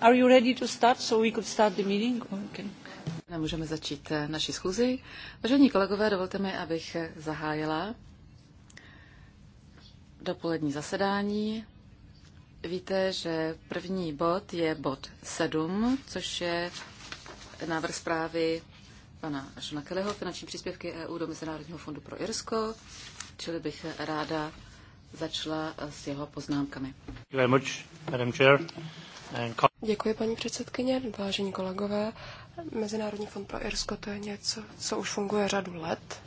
are you ready to start so we could start the meeting? Můžeme začít eh, naši schůzi. Vážení kolegové, dovolte mi, abych eh, zahájila dopolední zasedání. Víte, že první bod je bod 7, což je návrh zprávy pana Žona Kellyho, finanční příspěvky EU do Mezinárodního fondu pro Irsko, čili bych eh, ráda začala s jeho poznámkami. Děkuji, paní předsedkyně, vážení kolegové. Mezinárodní fond pro Irsko to je něco, co už funguje řadu let.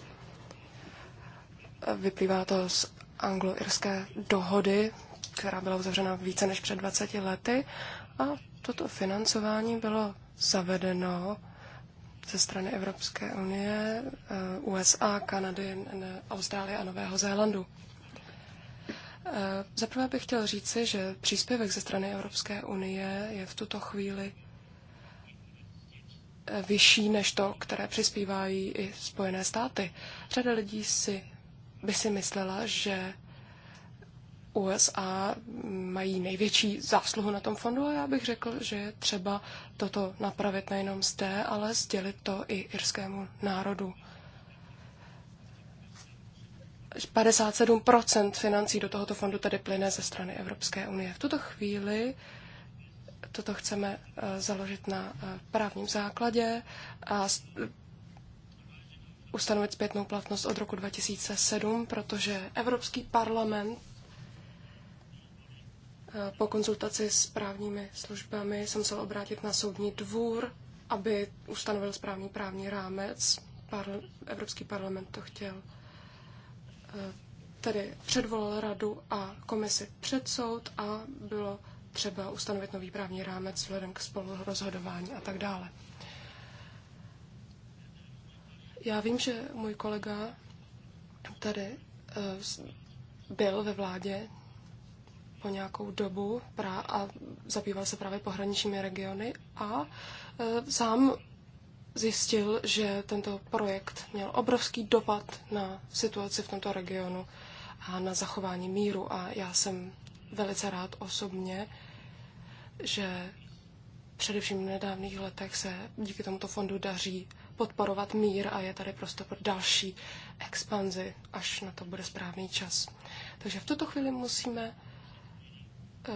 Vyplývá to z anglo-irské dohody, která byla uzavřena více než před 20 lety. A toto financování bylo zavedeno ze strany Evropské unie, eh, USA, Kanady, Austrálie a Nového Zélandu. Eh, zaprvé bych chtěl říci, že příspěvek ze strany Evropské unie je v tuto chvíli eh, vyšší než to, které přispívají i Spojené státy. Řada lidí si, by si myslela, že USA mají největší zásluhu na tom fondu a já bych řekl, že je třeba toto napravit nejenom zde, ale sdělit to i irskému národu. 57% financí do tohoto fondu tedy plyne ze strany Evropské unie. V tuto chvíli toto chceme eh, založit na eh, právním základě a eh, ustanovit zpětnou platnost od roku 2007, protože Evropský parlament po konzultaci s právními službami jsem musel obrátit na soudní dvůr, aby ustanovil správný právní rámec. Parl- Evropský parlament to chtěl tedy předvolal radu a komisi před soud a bylo třeba ustanovit nový právní rámec vzhledem k spolurozhodování a tak dále. Já vím, že můj kolega tady eh, byl ve vládě po nějakou dobu a zabýval se právě pohraničními regiony a eh, sám zjistil, že tento projekt měl obrovský dopad na situaci v tomto regionu a na zachování míru. A já jsem velice rád osobně, že především v nedávných letech se díky tomuto fondu daří podporovat mír a je tady prostor pro další expanzi, až na to bude správný čas. Takže v tuto chvíli musíme eh,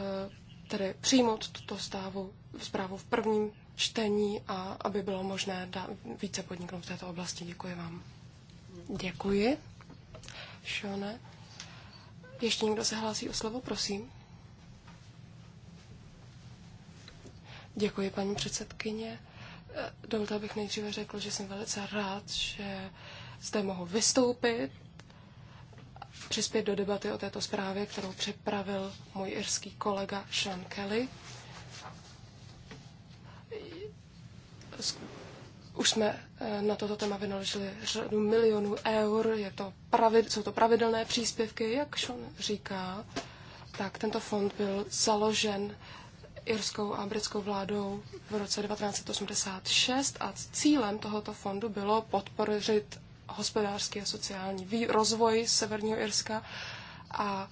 tedy přijmout tuto stávu, zprávu v prvním čtení a aby bylo možné více podniknout v této oblasti. Děkuji vám. Děkuji. Šone. Ještě někdo se hlásí o slovo, prosím. Děkuji, paní předsedkyně. E, dovolte, abych nejdříve řekl, že jsem velice rád, že zde mohu vystoupit, přispět do debaty o této zprávě, kterou připravil můj irský kolega Sean Kelly. už jsme eh, na toto téma vynaložili řadu milionů eur, je to pravid, jsou to pravidelné příspěvky, jak Sean říká, tak tento fond byl založen irskou a britskou vládou v roce 1986 a cílem tohoto fondu bylo podpořit hospodářský a sociální rozvoj Severního Irska a,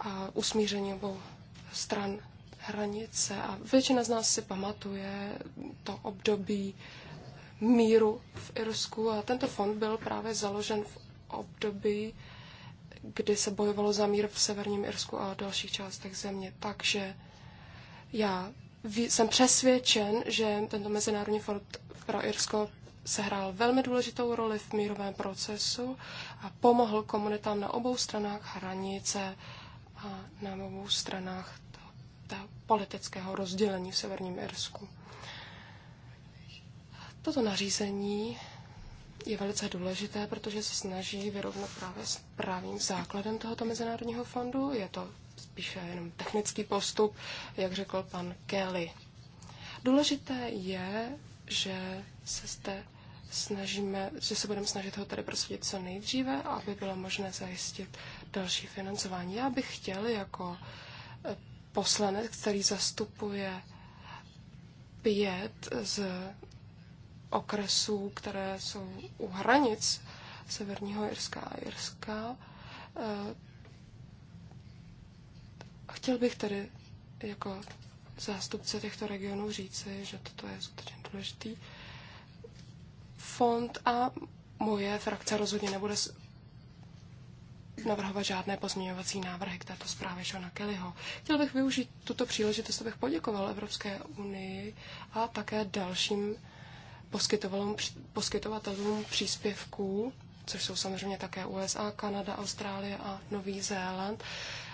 a usmíření obou stran hranice a většina z nás si pamatuje to období míru v Irsku a tento fond byl právě založen v období, kdy se bojovalo za mír v severním Irsku a dalších částech země. Takže já jsem přesvědčen, že tento Mezinárodní fond pro Irsko sehrál velmi důležitou roli v mírovém procesu a pomohl komunitám na obou stranách hranice a na obou stranách politického rozdělení v Severním Irsku. Toto nařízení je velice důležité, protože se snaží vyrovnat právě s právním základem tohoto mezinárodního fondu. Je to spíše jenom technický postup, jak řekl pan Kelly. Důležité je, že se zde snažíme, že se budeme snažit ho tady prosadit co nejdříve, aby bylo možné zajistit další financování. Já bych chtěl jako eh, poslanec, který zastupuje pět z okresů, které jsou u hranic Severního jirska a jirska. Eh, chtěl bych tedy jako zástupce těchto regionů říci, že toto je skutečně důležitý fond a moje frakce rozhodně nebude navrhovat žádné pozměňovací návrhy k této zprávě Šona Kellyho. Chtěl bych využít tuto příležitost, abych poděkoval Evropské unii a také dalším poskytovatelům, poskytovatelům příspěvků, což jsou samozřejmě také USA, Kanada, Austrálie a Nový Zéland,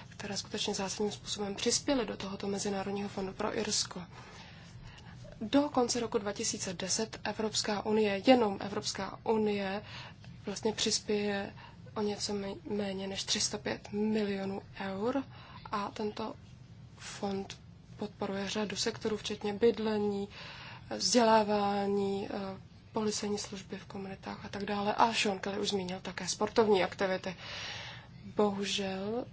které skutečně zásadním způsobem přispěly do tohoto Mezinárodního fondu pro Irsko. Do konce roku 2010 Evropská unie, jenom Evropská unie, vlastně přispěje o něco méně než 305 milionů eur a tento fond podporuje řadu sektorů, včetně bydlení, vzdělávání, eh, policejní služby v komunitách a tak dále. A Sean Kelly už zmínil také sportovní aktivity. Bohužel,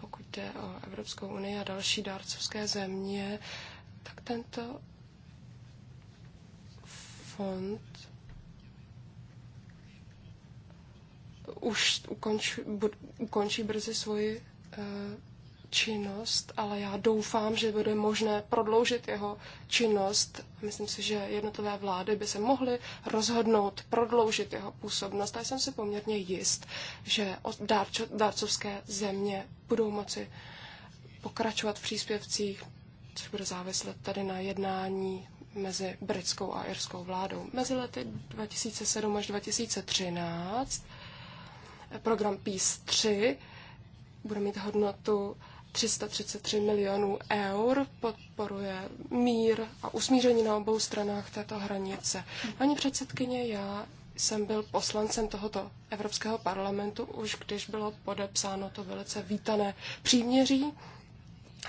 pokud jde o Evropskou unii a další dárcovské země, tak tento fond už ukonč, bud, ukončí brzy svoji uh, činnost, ale já doufám, že bude možné prodloužit jeho činnost. Myslím si, že jednotlivé vlády by se mohly rozhodnout prodloužit jeho působnost a jsem si poměrně jist, že dárčo, dárcovské země budou moci pokračovat v příspěvcích, což bude záviset tady na jednání mezi britskou a irskou vládou. Mezi lety 2007 až 2013 Program PIS 3 bude mít hodnotu 333 milionů eur, podporuje mír a usmíření na obou stranách této hranice. Paní předsedkyně, já jsem byl poslancem tohoto Evropského parlamentu už když bylo podepsáno to velice vítané příměří.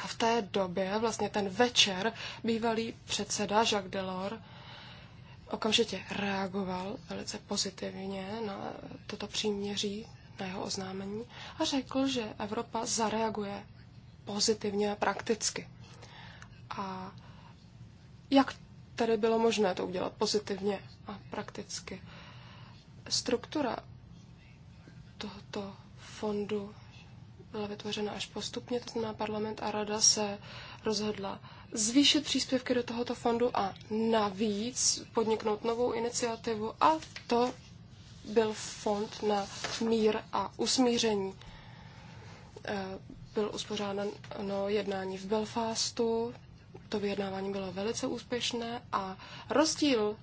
A v té době, vlastně ten večer, bývalý předseda Jacques Delors okamžitě reagoval velice pozitivně na toto příměří, na jeho oznámení a řekl, že Evropa zareaguje pozitivně prakticky. A jak tady bylo možné to udělat pozitivně a prakticky? Struktura tohoto fondu byla vytvořena až postupně, to znamená parlament a rada se rozhodla zvýšit příspěvky do tohoto fondu a navíc podniknout novou iniciativu a to byl fond na mír a usmíření. Eh, byl uspořádáno no, jednání v Belfastu, to vyjednávání bylo velice úspěšné a rozdíl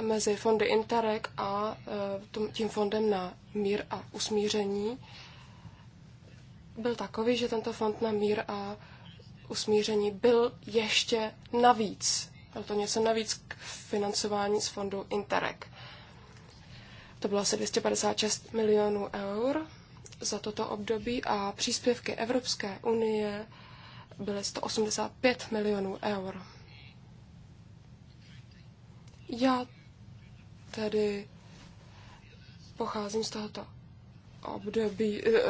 mezi fondy Interreg a eh, tím fondem na mír a usmíření byl takový, že tento fond na mír a usmíření byl ještě navíc. Byl to něco navíc k financování z fondu Interreg. To bylo asi 256 milionů eur za toto období a příspěvky Evropské unie byly 185 milionů eur. Já tedy pocházím z tohoto období, eh,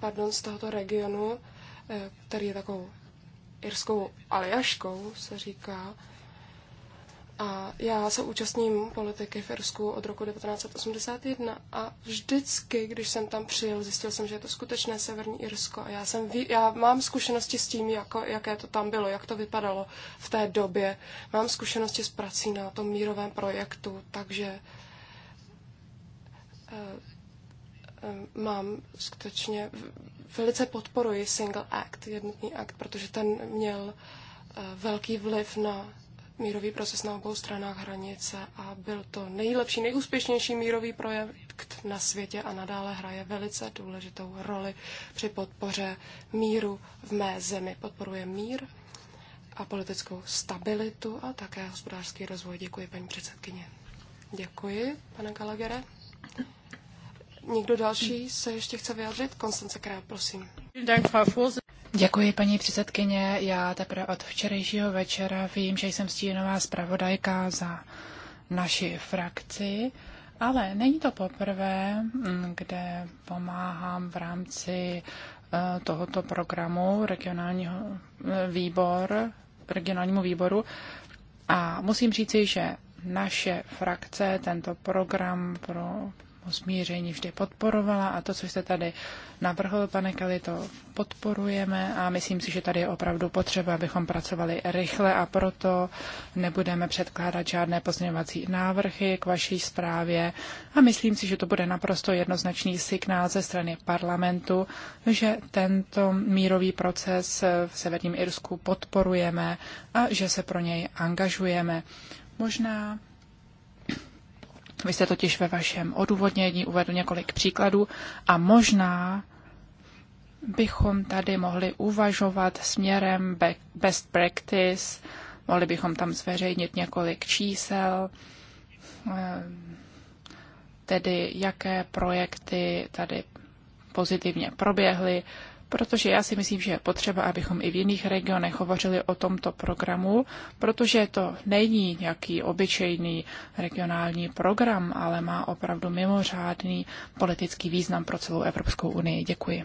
pardon, z tohoto regionu, eh, který je takovou irskou aliaškou, se říká. A já se účastním politiky v Irsku od roku 1981 a vždycky, když jsem tam přijel, zjistil jsem, že je to skutečné severní Irsko. A já, jsem, já mám zkušenosti s tím, jako, jaké to tam bylo, jak to vypadalo v té době. Mám zkušenosti s prací na tom mírovém projektu, takže eh, Eh, mám skutečně, velice podporuji Single Act, jednotný akt, protože ten měl eh, velký vliv na mírový proces na obou stranách hranice a byl to nejlepší, nejúspěšnější mírový projekt na světě a nadále hraje velice důležitou roli při podpoře míru v mé zemi. Podporuje mír a politickou stabilitu a také hospodářský rozvoj. Děkuji, paní předsedkyně. Děkuji, pane Galagere. Někdo další se ještě chce vyjádřit? Konstance Král, prosím. Děkuji, paní předsedkyně. Já teprve od včerejšího večera vím, že jsem stínová zpravodajka za naši frakci, ale není to poprvé, mm, kde pomáhám v rámci eh, tohoto programu regionálního eh, výbor, regionálnímu výboru. A musím říci, že naše frakce tento program pro o smíření vždy podporovala a to, co jste tady navrhl, pane Kelly, to podporujeme a myslím si, že tady je opravdu potřeba, abychom pracovali rychle a proto nebudeme předkládat žádné pozměňovací návrhy k vaší zprávě a myslím si, že to bude naprosto jednoznačný signál ze strany parlamentu, že tento mírový proces v Severním Irsku podporujeme a že se pro něj angažujeme. Možná vy jste totiž ve vašem odůvodnění uvedl několik příkladů a možná bychom tady mohli uvažovat směrem best practice, mohli bychom tam zveřejnit několik čísel, eh, tedy jaké projekty tady pozitivně proběhly protože já si myslím, že je potřeba, abychom i v jiných regionech hovořili o tomto programu, protože to není nějaký obyčejný regionální program, ale má opravdu mimořádný politický význam pro celou Evropskou unii. Děkuji.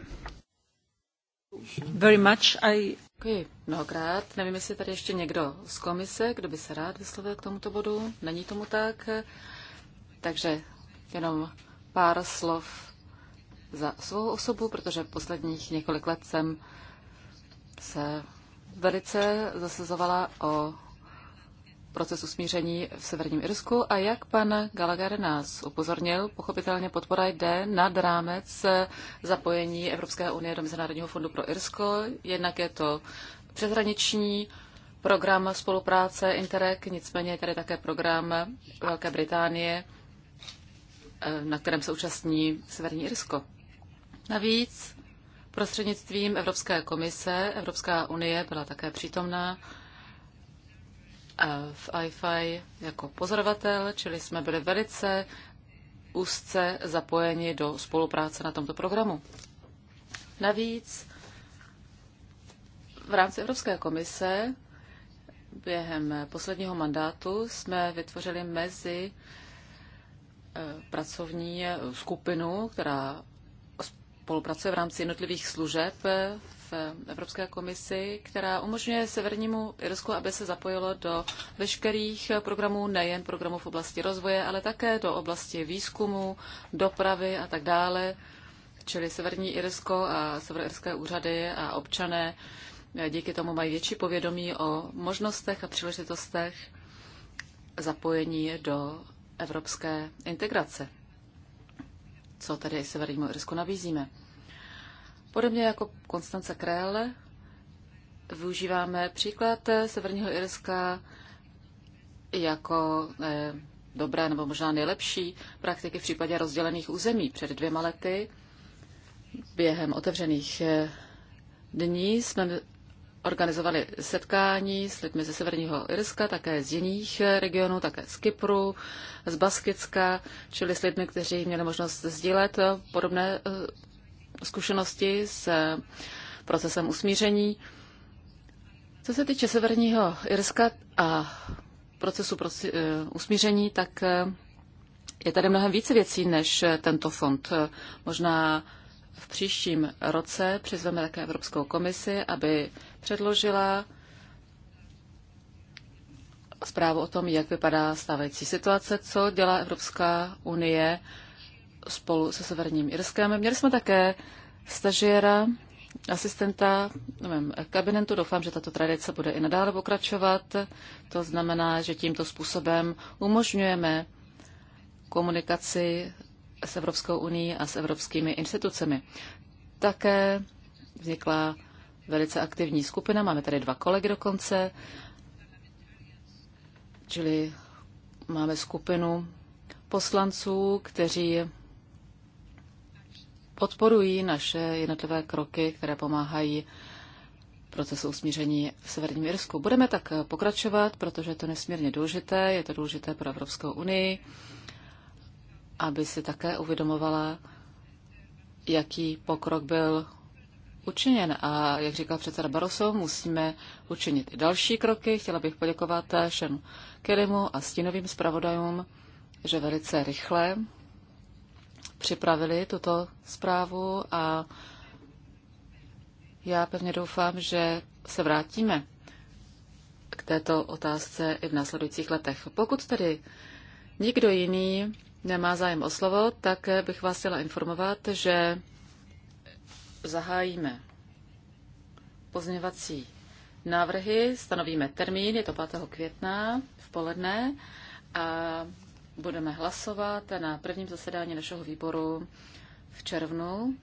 Very much. I... Děkuji mnohokrát. Nevím, jestli tady ještě někdo z komise, kdo by se rád vyslovil k tomuto bodu. Není tomu tak. Takže jenom pár slov za svou osobu, protože v posledních několik let jsem se velice zasazovala o procesu smíření v Severním Irsku a jak pan Gallagher nás upozornil, pochopitelně podpora jde nad rámec zapojení Evropské unie do Mezinárodního fondu pro Irsko. Jednak je to přeshraniční program spolupráce Interreg, nicméně je tady také program Velké Británie, eh, na kterém se účastní Severní Irsko. Navíc prostřednictvím Evropské komise Evropská unie byla také přítomná v IFI jako pozorovatel, čili jsme byli velice úzce zapojeni do spolupráce na tomto programu. Navíc v rámci Evropské komise během posledního mandátu jsme vytvořili mezi eh, pracovní skupinu, která spolupracuje v rámci jednotlivých služeb v Evropské komisi, která umožňuje Severnímu Irsku, aby se zapojilo do veškerých programů, nejen programů v oblasti rozvoje, ale také do oblasti výzkumu, dopravy a tak dále. Čili Severní Irsko a severoirské úřady a občané díky tomu mají větší povědomí o možnostech a příležitostech zapojení do evropské integrace co tedy Severnímu Irsku nabízíme. Podobně jako Konstance Krell využíváme příklad Severního Irska jako eh, dobré nebo možná nejlepší praktiky v případě rozdělených území. Před dvěma lety během otevřených eh, dní jsme organizovali setkání s lidmi ze Severního Irska, také z jiných eh, regionů, také z Kypru, z Baskicka, čili s lidmi, kteří měli možnost sdílet eh, podobné eh, zkušenosti s procesem usmíření. Co se týče Severního Irska a procesu usmíření, tak je tady mnohem více věcí než tento fond. Možná v příštím roce přizveme také Evropskou komisi, aby předložila zprávu o tom, jak vypadá stávající situace, co dělá Evropská unie spolu se Severním Irskem. Měli jsme také stažiera, asistenta nevím, kabinetu. Doufám, že tato tradice bude i nadále pokračovat. To znamená, že tímto způsobem umožňujeme komunikaci s Evropskou unii a s evropskými institucemi. Také vznikla velice aktivní skupina, máme tady dva kolegy dokonce, čili máme skupinu poslanců, kteří podporují naše jednotlivé kroky, které pomáhají procesu usmíření v Severním Irsku. Budeme tak pokračovat, protože je to nesmírně důležité, je to důležité pro Evropskou unii aby si také uvědomovala, jaký pokrok byl učiněn. A jak říkal předseda Barroso, musíme učinit i další kroky. Chtěla bych poděkovat Šenu Kerimu a stínovým zpravodajům, že velice rychle připravili tuto zprávu a já pevně doufám, že se vrátíme k této otázce i v následujících letech. Pokud tedy nikdo jiný nemá zájem o slovo, tak bych vás chtěla informovat, že zahájíme pozměvací návrhy, stanovíme termín, je to 5. května v poledne a budeme hlasovat na prvním zasedání našeho výboru v červnu.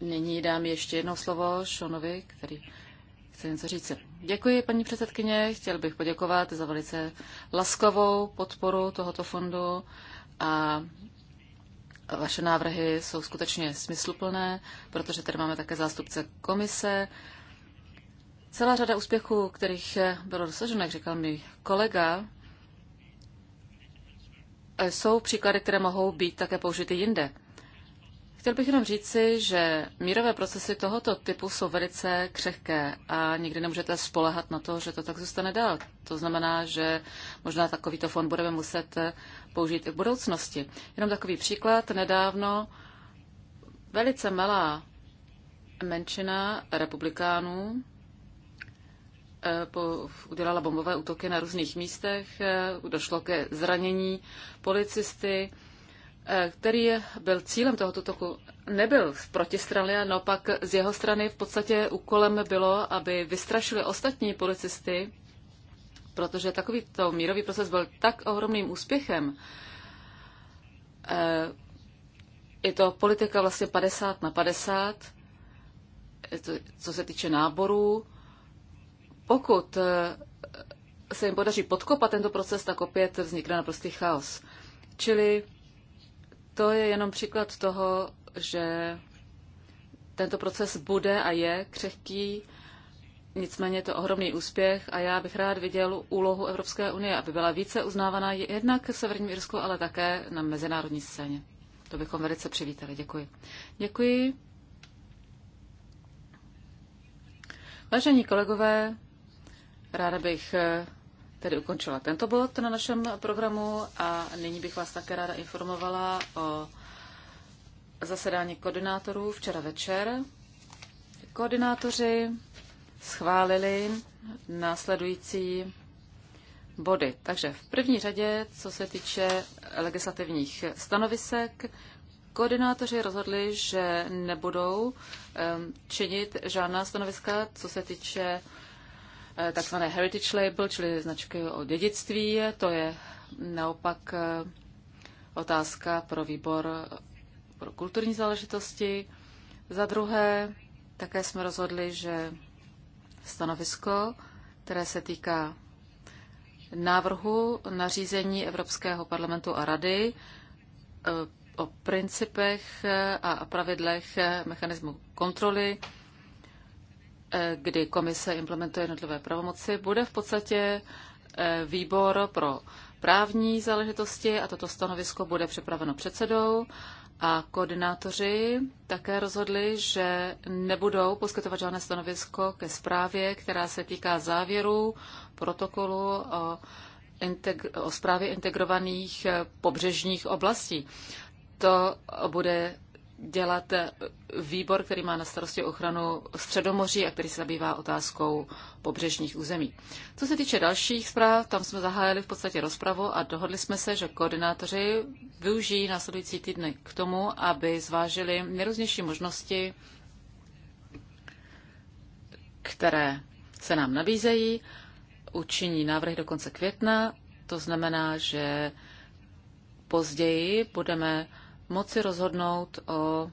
Nyní dám ještě jedno slovo Šonovi, který chce něco říct. Děkuji, paní předsedkyně. Chtěl bych poděkovat za velice laskavou podporu tohoto fondu a vaše návrhy jsou skutečně smysluplné, protože tady máme také zástupce komise. Celá řada úspěchů, kterých bylo dosaženo, jak říkal mi kolega, jsou příklady, které mohou být také použity jinde. Chtěl bych jenom říci, že mírové procesy tohoto typu jsou velice křehké a nikdy nemůžete spolehat na to, že to tak zůstane dál. To znamená, že možná takovýto fond budeme muset použít i v budoucnosti. Jenom takový příklad. Nedávno velice malá menšina republikánů eh, udělala bombové útoky na různých místech, eh, došlo ke zranění policisty, Eh, který byl cílem tohoto toku, nebyl v protistraně, ale naopak z jeho strany v podstatě úkolem bylo, aby vystrašili ostatní policisty, protože takovýto mírový proces byl tak ohromným úspěchem. Eh, je to politika vlastně 50 na 50, to, co se týče náborů. Pokud eh, se jim podaří podkopat tento proces, tak opět vznikne naprostý chaos. Čili to je jenom příklad toho, že tento proces bude a je křehký, nicméně je to ohromný úspěch a já bych rád viděl úlohu Evropské unie, aby byla více uznávaná jednak v Severním Irsku, ale také na mezinárodní scéně. To bychom velice přivítali. Děkuji. Děkuji. Vážení kolegové, ráda bych tedy ukončila tento bod na našem programu a nyní bych vás také ráda informovala o zasedání koordinátorů včera večer. Koordinátoři schválili následující body. Takže v první řadě, co se týče legislativních stanovisek, koordinátoři rozhodli, že nebudou ehm, činit žádná stanoviska, co se týče Eh, takzvané heritage label, čili značky o dědictví. To je naopak eh, otázka pro výbor eh, pro kulturní záležitosti. Za druhé, také jsme rozhodli, že stanovisko, které se týká návrhu nařízení Evropského parlamentu a rady o principech a pravidlech mechanismu kontroly, kdy komise implementuje jednotlivé pravomoci, bude v podstatě eh, výbor pro právní záležitosti a toto stanovisko bude připraveno předsedou a koordinátoři také rozhodli, že nebudou poskytovat žádné stanovisko ke zprávě, která se týká závěru protokolu o, integ- o zprávě integrovaných eh, pobřežních oblastí. To bude dělat výbor, který má na starosti ochranu Středomoří a který se zabývá otázkou pobřežních území. Co se týče dalších zpráv, tam jsme zahájili v podstatě rozpravu a dohodli jsme se, že koordinátoři využijí následující týdny k tomu, aby zvážili nejrůznější možnosti, které se nám nabízejí, učiní návrhy do konce května, to znamená, že později budeme moci rozhodnout o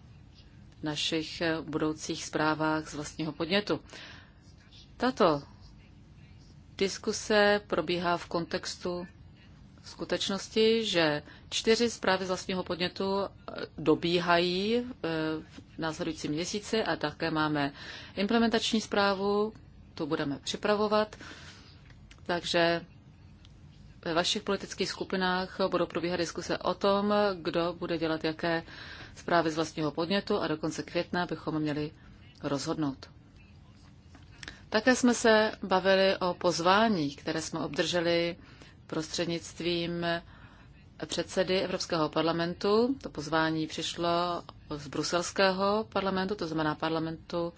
našich budoucích zprávách z vlastního podnětu. Tato diskuse probíhá v kontextu skutečnosti, že čtyři zprávy z vlastního podnětu eh, dobíhají eh, v následujícím měsíci a také máme implementační zprávu, tu budeme připravovat. Takže ve vašich politických skupinách budou probíhat diskuse o tom, kdo bude dělat jaké zprávy z vlastního podnětu a do konce května bychom měli rozhodnout. Také jsme se bavili o pozvání, které jsme obdrželi prostřednictvím předsedy Evropského parlamentu. To pozvání přišlo z bruselského parlamentu, to znamená parlamentu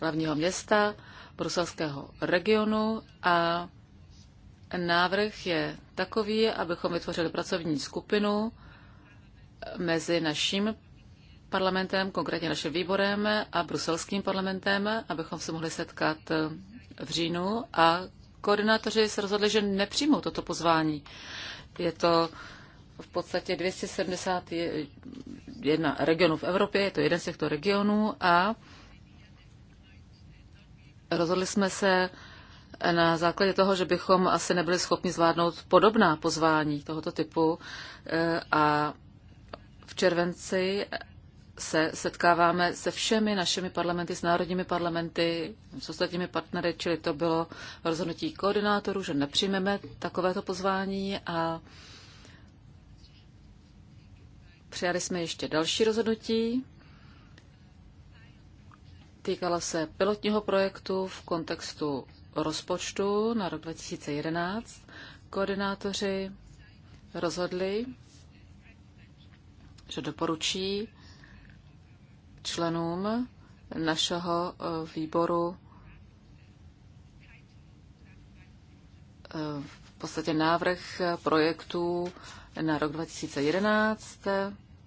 hlavního města, bruselského regionu a Návrh je takový, abychom vytvořili pracovní skupinu mezi naším parlamentem, konkrétně naším výborem a bruselským parlamentem, abychom se mohli setkat v říjnu a koordinátoři se rozhodli, že nepřijmou toto pozvání. Je to v podstatě 271 regionů v Evropě, je to jeden z těchto regionů a rozhodli jsme se na základě toho, že bychom asi nebyli schopni zvládnout podobná pozvání tohoto typu eh, a v červenci se setkáváme se všemi našimi parlamenty, s národními parlamenty, s ostatními partnery, čili to bylo rozhodnutí koordinátorů, že nepřijmeme takovéto pozvání a přijali jsme ještě další rozhodnutí. Týkala se pilotního projektu v kontextu rozpočtu na rok 2011 koordinátoři rozhodli, že doporučí členům našeho eh, výboru eh, v podstatě návrh projektů na rok 2011,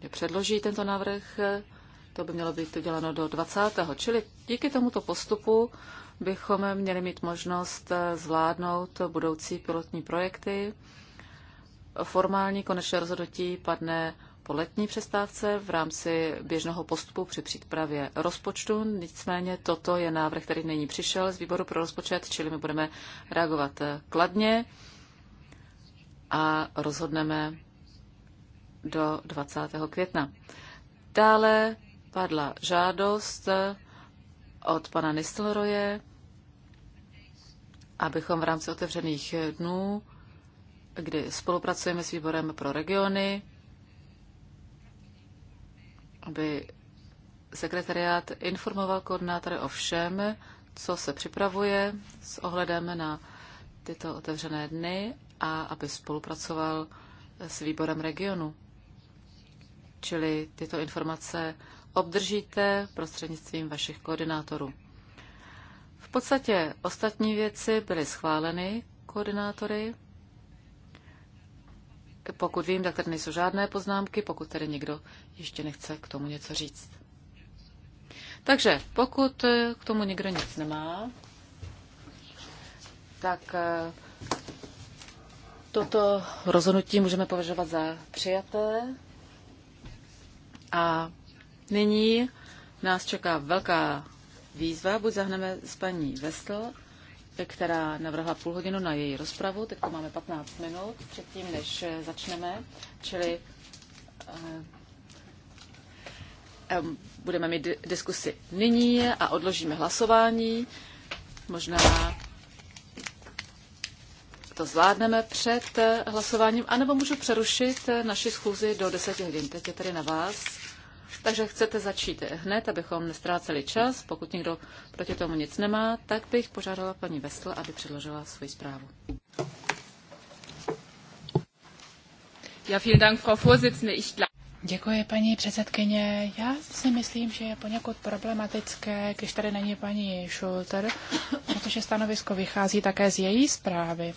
je předloží tento návrh, to by mělo být uděláno do 20. Čili díky tomuto postupu bychom měli mít možnost eh, zvládnout budoucí pilotní projekty. Formální konečné rozhodnutí padne po letní přestávce v rámci běžného postupu při přípravě rozpočtu. Nicméně toto je návrh, který nyní přišel z výboru pro rozpočet, čili my budeme reagovat eh, kladně a rozhodneme do 20. května. Dále padla žádost eh, od pana Nistelroje abychom v rámci otevřených dnů, kdy spolupracujeme s výborem pro regiony, aby sekretariát informoval koordinátory o všem, co se připravuje s ohledem na tyto otevřené dny a aby spolupracoval s výborem regionu. Čili tyto informace obdržíte prostřednictvím vašich koordinátorů podstatě ostatní věci byly schváleny koordinátory. Pokud vím, tak tady nejsou žádné poznámky, pokud tady někdo ještě nechce k tomu něco říct. Takže pokud k tomu nikdo nic nemá, tak eh, toto rozhodnutí můžeme považovat za přijaté. A nyní nás čeká velká výzva. Buď zahneme s paní Vestl, která navrhla půl hodinu na její rozpravu. Teď máme 15 minut předtím, než eh, začneme, čili eh, budeme mít diskusi nyní a odložíme hlasování. Možná to zvládneme před eh, hlasováním, anebo můžu přerušit naši schůzi do 10 hodin. Teď je tady na vás. Takže chcete začít hned, abychom nestráceli čas. Pokud někdo proti tomu nic nemá, tak bych požádala paní Vesl, aby předložila svoji zprávu. Ja, vielen Dank, Frau Vorsitzende. Ich Děkuji, paní předsedkyně. Já si myslím, že je poněkud problematické, když tady není paní Schulter, protože stanovisko vychází také z její zprávy.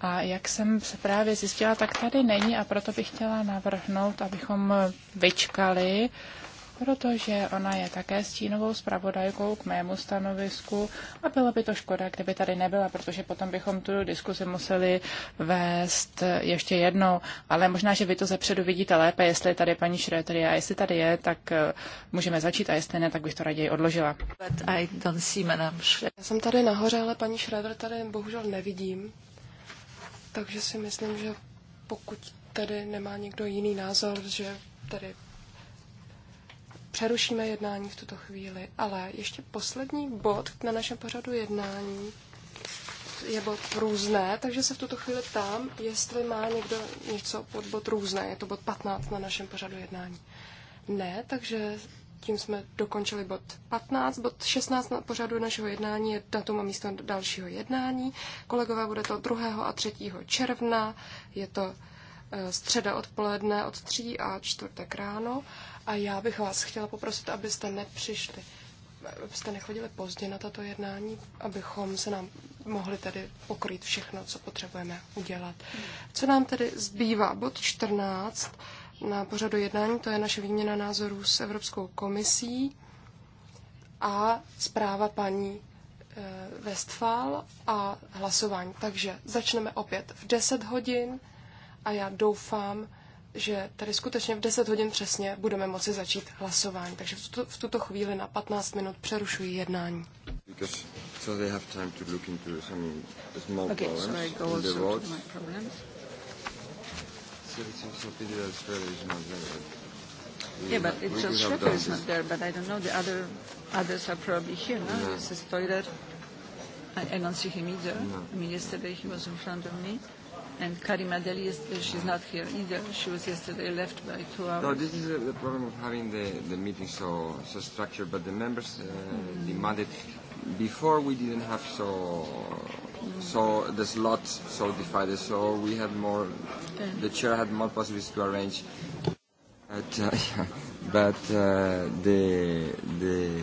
A jak jsem se právě zjistila, tak tady není a proto bych chtěla navrhnout, abychom vyčkali, uh, protože ona je také stínovou zpravodajkou k mému stanovisku a byla by to škoda, kdyby tady nebyla, protože potom bychom tu diskusi museli vést ještě jednou. Ale možná, že vy to zepředu vidíte lépe, jestli je tady paní Schröter a jestli tady je, tak eh, můžeme začít a jestli ne, tak bych to raději odložila. But I don't see Já jsem tady nahoře, ale paní Schröder tady bohužel nevidím, takže si myslím, že pokud tady nemá někdo jiný názor, že tady přerušíme jednání v tuto chvíli, ale ještě poslední bod na našem pořadu jednání je bod různé, takže se v tuto chvíli ptám, jestli má někdo něco pod bod různé. Je to bod 15 na našem pořadu jednání. Ne, takže tím jsme dokončili bod 15. Bod 16 na pořadu našeho jednání je datum a místo dalšího jednání. Kolegové, bude to 2. a 3. června. Je to eh, středa odpoledne od 3 a čtvrtek ráno. A já bych vás chtěla poprosit, abyste nepřišli, abyste nechodili pozdě na tato jednání, abychom se nám mohli tedy pokrýt všechno, co potřebujeme udělat. Co nám tedy zbývá? Bod 14 na pořadu jednání, to je naše výměna názorů s Evropskou komisí a zpráva paní eh, Westfál a hlasování. Takže začneme opět v 10 hodin a já doufám, že tady skutečně v 10 hodin přesně budeme moci začít hlasování. Takže v tuto, v tuto chvíli na 15 minut přerušuji jednání. yeah, but it's is not there, but I don't know, the other, others are probably here, no? Yeah. This is Toiler. I, I don't see him either. No. I mean, yesterday he was in front of me. And Karima Deli, is, she's not here either. She was yesterday left by two no, hours. No, this is uh, the problem of having the, the meeting so, so structured, but the members uh, mm. demanded. Before we didn't have so so the slots so divided, so we had more, the chair had more possibilities to arrange. But, uh, yeah, but uh, the, the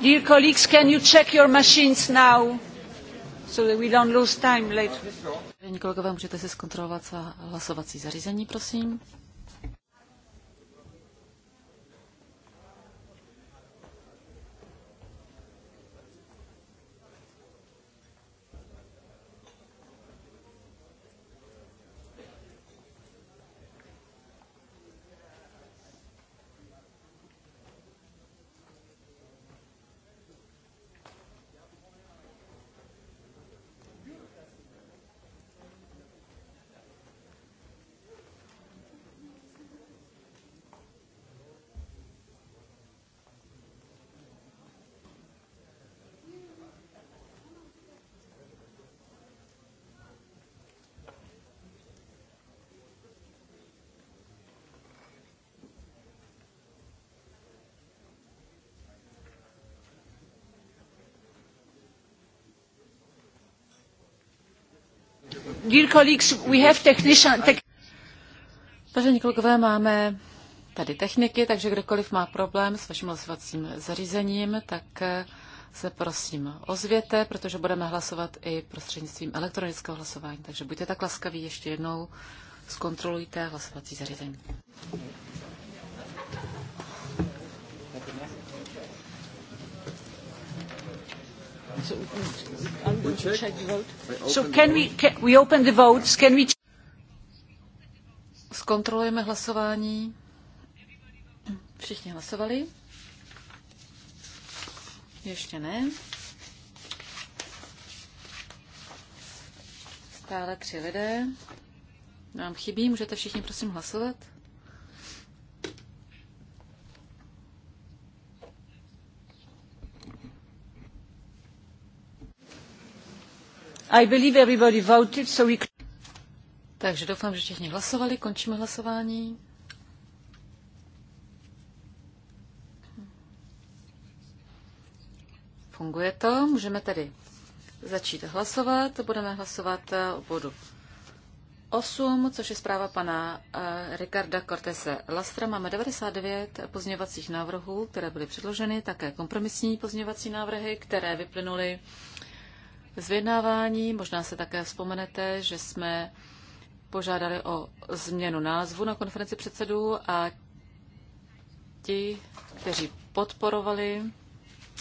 Dear colleagues, can you check your machines now? So that we don't lose time later. Kolegové, můžete si zkontrolovat svá hlasovací zařízení, prosím. Vážení kolegové, máme tady techniky, takže kdokoliv má problém s vaším hlasovacím zařízením, tak eh, se prosím ozvěte, protože budeme hlasovat i prostřednictvím elektronického hlasování. Takže buďte tak laskaví, ještě jednou zkontrolujte hlasovací zařízení. Zkontrolujeme hlasování. Všichni hlasovali? Ještě ne. Stále tři lidé. Nám chybí, můžete všichni prosím hlasovat? Takže doufám, že všichni hlasovali. Končíme hlasování. Funguje to. Můžeme tedy začít hlasovat. Budeme hlasovat eh, o bodu 8, což je zpráva pana eh, Ricarda Cortese Lastra. Máme 99 pozměňovacích návrhů, které byly předloženy, také kompromisní pozměňovací návrhy, které vyplynuly z vyjednávání. Možná se také vzpomenete, že jsme požádali o změnu názvu na konferenci předsedů a ti, kteří podporovali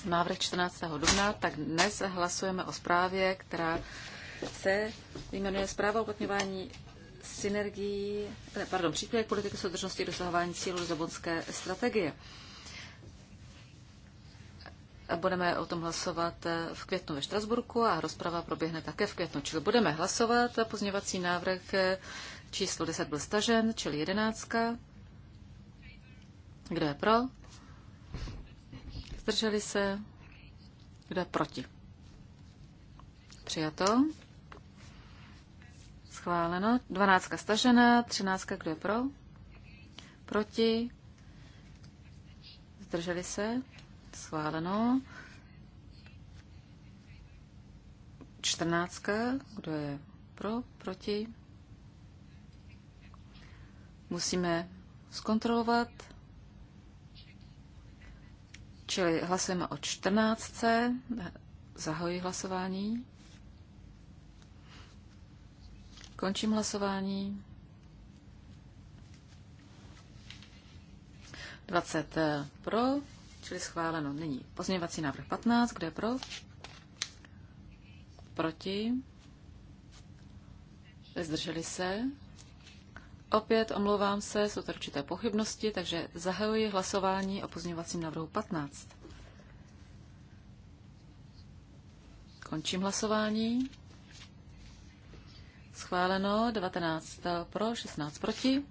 návrh 14. dubna, tak dnes hlasujeme o zprávě, která se jmenuje zpráva o uplatňování synergií, pardon, příklad politiky soudržnosti dosahování cílů Lisabonské strategie. Budeme o tom hlasovat eh, v květnu ve Štrasburku a rozprava proběhne také v květnu. Čili budeme hlasovat. Pozněvací návrh eh, číslo 10 byl stažen, čili 11. Kdo je pro? Zdrželi se? Kdo je proti? Přijato. Schváleno. 12 stažena, 13 kdo je pro? Proti? Zdrželi se? Schváleno. Čtrnáctka. Kdo je pro? Proti? Musíme zkontrolovat. Čili hlasujeme o čtrnáctce. Zahoji hlasování. Končím hlasování. 20 eh, pro, Čili schváleno. Nyní pozměňovací návrh 15. Kde pro? Proti? Zdrželi se? Opět omlouvám se, jsou to určité pochybnosti, takže zahajuji hlasování o pozměňovacím návrhu 15. Končím hlasování. Schváleno 19 pro, 16 proti.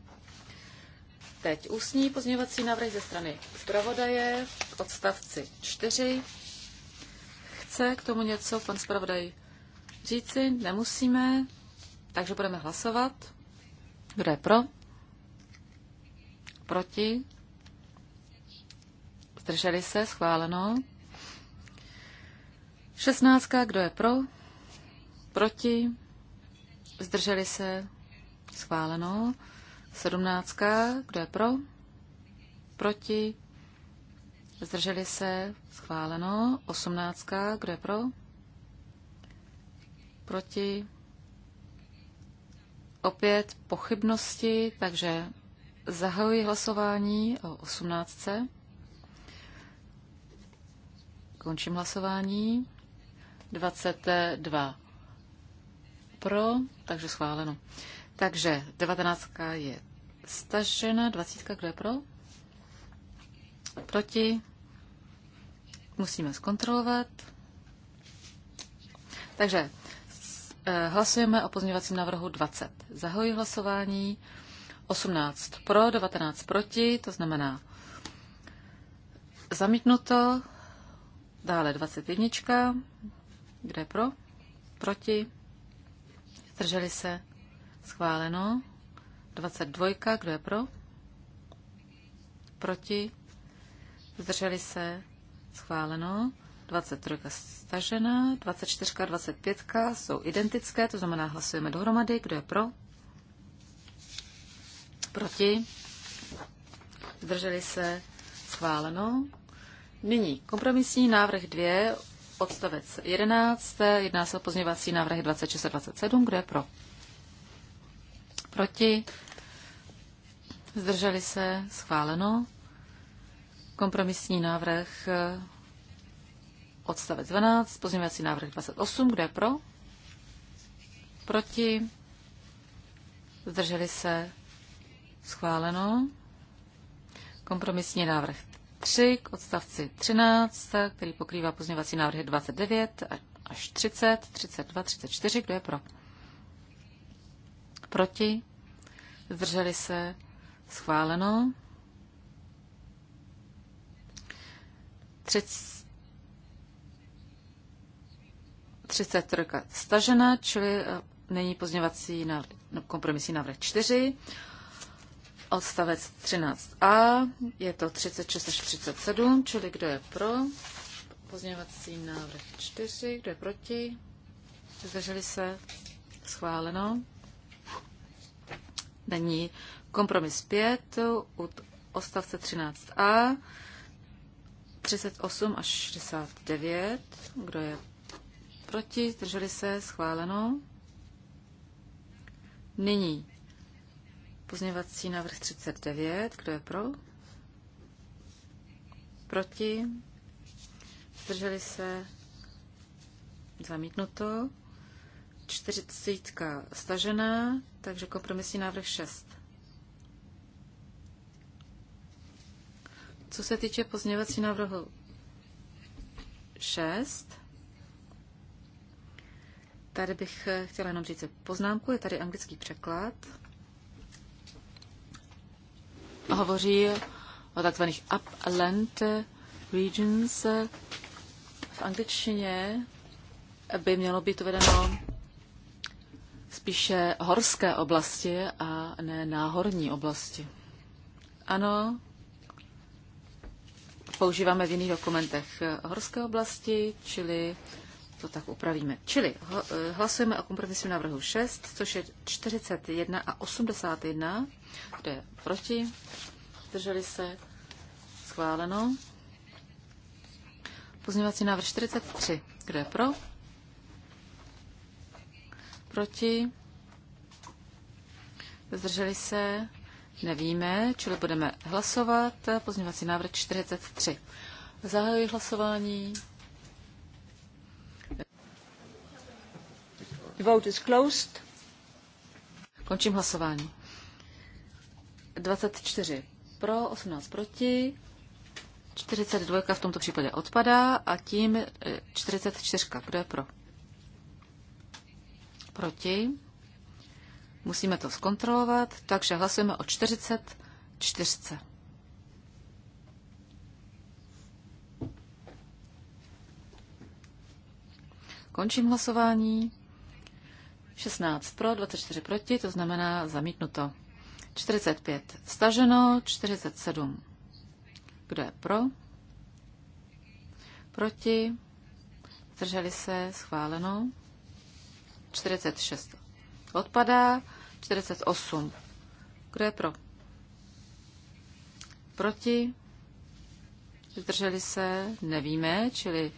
Teď ústní pozměňovací návrh ze strany zpravodaje v odstavci 4. Chce k tomu něco pan zpravodaj říci? Nemusíme, takže budeme hlasovat. Kdo je pro? Proti? Zdrželi se? Schváleno. 16. Kdo je pro? Proti? Zdrželi se? Schváleno. Sedmnáctka, kdo je pro? Proti? Zdrželi se? Schváleno. Osmnáctka, kdo je pro? Proti? Opět pochybnosti, takže zahajuji hlasování o osmnáctce. Končím hlasování. 22 pro, takže schváleno. Takže 19 je stažena, 20 kde pro? Proti? Musíme zkontrolovat. Takže eh, hlasujeme o pozměňovacím návrhu 20. Zahoji hlasování. 18 pro, 19 proti, to znamená zamítnuto. Dále 21. Kde pro? Proti. Zdrželi se. Schváleno. 22. Kdo je pro? Proti? Zdrželi se? Schváleno. 23. Stažena. 24. a 25. jsou identické, to znamená hlasujeme dohromady. Kdo je pro? Proti? Zdrželi se? Schváleno. Nyní kompromisní návrh 2, odstavec 11. Jedná se o pozměňovací návrhy 26 a 27. Kdo je pro? proti, zdrželi se, schváleno. Kompromisní návrh eh, odstavec 12, pozměňovací návrh 28, kdo je pro, proti, zdrželi se, schváleno. Kompromisní návrh 3 k odstavci 13, který pokrývá pozměňovací návrhy 29 až 30, 32, 34. Kdo je pro? Proti? Zdrželi se? Schváleno. Třicet trojka stažena, čili eh, není pozněvací návrh, no, kompromisní návrh 4. Odstavec 13a, je to 36 až 37, čili kdo je pro? pozněvací návrh 4, kdo je proti? Zdrželi se? Schváleno. Není kompromis 5 u odstavce 13a, 38 až 69. Kdo je proti? Zdrželi se? Schváleno. Nyní pozměvací návrh 39. Kdo je pro? Proti? Zdrželi se? Zamítnuto. 40 stažená, takže kompromisní návrh 6. Co se týče pozměňovací návrhu 6, tady bych chtěla jenom říct poznámku, je tady anglický překlad. Hovoří o takzvaných upland regions. V angličtině by mělo být uvedeno spíše horské oblasti a ne náhorní oblasti. Ano, používáme v jiných dokumentech horské oblasti, čili to tak upravíme. Čili eh, hlasujeme o kompromisním návrhu 6, což je 41 a 81, kde je proti, drželi se, schváleno. Pozměňovací návrh 43, kde je pro, Proti? Zdrželi se? Nevíme, čili budeme hlasovat. Pozměňovací návrh 43. Zahajuji hlasování. The vote is closed. Končím hlasování. 24 pro, 18 proti. 42 v tomto případě odpadá a tím 44. Eh, Kdo je pro? Proti? Musíme to zkontrolovat, takže hlasujeme o 44. Končím hlasování. 16 pro, 24 proti, to znamená zamítnuto. 45 staženo, 47. Kdo je pro? Proti? Zdrželi se, schváleno. 46 odpadá. 48. Kdo je pro? Proti? Zdrželi se? Nevíme, čili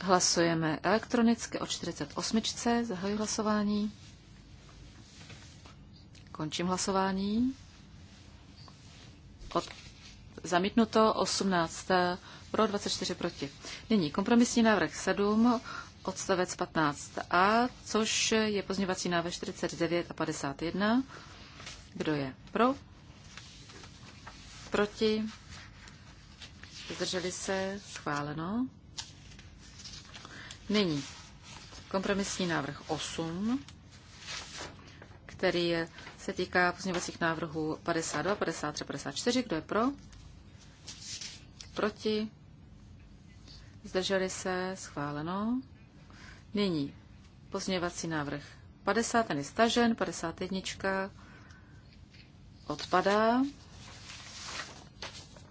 hlasujeme elektronicky o 48. Zahajuji hlasování. Končím hlasování. Od, zamítnuto 18 pro 24 proti. Nyní kompromisní návrh 7 odstavec 15a, což je pozměvací návrh 49 a 51. Kdo je pro? Proti? Zdrželi se? Schváleno. Nyní kompromisní návrh 8, který se týká pozměňovacích návrhů 52, 53, 54. Kdo je pro? Proti? Zdrželi se? Schváleno. Nyní pozměňovací návrh 50, ten je stažen, 51 odpadá,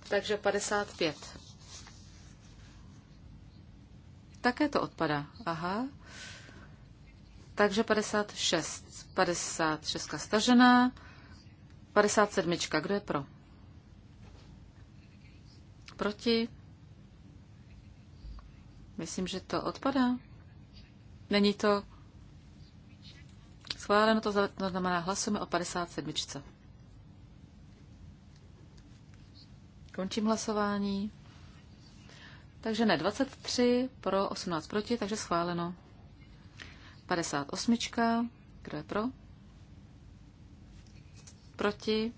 takže 55. Také to odpadá, aha. Takže 56. 56 stažená, 57. Kdo je pro? Proti? Myslím, že to odpadá. Není to schváleno, to znamená hlasujeme o 57. Končím hlasování. Takže ne, 23 pro, 18 proti, takže schváleno. 58. Kdo je pro? Proti?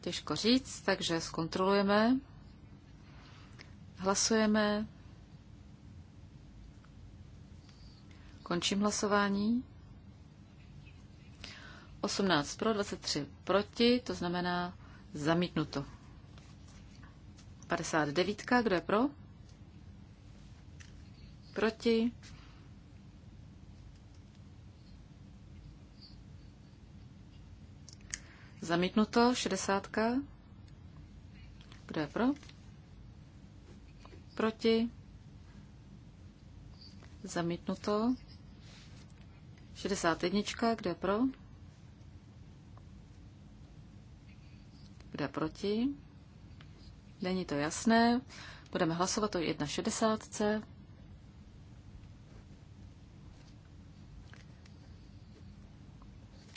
Těžko říct, takže zkontrolujeme. Hlasujeme Končím hlasování. 18 pro, 23 proti, to znamená zamítnuto. 59, kdo je pro? Proti. Zamítnuto, 60. Kdo je pro? Proti. Zamítnuto. 61. Kdo je pro? Kdo je proti? Není to jasné. Budeme hlasovat o 1,60.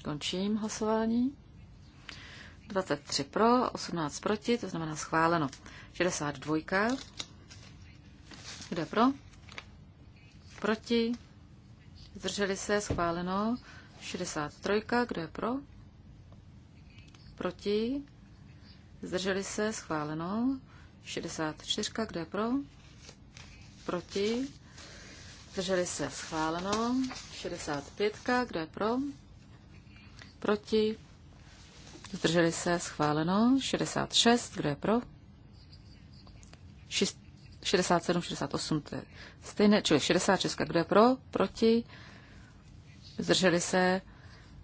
Končím hlasování. 23 pro, 18 proti, to znamená schváleno. 62. Kdo je pro? Proti? Zdrželi se schváleno 63. Kdo je pro? Proti? Zdrželi se schváleno 64. Kdo je pro? Proti? Zdrželi se schváleno 65. Kdo je pro? Proti? Zdrželi se schváleno 66. Kdo je pro? 67, 68, to je stejné, čili 66, kdo je pro, proti, zdrželi se,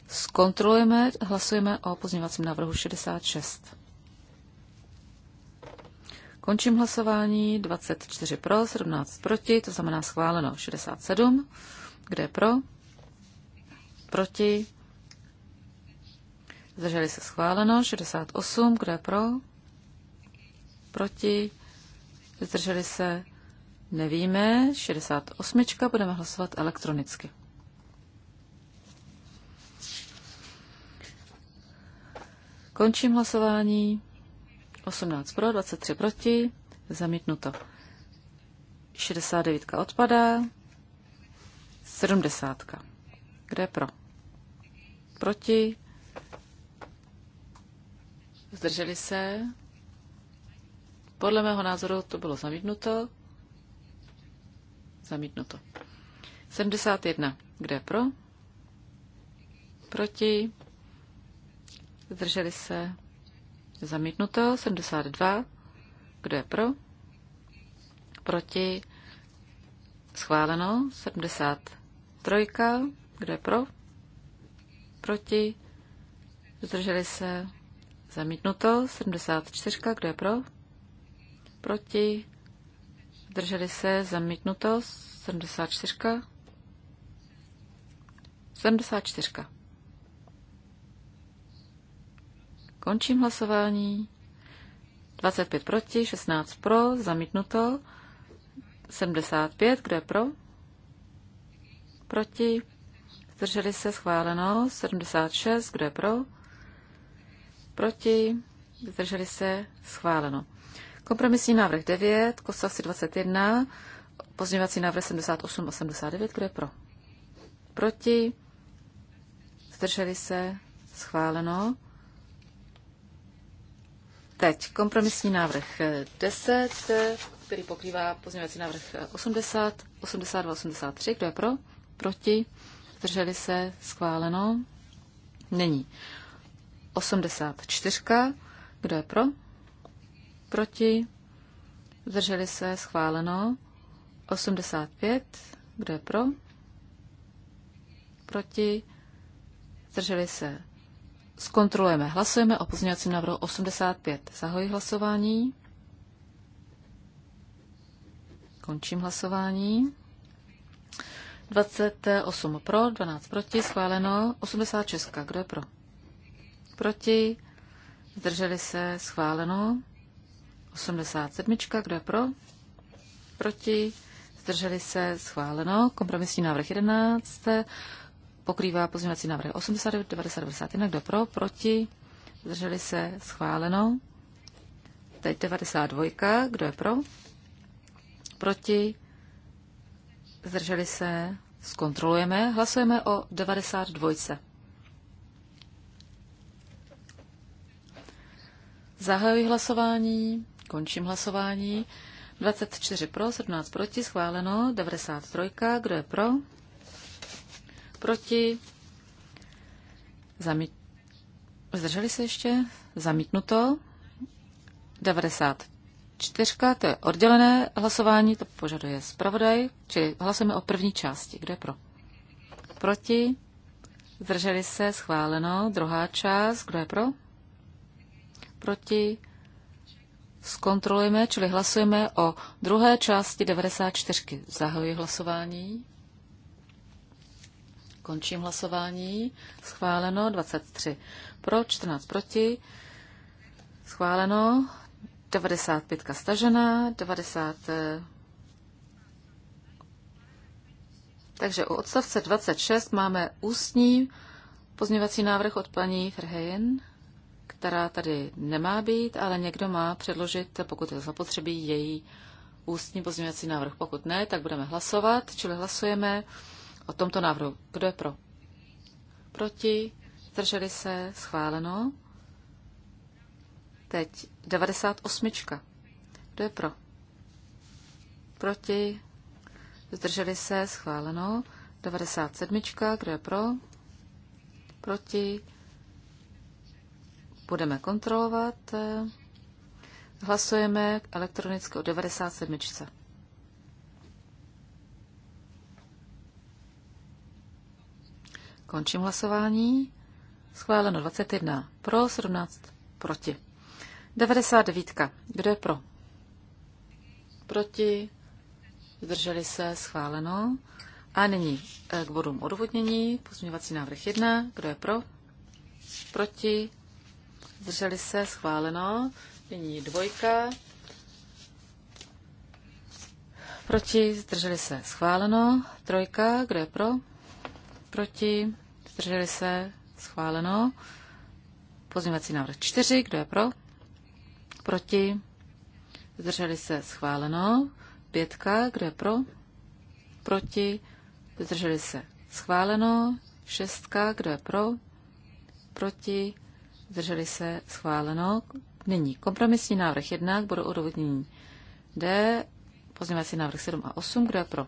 zkontrolujeme, hlasujeme o pozměňovacím návrhu 66. Končím hlasování, 24 pro, 17 proti, to znamená schváleno 67. Kde je pro? Proti? Zdrželi se schváleno 68. Kde je pro? Proti? Zdrželi se nevíme. 68. Budeme hlasovat elektronicky. Končím hlasování. 18 pro, 23 proti. Zamítnuto. 69 odpadá. 70. Kde je pro? Proti. Zdrželi se. Podle mého názoru to bylo zamítnuto. Zamítnuto. 71. Kde je pro? Proti. Zdrželi se? Zamítnuto. 72. Kdo je pro? Proti? Schváleno. 73. Kdo je pro? Proti? Zdrželi se? Zamítnuto. 74. Kdo je pro? Proti? Zdrželi se? Zamítnuto. 74. 74. Končím hlasování. 25 proti, 16 pro, zamítnuto. 75, kdo je pro? Proti. Zdrželi se schváleno. 76, kdo je pro? Proti. Zdrželi se schváleno. Kompromisní návrh 9, kosa 21, pozměňovací návrh 78, 89, kdo je pro? Proti. Zdrželi se schváleno. Teď kompromisní návrh 10, který pokrývá pozměňovací návrh 80, 82, 83. Kdo je pro? Proti? Zdrželi se? Schváleno? Není. 84. Kdo je pro? Proti? Zdrželi se? Schváleno? 85. Kdo je pro? Proti? Zdrželi se? zkontrolujeme. Hlasujeme o pozměňovacím návrhu 85. Zahoji hlasování. Končím hlasování. 28 pro, 12 proti, schváleno 86. Kdo je pro? Proti, zdrželi se, schváleno 87. Kdo je pro? Proti, zdrželi se, schváleno. Kompromisní návrh 11 pokrývá pozměňovací návrh 89, 90, 91. Kdo pro? Proti? Zdrželi se? Schváleno. Teď 92. Kdo je pro? Proti? Zdrželi se? Zkontrolujeme. Hlasujeme o 92. Zahajuji hlasování, končím hlasování. 24 pro, 17 proti, schváleno, 93. Kdo je pro? proti, zamít... zdrželi se ještě, zamítnuto, 94, to je oddělené hlasování, to požaduje zpravodaj, čili hlasujeme o první části, kde pro. Proti, zdrželi se, schváleno, druhá část, kdo je pro? Proti, zkontrolujeme, čili hlasujeme o druhé části 94. Zahajuji hlasování. Končím hlasování. Schváleno 23 pro, 14 proti. Schváleno 95 stažená, 90. Takže u odstavce 26 máme ústní pozměvací návrh od paní Ferhejen, která tady nemá být, ale někdo má předložit, pokud je zapotřebí, její ústní pozměňovací návrh. Pokud ne, tak budeme hlasovat, čili hlasujeme o tomto návrhu. Kdo je pro? Proti? Zdrželi se? Schváleno. Teď 98. Kdo je pro? Proti? Zdrželi se? Schváleno. 97. Kdo je pro? Proti? Budeme kontrolovat. Hlasujeme elektronicky o 97. Končím hlasování. Schváleno 21 pro, 17 proti. 99. Kdo je pro? Proti. Zdrželi se. Schváleno. A nyní eh, k bodům odvodnění. Pozměňovací návrh 1. Kdo je pro? Proti. Zdrželi se. Schváleno. Nyní dvojka. Proti. Zdrželi se. Schváleno. Trojka. Kdo je pro? Proti. Zdrželi se? Schváleno. Pozměňovací návrh 4. Kdo je pro? Proti? Zdrželi se? Schváleno. Pětka. Kdo je pro? Proti? Zdrželi se? Schváleno. Šestka. Kdo je pro? Proti? Zdrželi se? Schváleno. Nyní kompromisní návrh 1 k bodu odůvodnění D. Pozměňovací návrh 7 a 8. Kdo je pro?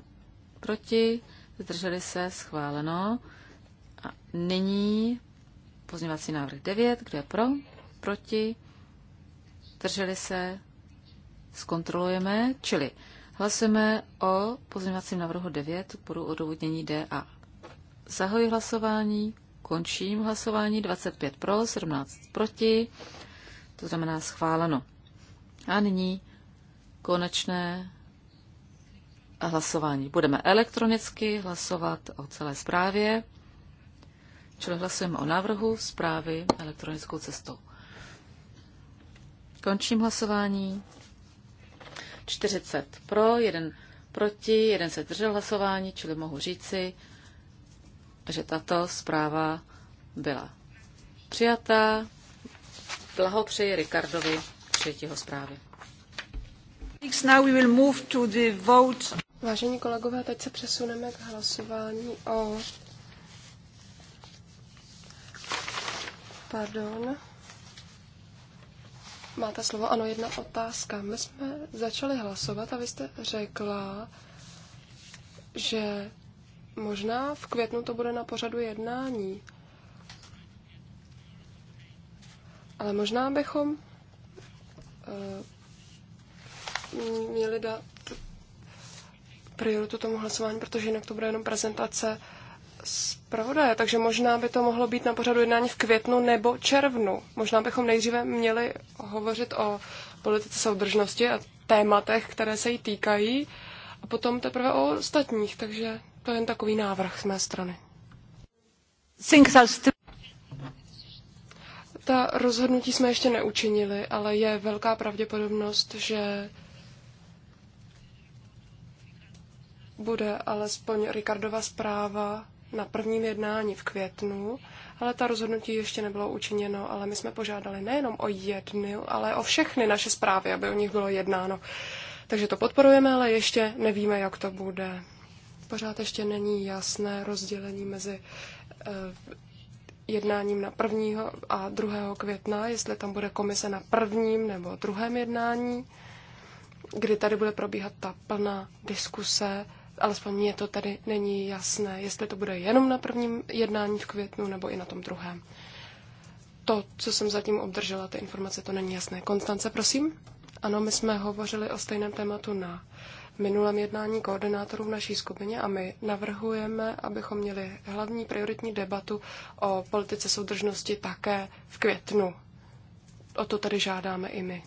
Proti? Zdrželi se? Schváleno. A nyní pozměvací návrh 9. Kdo je pro? Proti? Drželi se? Zkontrolujeme, čili hlasujeme o pozměvacím návrhu 9 bodu odůvodnění D a zahoji hlasování, končím hlasování, 25 pro, 17 proti, to znamená schváleno. A nyní konečné hlasování. Budeme elektronicky hlasovat o celé zprávě. Čili hlasujeme o návrhu zprávy elektronickou cestou. Končím hlasování. 40 pro, 1 proti, 1 se držel hlasování, čili mohu říci, že tato zpráva byla přijatá. Blahopřeji Ricardovi přijetí zprávy. Vážení kolegové, teď se přesuneme k hlasování o Pardon. Máte slovo, ano, jedna otázka. My jsme začali hlasovat a vy jste řekla, že možná v květnu to bude na pořadu jednání. Ale možná bychom uh, měli dát prioritu tomu hlasování, protože jinak to bude jenom prezentace zpravodaje, takže možná by to mohlo být na pořadu jednání v květnu nebo červnu. Možná bychom nejdříve měli hovořit o politice soudržnosti a tématech, které se jí týkají, a potom teprve o ostatních, takže to je jen takový návrh z mé strany. Ta rozhodnutí jsme ještě neučinili, ale je velká pravděpodobnost, že bude alespoň Ricardova zpráva na prvním jednání v květnu, ale ta rozhodnutí ještě nebylo učiněno, ale my jsme požádali nejenom o jednu, ale o všechny naše zprávy, aby o nich bylo jednáno. Takže to podporujeme, ale ještě nevíme, jak to bude. Pořád ještě není jasné rozdělení mezi eh, jednáním na 1. a 2. května, jestli tam bude komise na prvním nebo druhém jednání, kdy tady bude probíhat ta plná diskuse alespoň mně to tady není jasné, jestli to bude jenom na prvním jednání v květnu nebo i na tom druhém. To, co jsem zatím obdržela, ty informace, to není jasné. Konstance, prosím? Ano, my jsme hovořili o stejném tématu na minulém jednání koordinátorů v naší skupině a my navrhujeme, abychom měli hlavní prioritní debatu o politice soudržnosti také v květnu. O to tady žádáme i my.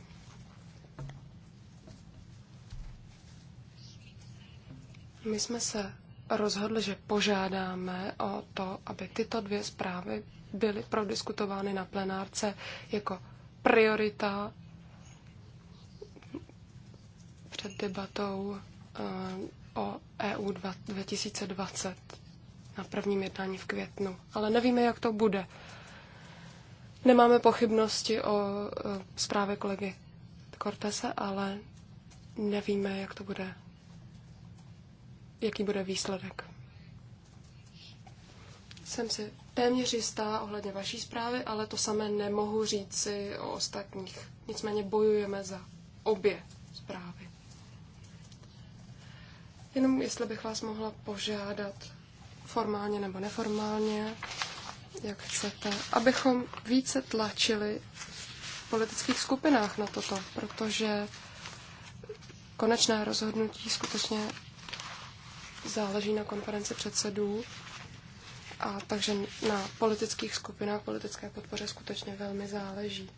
My jsme se rozhodli, že požádáme o to, aby tyto dvě zprávy byly prodiskutovány na plenárce jako priorita před debatou eh, o EU 2020 na prvním jednání v květnu. Ale nevíme, jak to bude. Nemáme pochybnosti o eh, zprávě kolegy Cortese, ale nevíme, jak to bude jaký bude výsledek. Jsem si téměř jistá ohledně vaší zprávy, ale to samé nemohu si o ostatních. Nicméně bojujeme za obě zprávy. Jenom jestli bych vás mohla požádat formálně nebo neformálně, jak chcete, abychom více tlačili v politických skupinách na toto, protože konečné rozhodnutí skutečně záleží na konferenci předsedů, a takže na politických skupinách, politické podpoře skutečně velmi záleží.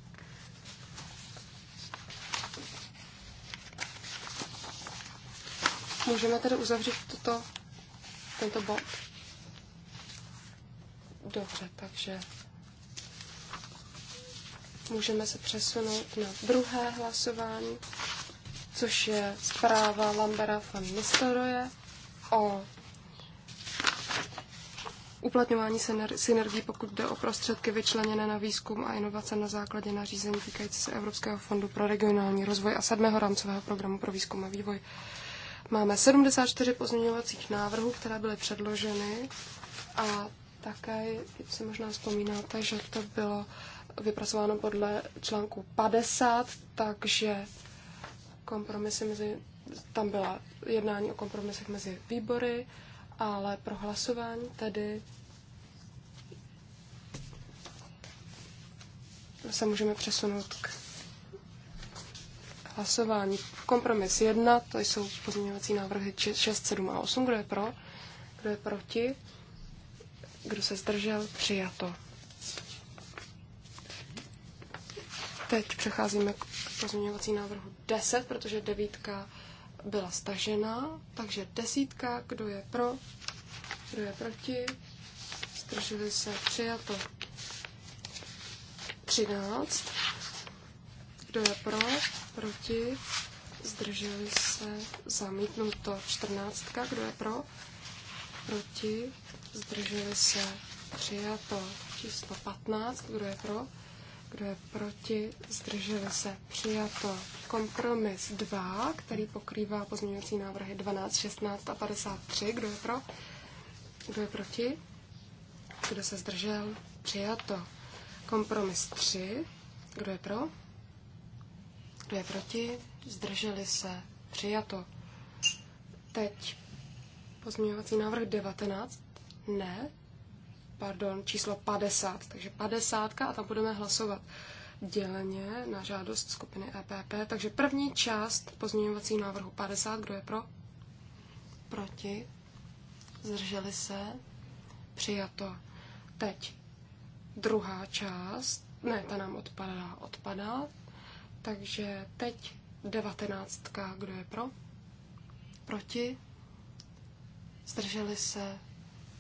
Můžeme tedy uzavřít toto, tento bod? Dobře, takže můžeme se přesunout na druhé hlasování, což je zpráva Lambera van Nistelrooye o uplatňování synergií, pokud jde o prostředky vyčleněné na výzkum a inovace na základě nařízení týkající se Evropského fondu pro regionální rozvoj a sedmého rámcového programu pro výzkum a vývoj. Máme 74 pozměňovacích návrhů, které byly předloženy a také si možná vzpomínáte, že to bylo vypracováno podle článku 50, takže kompromisy mezi tam byla jednání o kompromisech mezi výbory, ale pro hlasování tedy se můžeme přesunout k hlasování. Kompromis 1, to jsou pozměňovací návrhy 6, 7 a 8. Kdo je pro? Kdo je proti? Kdo se zdržel? Přijato. Teď přecházíme k pozměňovací návrhu 10, protože devítka byla stažena, takže desítka, kdo je pro, kdo je proti, zdrželi se, přijato. 13. Kdo je pro, proti, zdrželi se, zamítnuto. 14. Kdo je pro, proti, zdrželi se, přijato. Číslo 15. Kdo je pro, kdo je proti? Zdrželi se. Přijato. Kompromis 2, který pokrývá pozměňovací návrhy 12, 16 a 53. Kdo je pro? Kdo je proti? Kdo se zdržel? Přijato. Kompromis 3. Kdo je pro? Kdo je proti? Zdrželi se. Přijato. Teď pozměňovací návrh 19. Ne pardon, číslo 50. Takže 50 a tam budeme hlasovat děleně na žádost skupiny EPP. Takže první část pozměňovací návrhu 50, kdo je pro? Proti? Zdrželi se? Přijato. Teď druhá část, ne, ta nám odpadá, odpadá. Takže teď devatenáctka, kdo je pro? Proti? Zdrželi se?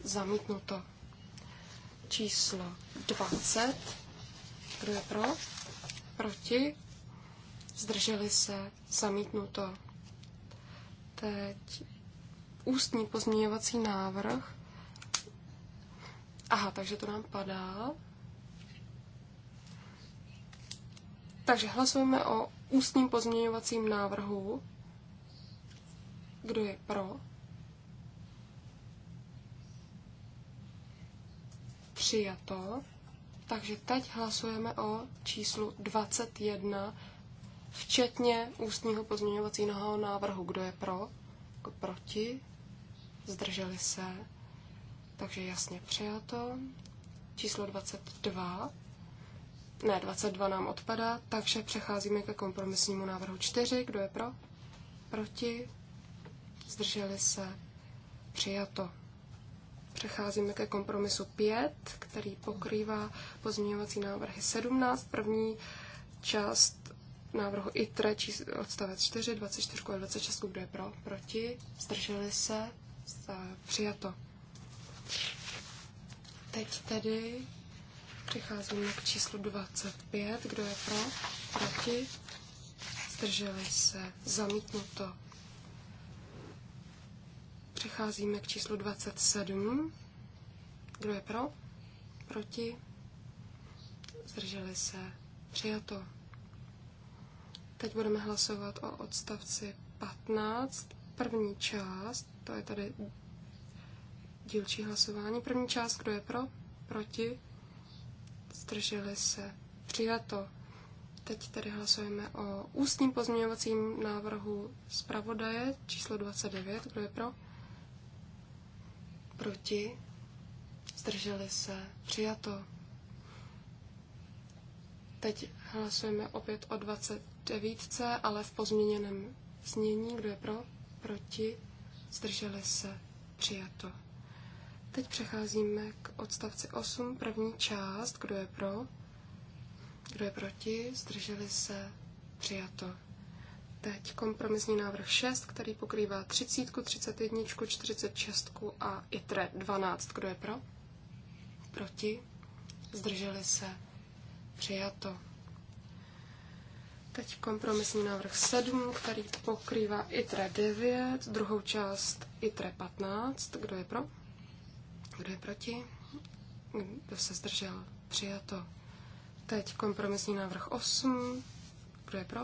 Zamítnuto číslo 20. Kdo je pro? Proti? Zdrželi se? Zamítnuto. Teď ústní pozměňovací návrh. Aha, takže to nám padá. Takže hlasujeme o ústním pozměňovacím návrhu. Kdo je pro? přijato. Takže teď hlasujeme o číslu 21, včetně ústního pozměňovacího návrhu. Kdo je pro? Kdo proti? Zdrželi se? Takže jasně přijato. Číslo 22. Ne, 22 nám odpadá, takže přecházíme ke kompromisnímu návrhu 4. Kdo je pro? Proti? Zdrželi se? Přijato. Přecházíme ke kompromisu 5, který pokrývá pozměňovací návrhy 17, první část návrhu ITRE, odstavec 4, 24 a 26, kdo je pro, proti, zdrželi se, přijato. Teď tedy přicházíme k číslu 25, kdo je pro, proti, zdrželi se, zamítnuto. Přecházíme k číslu 27. Kdo je pro? Proti? Zdrželi se? Přijato. Teď budeme hlasovat o odstavci 15, první část, to je tady dílčí hlasování. První část, kdo je pro, proti, zdrželi se, přijato. Teď tedy hlasujeme o ústním pozměňovacím návrhu zpravodaje číslo 29, kdo je pro, proti, zdrželi se, přijato. Teď hlasujeme opět o 29, ale v pozměněném znění, kdo je pro, proti, zdrželi se, přijato. Teď přecházíme k odstavci 8, první část, kdo je pro, kdo je proti, zdrželi se, přijato. Teď kompromisní návrh 6, který pokrývá 30, 31, 46 a ITRE 12. Kdo je pro? Proti? Zdrželi se? Přijato. Teď kompromisní návrh 7, který pokrývá ITRE 9, druhou část ITRE 15. Kdo je pro? Kdo je proti? Kdo se zdržel? Přijato. Teď kompromisní návrh 8. Kdo je pro?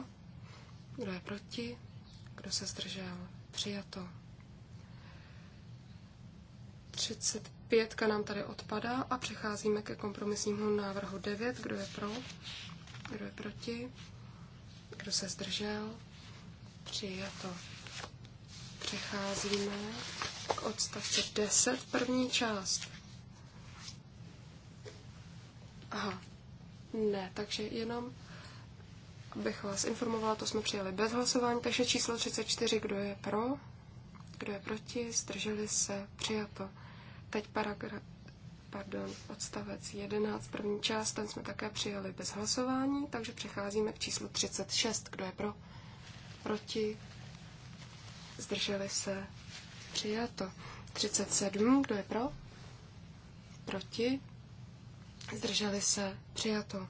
Kdo je proti? Kdo se zdržel? Přijato. 35 nám tady odpadá a přecházíme ke kompromisnímu návrhu 9. Kdo je pro? Kdo je proti? Kdo se zdržel? Přijato. Přecházíme k odstavci 10, první část. Aha, ne, takže jenom bych vás informovala, to jsme přijali bez hlasování, takže číslo 34, kdo je pro, kdo je proti, zdrželi se, přijato. Teď paragraf, pardon, odstavec 11, první část, ten jsme také přijali bez hlasování, takže přecházíme k číslu 36, kdo je pro, proti, zdrželi se, přijato. 37, kdo je pro, proti, zdrželi se, přijato.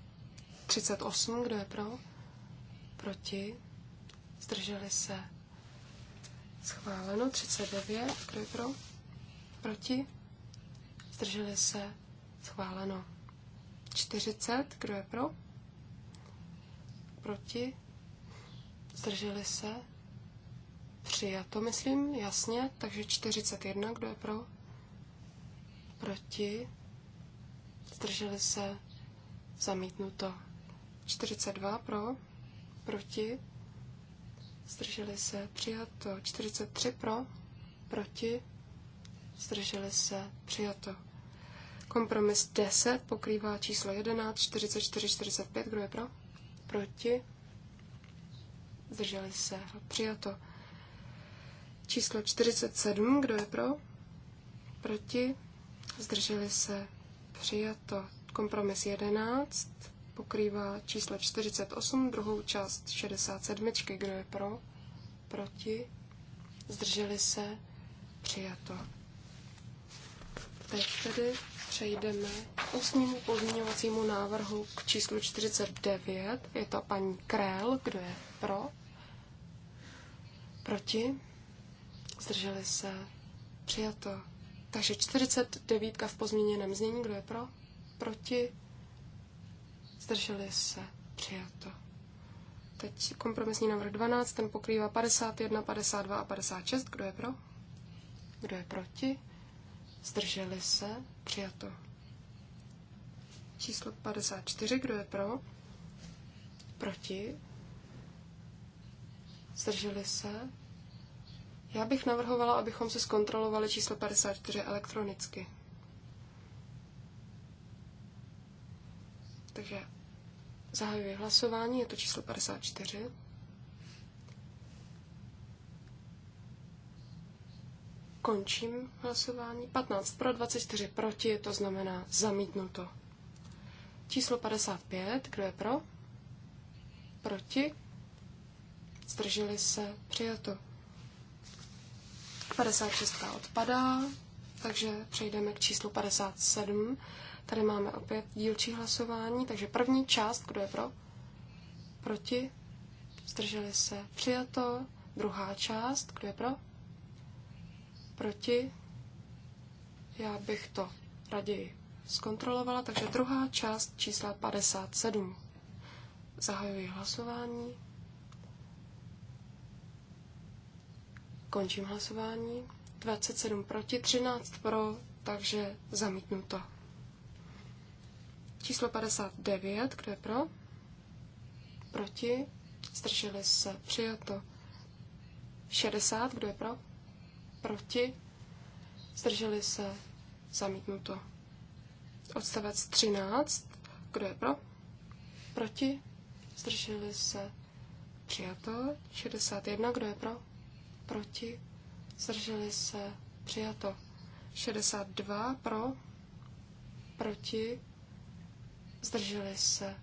38, kdo je pro, proti, zdrželi se, schváleno. 39, kdo je pro, proti, zdrželi se, schváleno. 40, kdo je pro, proti, zdrželi se, přijato, myslím, jasně, takže 41, kdo je pro, proti, zdrželi se, zamítnuto. 42 pro, proti, zdrželi se přijato 43 pro, proti, zdrželi se přijato. Kompromis 10 pokrývá číslo 11, 44, 45, kdo je pro, proti, zdrželi se přijato. Číslo 47, kdo je pro, proti, zdrželi se přijato. Kompromis 11, pokrývá čísla 48, druhou část 67. Kdo je pro? Proti? Zdrželi se? Přijato. Teď tedy přejdeme k ústnímu pozměňovacímu návrhu k číslu 49. Je to paní Krell. Kdo je pro? Proti? Zdrželi se? Přijato. Takže 49 v pozměněném znění. Kdo je pro? Proti? zdrželi se, přijato. Teď kompromisní návrh 12, ten pokrývá 51, 52 a 56. Kdo je pro? Kdo je proti? Zdrželi se, přijato. Číslo 54, kdo je pro? Proti? Zdrželi se? Já bych navrhovala, abychom se zkontrolovali číslo 54 elektronicky. Takže Zahajuji hlasování, je to číslo 54. Končím hlasování. 15 pro, 24 proti, to znamená zamítnuto. Číslo 55, kdo je pro? Proti? Zdrželi se, přijato. 56 odpadá, takže přejdeme k číslu 57. Tady máme opět dílčí hlasování, takže první část, kdo je pro, proti, zdrželi se, přijato. Druhá část, kdo je pro, proti, já bych to raději zkontrolovala, takže druhá část čísla 57. Zahajuji hlasování. Končím hlasování. 27 proti, 13 pro, takže zamítnuto. Číslo 59, kdo je pro? Proti? Zdrželi se. Přijato. 60, kdo je pro? Proti? Zdrželi se. Zamítnuto. Odstavec 13, kdo je pro? Proti? Zdrželi se. Přijato. 61, kdo je pro? Proti? Zdrželi se. Přijato. 62 pro, proti, zdrželi se,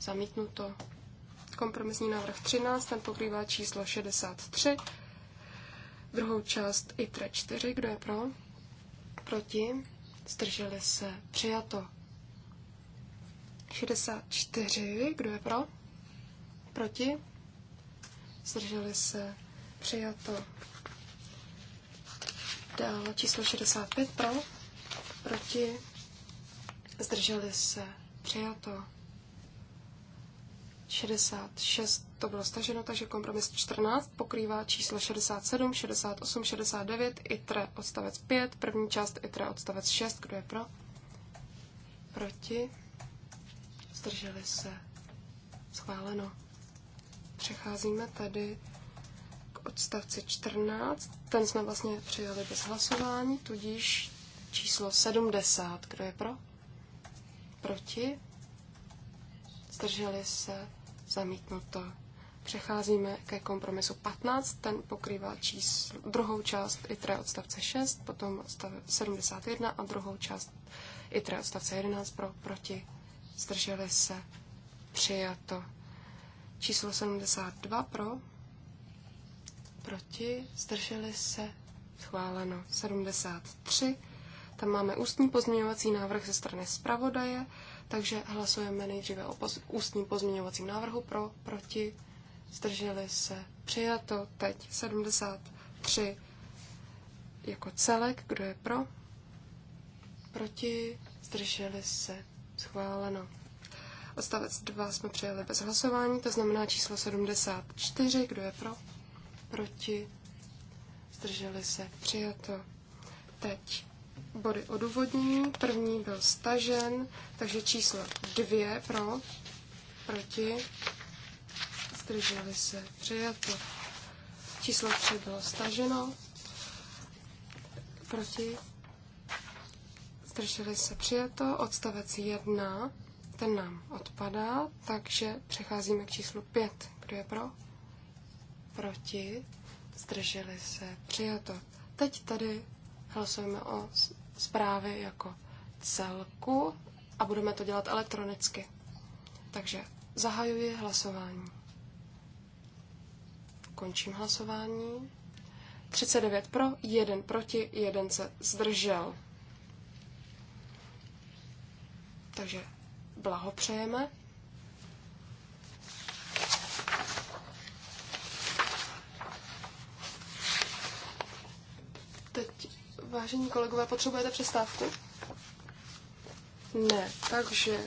zamítnuto. Kompromisní návrh 13, ten pokrývá číslo 63, druhou část i 4, kdo je pro, proti, zdrželi se, přijato. 64, kdo je pro, proti, zdrželi se, přijato. Dále číslo 65 pro, proti, zdrželi se, Přijato. 66 to bylo staženo, takže kompromis 14 pokrývá číslo 67, 68, 69, ITRE odstavec 5, první část ITRE odstavec 6, kdo je pro? Proti? Zdrželi se. Schváleno. Přecházíme tedy k odstavci 14. Ten jsme vlastně přijali bez hlasování, tudíž číslo 70. Kdo je pro? Proti? Zdrželi se? Zamítnuto. Přecházíme ke kompromisu 15, ten pokrývá číslo, druhou část ITRE odstavce 6, potom 71 a druhou část ITRE odstavce 11 pro proti. Zdrželi se? Přijato. Číslo 72 pro proti, zdrželi se, schváleno 73 tam máme ústní pozměňovací návrh ze strany zpravodaje, takže hlasujeme nejdříve o poz- ústním pozměňovacím návrhu pro, proti, zdrželi se, přijato, teď 73 jako celek, kdo je pro, proti, zdrželi se, schváleno. Odstavec 2 jsme přijeli bez hlasování, to znamená číslo 74, kdo je pro, proti, zdrželi se, přijato. Teď body odůvodnění. První byl stažen, takže číslo dvě pro, proti, zdrželi se, přijato. Číslo tři bylo staženo, proti, zdrželi se, přijato. Odstavec jedna, ten nám odpadá, takže přecházíme k číslu pět. Kdo je pro? Proti, zdrželi se, přijato. Teď tady hlasujeme o zprávy jako celku a budeme to dělat elektronicky. Takže zahajuji hlasování. Končím hlasování. 39 pro, 1 proti, 1 se zdržel. Takže blahopřejeme. Vážení kolegové, potřebujete přestávku? Ne, takže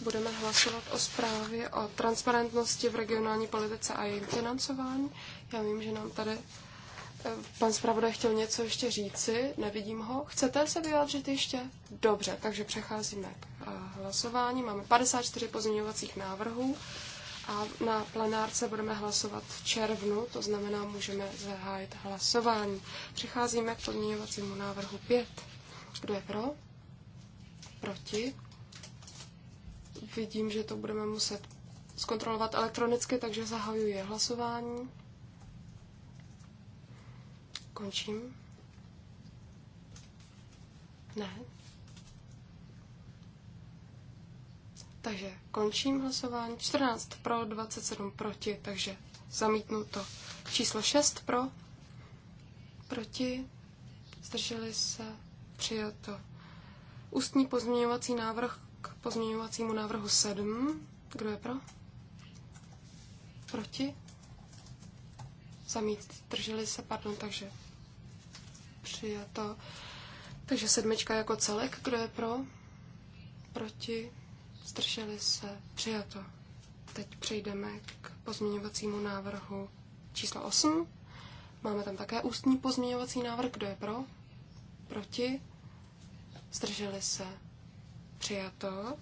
budeme hlasovat o zprávě o transparentnosti v regionální politice a jejím financování. Já vím, že nám tady eh, pan zpravodaj chtěl něco ještě říci, nevidím ho. Chcete se vyjádřit ještě? Dobře, takže přecházíme k eh, hlasování. Máme 54 pozměňovacích návrhů a na plenárce budeme hlasovat v červnu, to znamená, můžeme zahájit hlasování. Přicházíme k podmíňovacímu návrhu 5. Kdo je pro? Proti? Vidím, že to budeme muset zkontrolovat elektronicky, takže zahajuji hlasování. Končím. Ne, Takže končím hlasování. 14 pro, 27 proti, takže zamítnu to. Číslo 6 pro, proti, zdrželi se, přijato. Ústní pozměňovací návrh k pozměňovacímu návrhu 7. Kdo je pro? Proti? Zamít, drželi se, pardon, takže přijato. Takže sedmička jako celek, kdo je pro? Proti? zdrželi se, přijato. Teď přejdeme k pozměňovacímu návrhu číslo 8. Máme tam také ústní pozměňovací návrh. Kdo je pro? Proti? Zdrželi se? Přijato.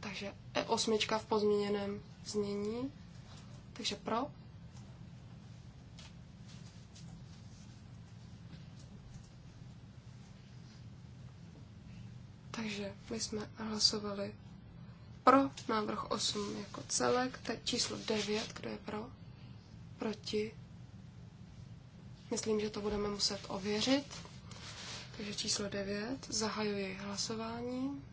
Takže E8 v pozměněném znění. Takže pro? Takže my jsme hlasovali pro návrh 8 jako celek, teď číslo 9, kdo je pro, proti. Myslím, že to budeme muset ověřit. Takže číslo 9, zahajuji hlasování.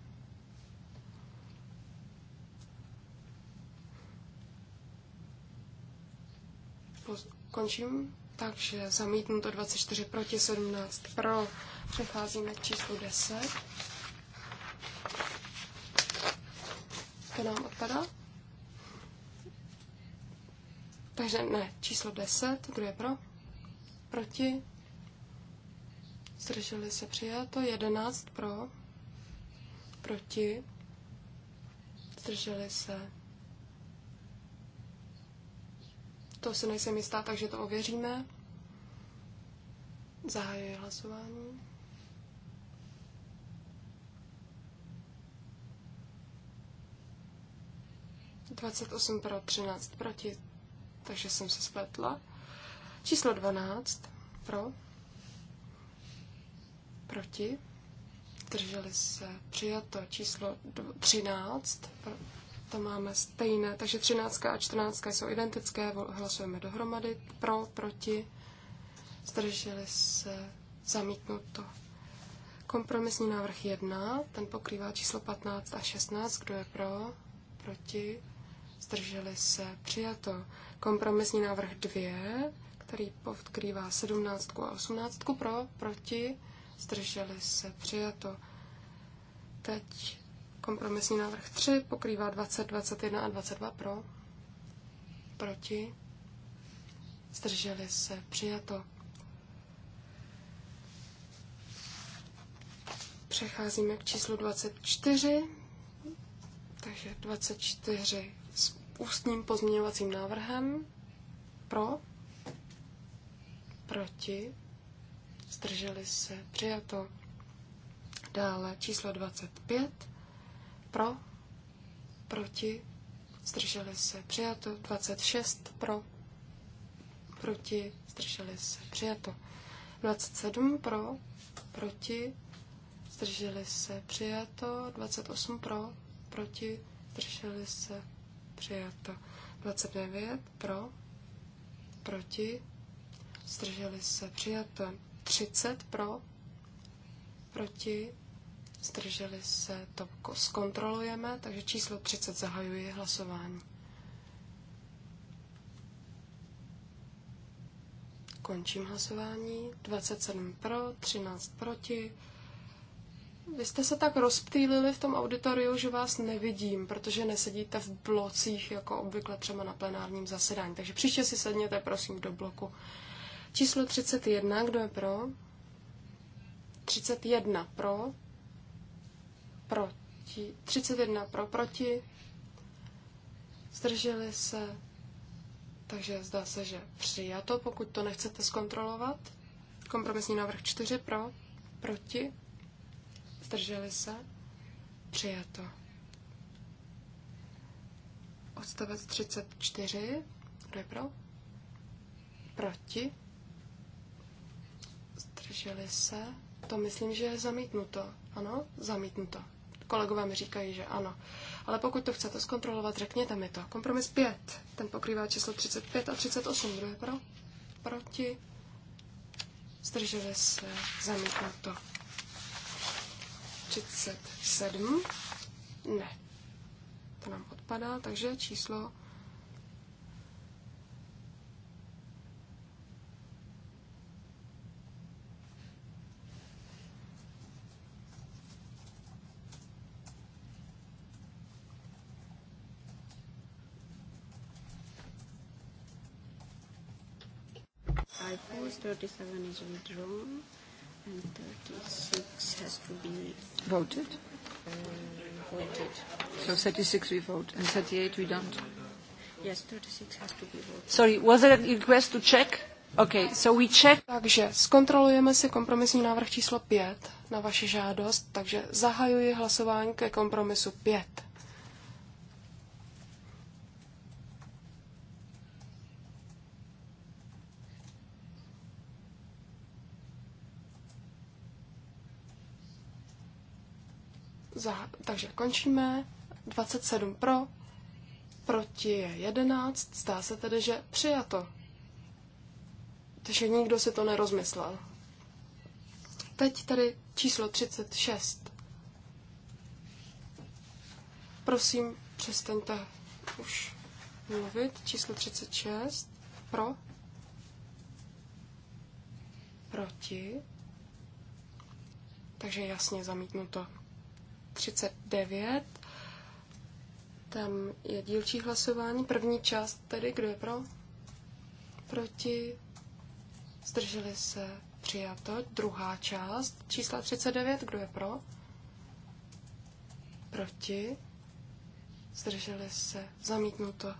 Končím. Takže zamítnuto 24 proti 17 pro. Přecházíme k číslu 10. desítka nám odpadá. Takže ne, číslo 10, kdo je pro? Proti? Zdrželi se přijato, 11 pro, proti, zdrželi se. To se nejsem jistá, takže to ověříme. Zahajuji hlasování. 28 pro, 13 proti, takže jsem se spletla. Číslo 12 pro, proti, drželi se, přijato. Číslo 13, to máme stejné, takže 13 a 14 jsou identické, hlasujeme dohromady, pro, proti, zdrželi se, zamítnuto. Kompromisní návrh 1, ten pokrývá číslo 15 a 16, kdo je pro, proti, zdrželi se, přijato. Kompromisní návrh 2, který podkrývá 17 a 18 pro, proti, zdrželi se, přijato. Teď kompromisní návrh 3 pokrývá 20, 21 a 22 pro, proti, zdrželi se, přijato. Přecházíme k číslu 24, takže 24 ústním pozměňovacím návrhem. Pro? Proti? Zdrželi se. Přijato. Dále číslo 25. Pro? Proti? Zdrželi se. Přijato. 26. Pro? Proti? Zdrželi se. Přijato. 27 pro, proti, zdrželi se, přijato, 28 pro, proti, zdrželi se, přijato. 29 pro, proti, zdrželi se, přijato. 30 pro, proti, zdrželi se, to zkontrolujeme, takže číslo 30 zahajuje hlasování. Končím hlasování. 27 pro, 13 proti, vy jste se tak rozptýlili v tom auditoriu, že vás nevidím, protože nesedíte v blocích, jako obvykle třeba na plenárním zasedání. Takže příště si sedněte, prosím, do bloku. Číslo 31, kdo je pro? 31 pro, proti, 31 pro, proti, zdrželi se, takže zdá se, že přijato, pokud to nechcete zkontrolovat. Kompromisní návrh 4 pro, proti, Zdrželi se? Přijato. Odstavec 34. Kdo je pro? Proti? Zdrželi se? To myslím, že je zamítnuto. Ano? Zamítnuto. Kolegové mi říkají, že ano. Ale pokud to chcete zkontrolovat, řekněte mi to. Kompromis 5. Ten pokrývá číslo 35 a 38. Kdo je pro? Proti? Zdrželi se? Zamítnuto. 37. Ne. To nám odpadá, takže číslo I 37 is withdrawn. And 36 has to be voted. voted. So 36 we vote, and 38 we don't. Yes, 36 has to be voted. Sorry, was there a request to check? Okay, so we check. Takže zkontrolujeme si kompromisní návrh číslo 5 na vaši žádost, takže zahajuji hlasování ke kompromisu 5. za, takže končíme. 27 pro, proti je 11, zdá se tedy, že přijato. Takže nikdo si to nerozmyslel. Teď tedy číslo 36. Prosím, přestaňte už mluvit. Číslo 36. Pro. Proti. Takže jasně zamítnuto. to. 39. Tam je dílčí hlasování. První část tedy, kdo je pro? Proti? Zdrželi se? Přijato. Druhá část čísla 39. Kdo je pro? Proti? Zdrželi se? Zamítnuto.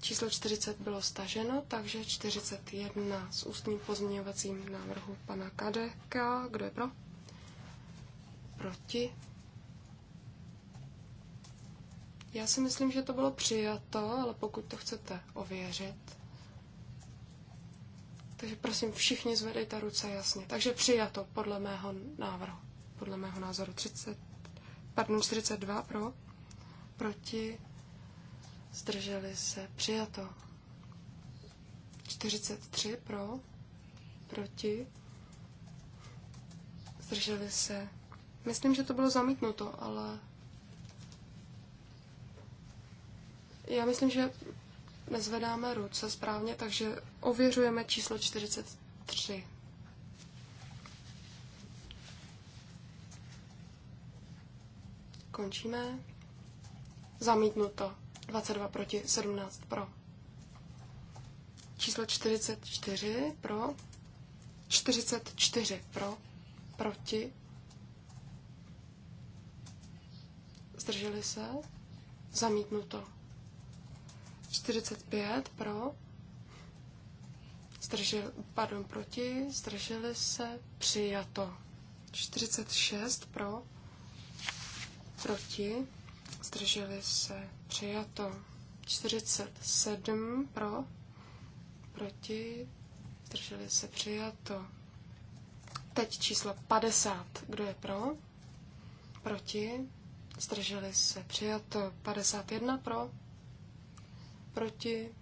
Číslo 40 bylo staženo, takže 41 s ústním pozměňovacím návrhu pana Kadeka. Kdo je pro? proti. Já si myslím, že to bylo přijato, ale pokud to chcete ověřit. Takže prosím, všichni zvedejte ruce jasně. Takže přijato podle mého návrhu, podle mého názoru 30, pardon, 42 pro, proti, zdrželi se, přijato. 43 pro, proti, zdrželi se, Myslím, že to bylo zamítnuto, ale já myslím, že nezvedáme ruce správně, takže ověřujeme číslo 43. Končíme. Zamítnuto. 22 proti 17 pro. Číslo 44 pro. 44 pro. Proti. zdrželi se, zamítnuto. 45 pro, zdržel, pardon, proti, zdrželi se, přijato. 46 pro, proti, zdrželi se, přijato. 47 pro, proti, zdrželi se, přijato. Teď číslo 50, kdo je pro, proti, zdrželi se přijato 51 pro, proti,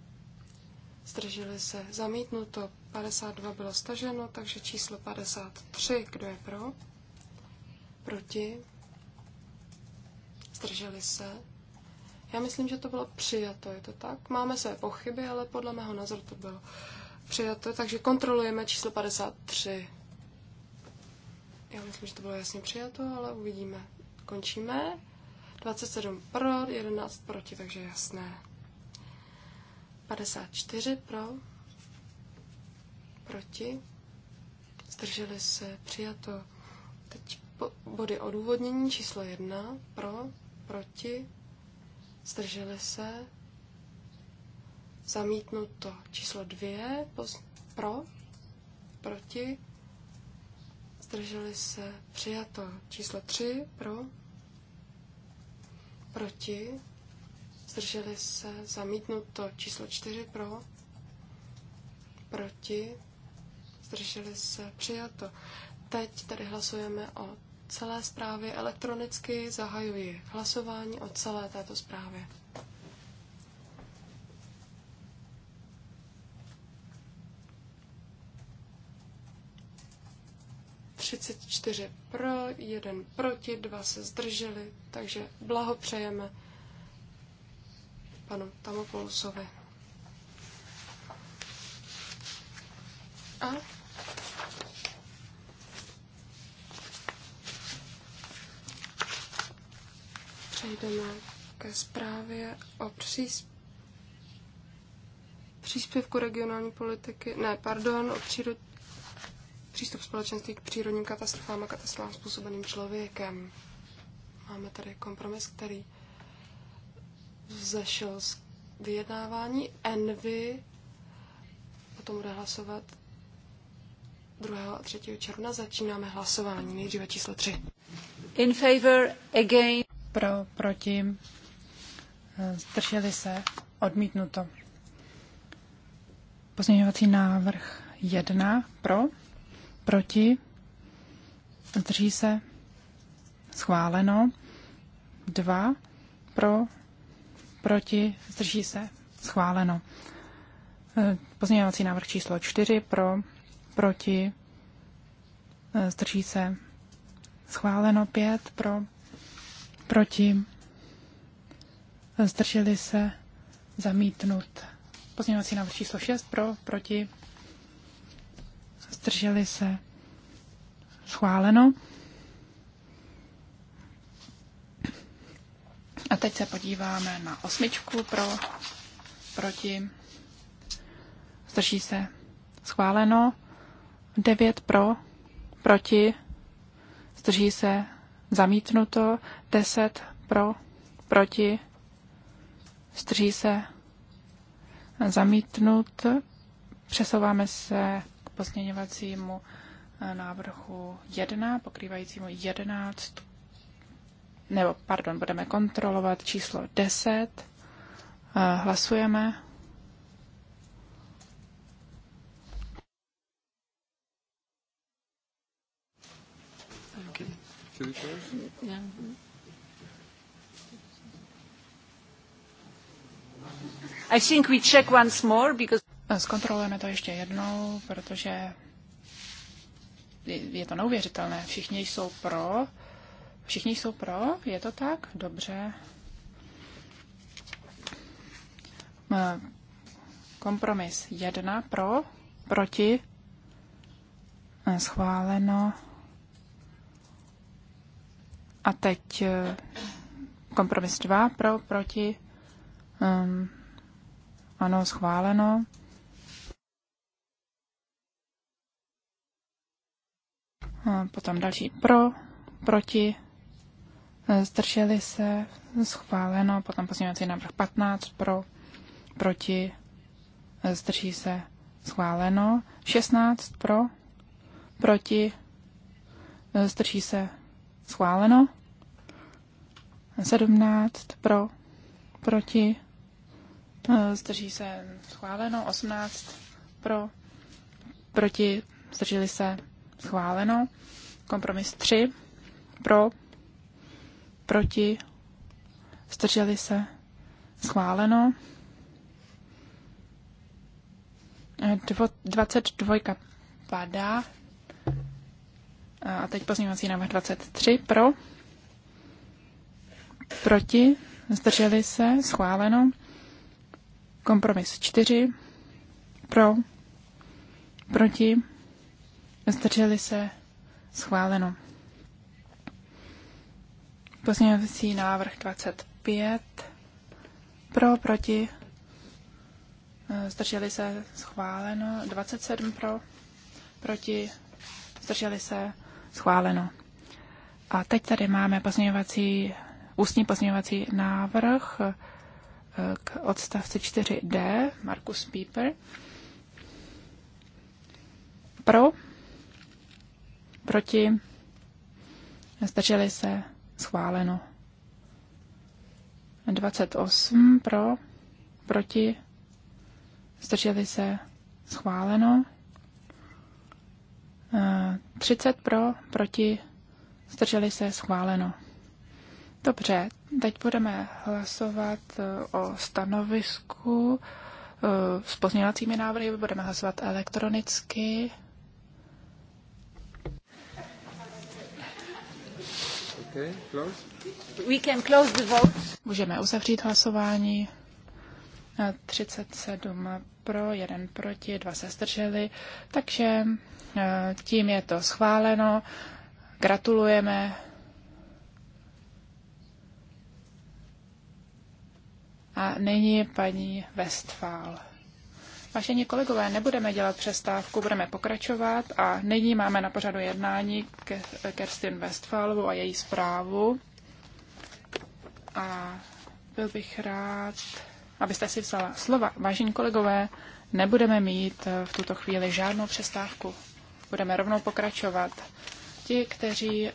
zdrželi se zamítnuto 52 bylo staženo, takže číslo 53, kdo je pro, proti, zdrželi se. Já myslím, že to bylo přijato, je to tak? Máme své pochyby, ale podle mého názoru to bylo přijato, takže kontrolujeme číslo 53. Já myslím, že to bylo jasně přijato, ale uvidíme. Končíme. 27 pro, 11 proti, takže jasné. 54 pro, proti, zdrželi se, přijato. Teď body odůvodnění číslo 1 pro, proti, zdrželi se, zamítnuto číslo 2 pro, proti, zdrželi se, přijato číslo 3 pro, proti, zdrželi se, zamítnuto číslo 4 pro, proti, zdrželi se, přijato. Teď tady hlasujeme o celé zprávě elektronicky, zahajuji hlasování o celé této zprávě. 34 pro, 1 proti, 2 se zdrželi, takže blahopřejeme panu Tamopolusovi. A přejdeme ke zprávě o příspěvku příspěvku regionální politiky, ne, pardon, o přírodní Přístup společenství k přírodním katastrofám a katastrofám způsobeným člověkem. Máme tady kompromis, který vzešel z vyjednávání Envy. Potom bude hlasovat 2. a 3. června. Začínáme hlasování. Nejdříve číslo 3. In favor, again. Pro, proti. Zdrželi se. Odmítnuto. Pozměňovací návrh 1 pro, proti, zdrží se, schváleno, dva pro, proti, zdrží se, schváleno. Eh, pozměňovací návrh číslo 4 pro, proti, eh, zdrží se, schváleno 5 pro, proti, zdrželi se, zamítnut. Pozměňovací návrh číslo 6 pro, proti, zdrželi se, schváleno. A teď se podíváme na osmičku pro, proti, zdrží se, schváleno. Devět pro, proti, zdrží se, zamítnuto. Deset pro, proti, zdrží se, zamítnut. Přesouváme se pozměňovacímu eh, návrhu 1, pokrývajícímu 11, nebo pardon, budeme kontrolovat číslo 10. Eh, hlasujeme. I think we check once more because Zkontrolujeme to ještě jednou, protože je to neuvěřitelné. Všichni jsou pro. Všichni jsou pro, je to tak? Dobře. Kompromis jedna pro, proti, e, schváleno. A teď e, kompromis dva pro, proti, ano, schváleno. Potom další pro, proti, e, zdrželi se, schváleno. Potom pozměňovací návrh 15 pro, proti, e, zdrží se, schváleno. 16 pro, proti, e, zdrží se, schváleno. 17 pro, proti, zdrží se schváleno, 18 pro, proti, zdrželi se schváleno. Kompromis 3 pro, proti, zdrželi se, schváleno. 22 e, padá. E, a teď pozměňovací návrh 23 pro, proti, zdrželi se, schváleno. Kompromis 4 pro, proti, Zdrželi se? Schváleno. Pozměňovací návrh 25. Pro, proti? Eh, zdrželi se? Schváleno. 27 pro, proti? Zdrželi se? Schváleno. A teď tady máme pozměňovací, ústní pozměňovací návrh eh, k odstavci 4D, Markus Pieper. Pro, proti, zdrželi se, schváleno. 28 pro, proti, zdrželi se, schváleno. 30 pro, proti, zdrželi se, schváleno. Dobře, teď budeme hlasovat e, o stanovisku e, s pozměňovacími návrhy. Budeme hlasovat elektronicky. Okay, close. We can close the vote. Můžeme uzavřít hlasování. 37 pro, 1 proti, 2 se zdrželi. Takže eh, tím je to schváleno. Gratulujeme. A nyní paní Westfál. Vážení kolegové, nebudeme dělat přestávku, budeme pokračovat a nyní máme na pořadu jednání Kerstin Westfalovou a její zprávu. A byl bych rád, abyste si vzala slova. Vážení kolegové, nebudeme mít eh, v tuto chvíli žádnou přestávku. Budeme rovnou pokračovat. Ti, kteří eh,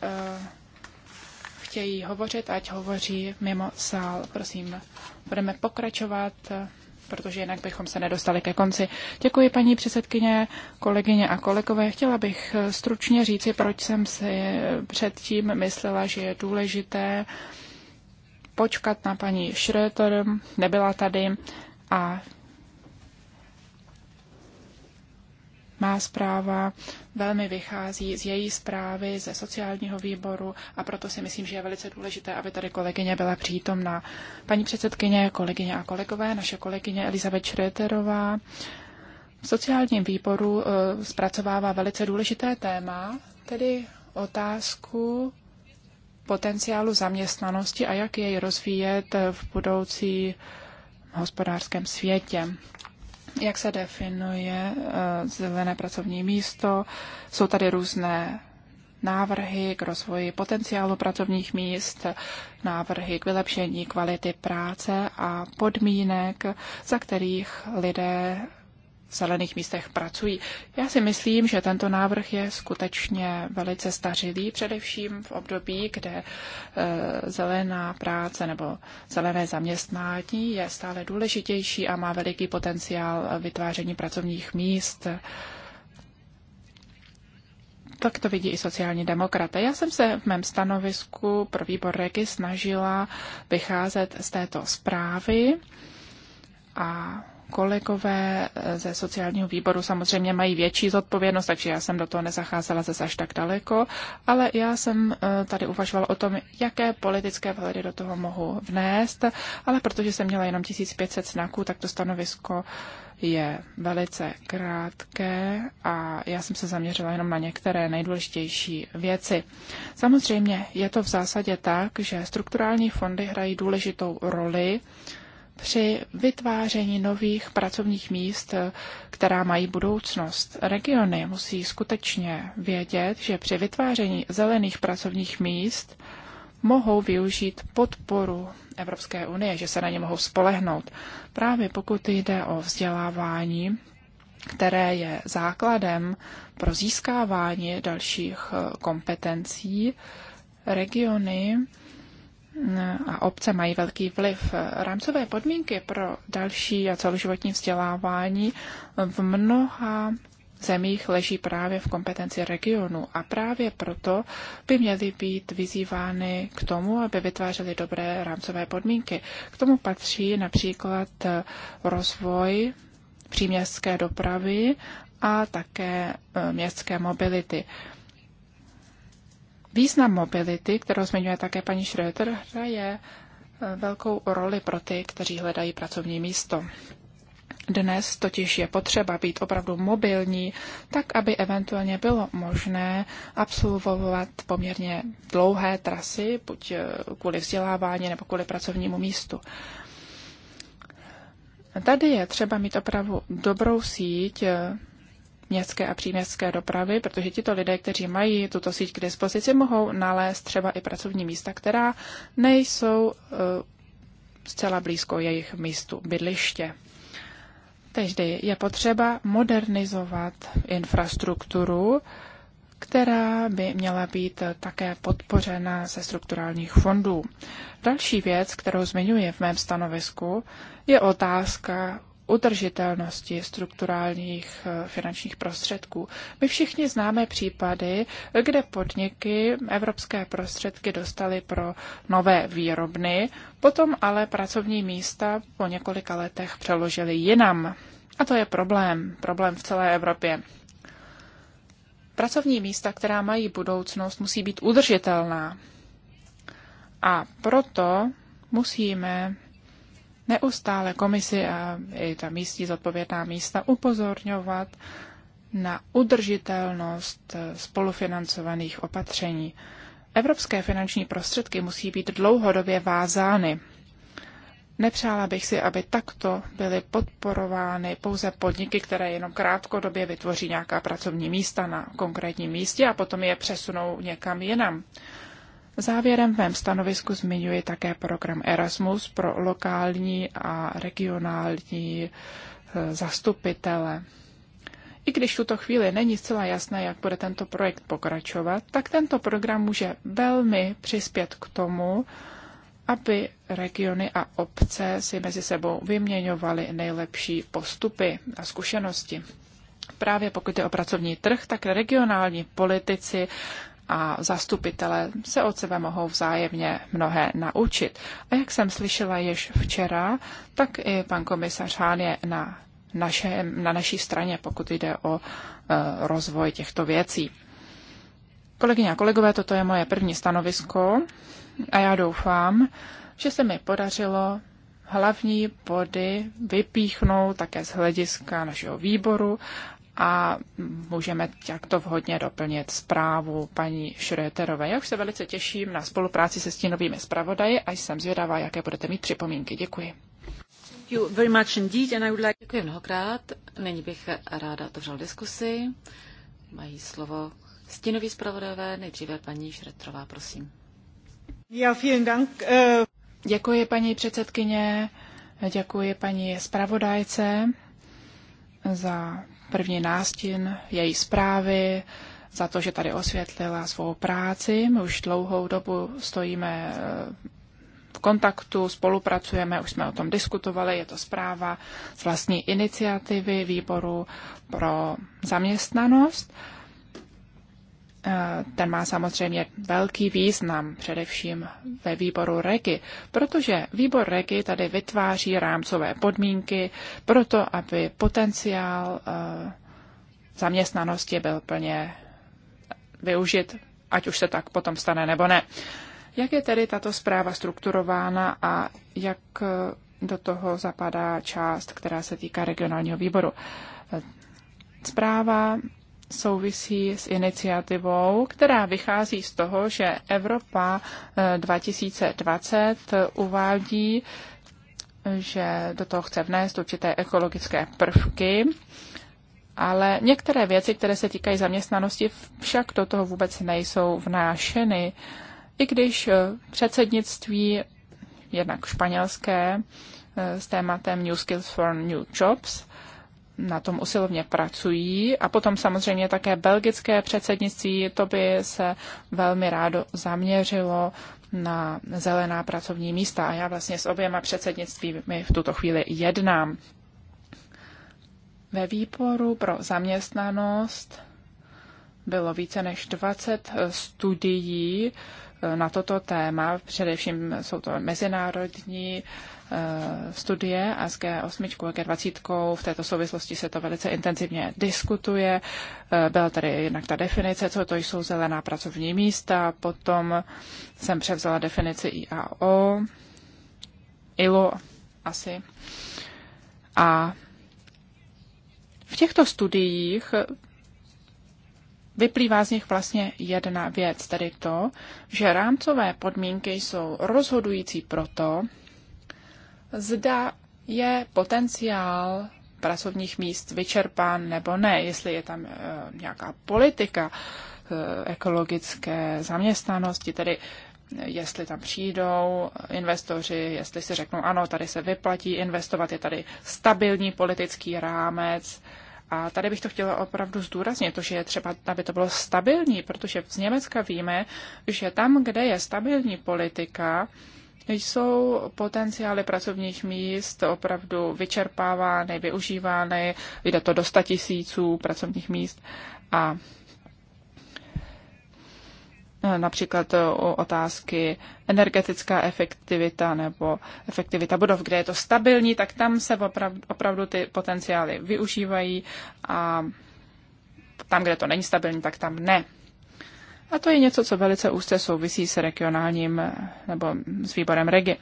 chtějí hovořit, ať hovoří mimo sál. Prosím, budeme pokračovat eh, protože jinak bychom se nedostali ke konci. Děkuji paní předsedkyně, kolegyně a kolegové. Chtěla bych eh, stručně říci, proč jsem si eh, předtím myslela, že je důležité počkat na paní Schröter, nebyla tady a Má zpráva velmi vychází z její zprávy ze sociálního výboru a proto si myslím, že je velice důležité, aby tady kolegyně byla přítomná. Paní předsedkyně, kolegyně a kolegové, naše kolegyně Elizabeth Šreterová v sociálním výboru eh, zpracovává velice důležité téma, tedy otázku potenciálu zaměstnanosti a jak jej rozvíjet v budoucí hospodářském světě jak se definuje eh, zelené pracovní místo. Jsou tady různé návrhy k rozvoji potenciálu pracovních míst, návrhy k vylepšení kvality práce a podmínek, za kterých lidé zelených místech pracují. Já si myslím, že tento návrh je skutečně velice stařilý, především v období, kde e, zelená práce nebo zelené zaměstnání je stále důležitější a má veliký potenciál vytváření pracovních míst. Tak to vidí i sociální demokraté. Já jsem se v mém stanovisku pro výbor Regi snažila vycházet z této zprávy a kolegové eh, ze sociálního výboru samozřejmě mají větší zodpovědnost, takže já jsem do toho nezacházela zase až tak daleko, ale já jsem eh, tady uvažovala o tom, jaké politické vhledy do toho mohu vnést, ale protože jsem měla jenom 1500 znaků, tak to stanovisko je velice krátké a já jsem se zaměřila jenom na některé nejdůležitější věci. Samozřejmě je to v zásadě tak, že strukturální fondy hrají důležitou roli při vytváření nových pracovních míst, která mají budoucnost. Regiony musí skutečně vědět, že při vytváření zelených pracovních míst mohou využít podporu Evropské unie, že se na ně mohou spolehnout. Právě pokud jde o vzdělávání, které je základem pro získávání dalších kompetencí, regiony a obce mají velký vliv. Rámcové podmínky pro další a celoživotní vzdělávání v mnoha zemích leží právě v kompetenci regionu a právě proto by měly být vyzývány k tomu, aby vytvářely dobré rámcové podmínky. K tomu patří například rozvoj příměstské dopravy a také městské mobility. Význam mobility, kterou zmiňuje také paní Schröter, hraje eh, velkou roli pro ty, kteří hledají pracovní místo. Dnes totiž je potřeba být opravdu mobilní, tak aby eventuálně bylo možné absolvovat poměrně dlouhé trasy, buď eh, kvůli vzdělávání nebo kvůli pracovnímu místu. Tady je třeba mít opravdu dobrou síť eh, městské a příměstské dopravy, protože tito lidé, kteří mají tuto síť k dispozici, mohou nalézt třeba i pracovní místa, která nejsou eh, zcela blízko jejich místu bydliště. Tehdy je potřeba modernizovat infrastrukturu, která by měla být také podpořena ze strukturálních fondů. Další věc, kterou zmiňuji v mém stanovisku, je otázka udržitelnosti strukturálních eh, finančních prostředků. My všichni známe případy, kde podniky evropské prostředky dostaly pro nové výrobny, potom ale pracovní místa po několika letech přeložili jinam. A to je problém, problém v celé Evropě. Pracovní místa, která mají budoucnost, musí být udržitelná. A proto musíme neustále komisi a i ta místní zodpovědná místa upozorňovat na udržitelnost eh, spolufinancovaných opatření. Evropské finanční prostředky musí být dlouhodobě vázány. Nepřála bych si, aby takto byly podporovány pouze podniky, které jenom krátkodobě vytvoří nějaká pracovní místa na konkrétním místě a potom je přesunou někam jinam. Závěrem v mém stanovisku zmiňuji také program Erasmus pro lokální a regionální eh, zastupitele. I když v tuto chvíli není zcela jasné, jak bude tento projekt pokračovat, tak tento program může velmi přispět k tomu, aby regiony a obce si mezi sebou vyměňovaly nejlepší postupy a zkušenosti. Právě pokud je o pracovní trh, tak regionální politici a zastupitelé se od sebe mohou vzájemně mnohé naučit. A jak jsem slyšela již včera, tak i pan komisař Hán je na, naše, na naší straně, pokud jde o e, rozvoj těchto věcí. Kolegyně a kolegové, toto je moje první stanovisko a já doufám, že se mi podařilo hlavní body vypíchnout také z hlediska našeho výboru a můžeme takto vhodně doplnit zprávu paní Šrojeterové. Já už se velice těším na spolupráci se stínovými zpravodaji a jsem zvědavá, jaké budete mít připomínky. Děkuji. Děkuji mnohokrát. Nyní bych ráda otevřel diskusi. Mají slovo stínový zpravodajové, nejdříve paní Šretrová, prosím. Eh. Děkuji paní předsedkyně, děkuji paní zpravodajce za první nástin její zprávy, za to, že tady osvětlila svou práci. My už dlouhou dobu stojíme eh, v kontaktu, spolupracujeme, už jsme o tom diskutovali, je to zpráva z vlastní iniciativy výboru pro zaměstnanost. Eh, ten má samozřejmě velký význam, především ve výboru REGI, protože výbor REGI tady vytváří rámcové podmínky pro to, aby potenciál eh, zaměstnanosti byl plně využit, ať už se tak potom stane nebo ne. Jak je tedy tato zpráva strukturována a jak eh, do toho zapadá část, která se týká regionálního výboru? Zpráva souvisí s iniciativou, která vychází z toho, že Evropa 2020 eh, uvádí, že do toho chce vnést určité ekologické prvky, ale některé věci, které se týkají zaměstnanosti, však do toho vůbec nejsou vnášeny. I když eh, předsednictví, jednak španělské, eh, s tématem New Skills for New Jobs, na tom usilovně pracují. A potom samozřejmě také belgické předsednictví, to by se velmi rádo zaměřilo na zelená pracovní místa. A já vlastně s oběma předsednictvími v tuto chvíli jednám. Ve výboru pro zaměstnanost bylo více než 20 studií, Eh, na toto téma. Především jsou to mezinárodní eh, studie a s G8 a G20 v této souvislosti se to velice intenzivně diskutuje. Eh, byla tady jednak ta definice, co to jsou zelená pracovní místa, potom jsem převzala definici IAO, ILO asi. A v těchto studiích vyplývá z nich vlastně jedna věc, tedy to, že rámcové podmínky jsou rozhodující proto, zda je potenciál pracovních míst vyčerpán nebo ne, jestli je tam e, nějaká politika e, ekologické zaměstnanosti, tedy eh, jestli tam přijdou investoři, jestli si řeknou, ano, tady se vyplatí investovat, je tady stabilní politický rámec, e, a tady bych to chtěla opravdu zdůraznit, to, že je třeba, aby to bylo stabilní, protože z Německa víme, že tam, kde je stabilní politika, jsou potenciály pracovních míst opravdu vyčerpávány, využívány, jde to do 100 tisíců pracovních míst a například eh, o otázky energetická efektivita nebo efektivita budov, kde je to stabilní, tak tam se opravdu, opravdu ty potenciály využívají a tam, kde to není stabilní, tak tam ne. A to je něco, co velice úzce souvisí s regionálním eh, nebo s výborem regi.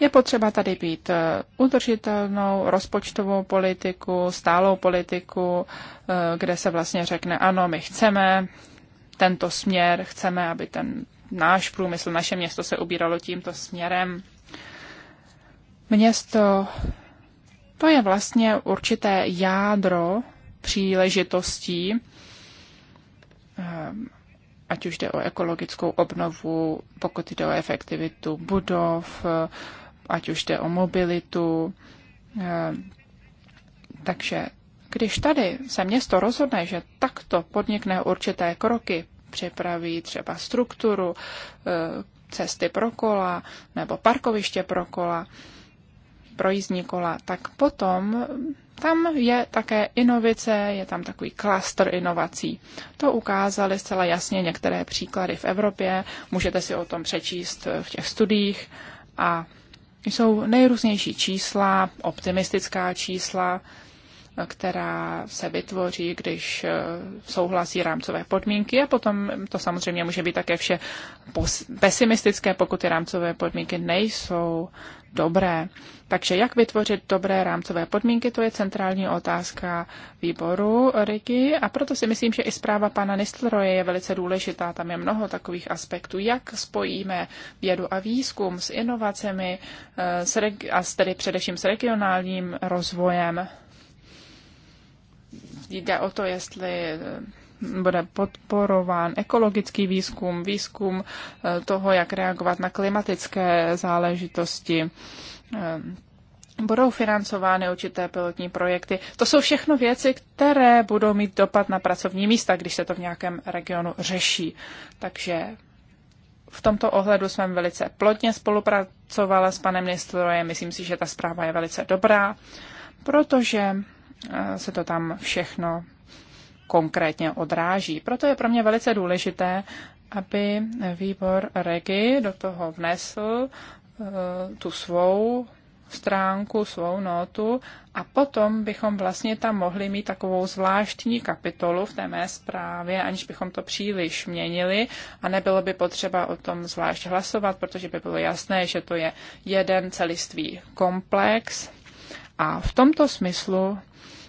Je potřeba tady být eh, udržitelnou rozpočtovou politiku, stálou politiku, kde se vlastně řekne, ano, my chceme tento směr, chceme, aby ten náš průmysl, naše město se ubíralo tímto směrem. Město, to je vlastně určité jádro příležitostí, ehm, ať už jde o ekologickou obnovu, pokud jde o efektivitu budov, ať už jde o mobilitu. Ehm, takže když tady se město rozhodne, že takto podnikne určité kroky, připraví třeba strukturu, e, cesty pro kola nebo parkoviště pro kola, pro jízdní kola, tak potom tam je také inovice, je tam takový klaster inovací. To ukázaly zcela jasně některé příklady v Evropě, můžete si o tom přečíst v těch studiích a jsou nejrůznější čísla, optimistická čísla, která se vytvoří, když eh, souhlasí rámcové podmínky a potom to samozřejmě může být také vše pesimistické, pokud ty rámcové podmínky nejsou dobré. Takže jak vytvořit dobré rámcové podmínky, to je centrální otázka výboru Rigi a proto si myslím, že i zpráva pana Nistleroje je velice důležitá. Tam je mnoho takových aspektů, jak spojíme vědu a výzkum s inovacemi eh, s a tedy především s regionálním rozvojem jde o to, jestli eh, bude podporován ekologický výzkum, výzkum eh, toho, jak reagovat na klimatické záležitosti. Eh, budou financovány určité pilotní projekty. To jsou všechno věci, které budou mít dopad na pracovní místa, když se to v nějakém regionu řeší. Takže v tomto ohledu jsme velice plodně spolupracovala s panem ministrem. Myslím si, že ta zpráva je velice dobrá, protože se to tam všechno konkrétně odráží. Proto je pro mě velice důležité, aby výbor Regi do toho vnesl e, tu svou stránku, svou notu a potom bychom vlastně tam mohli mít takovou zvláštní kapitolu v té mé zprávě, aniž bychom to příliš měnili a nebylo by potřeba o tom zvlášť hlasovat, protože by bylo jasné, že to je jeden celistvý komplex. A v tomto smyslu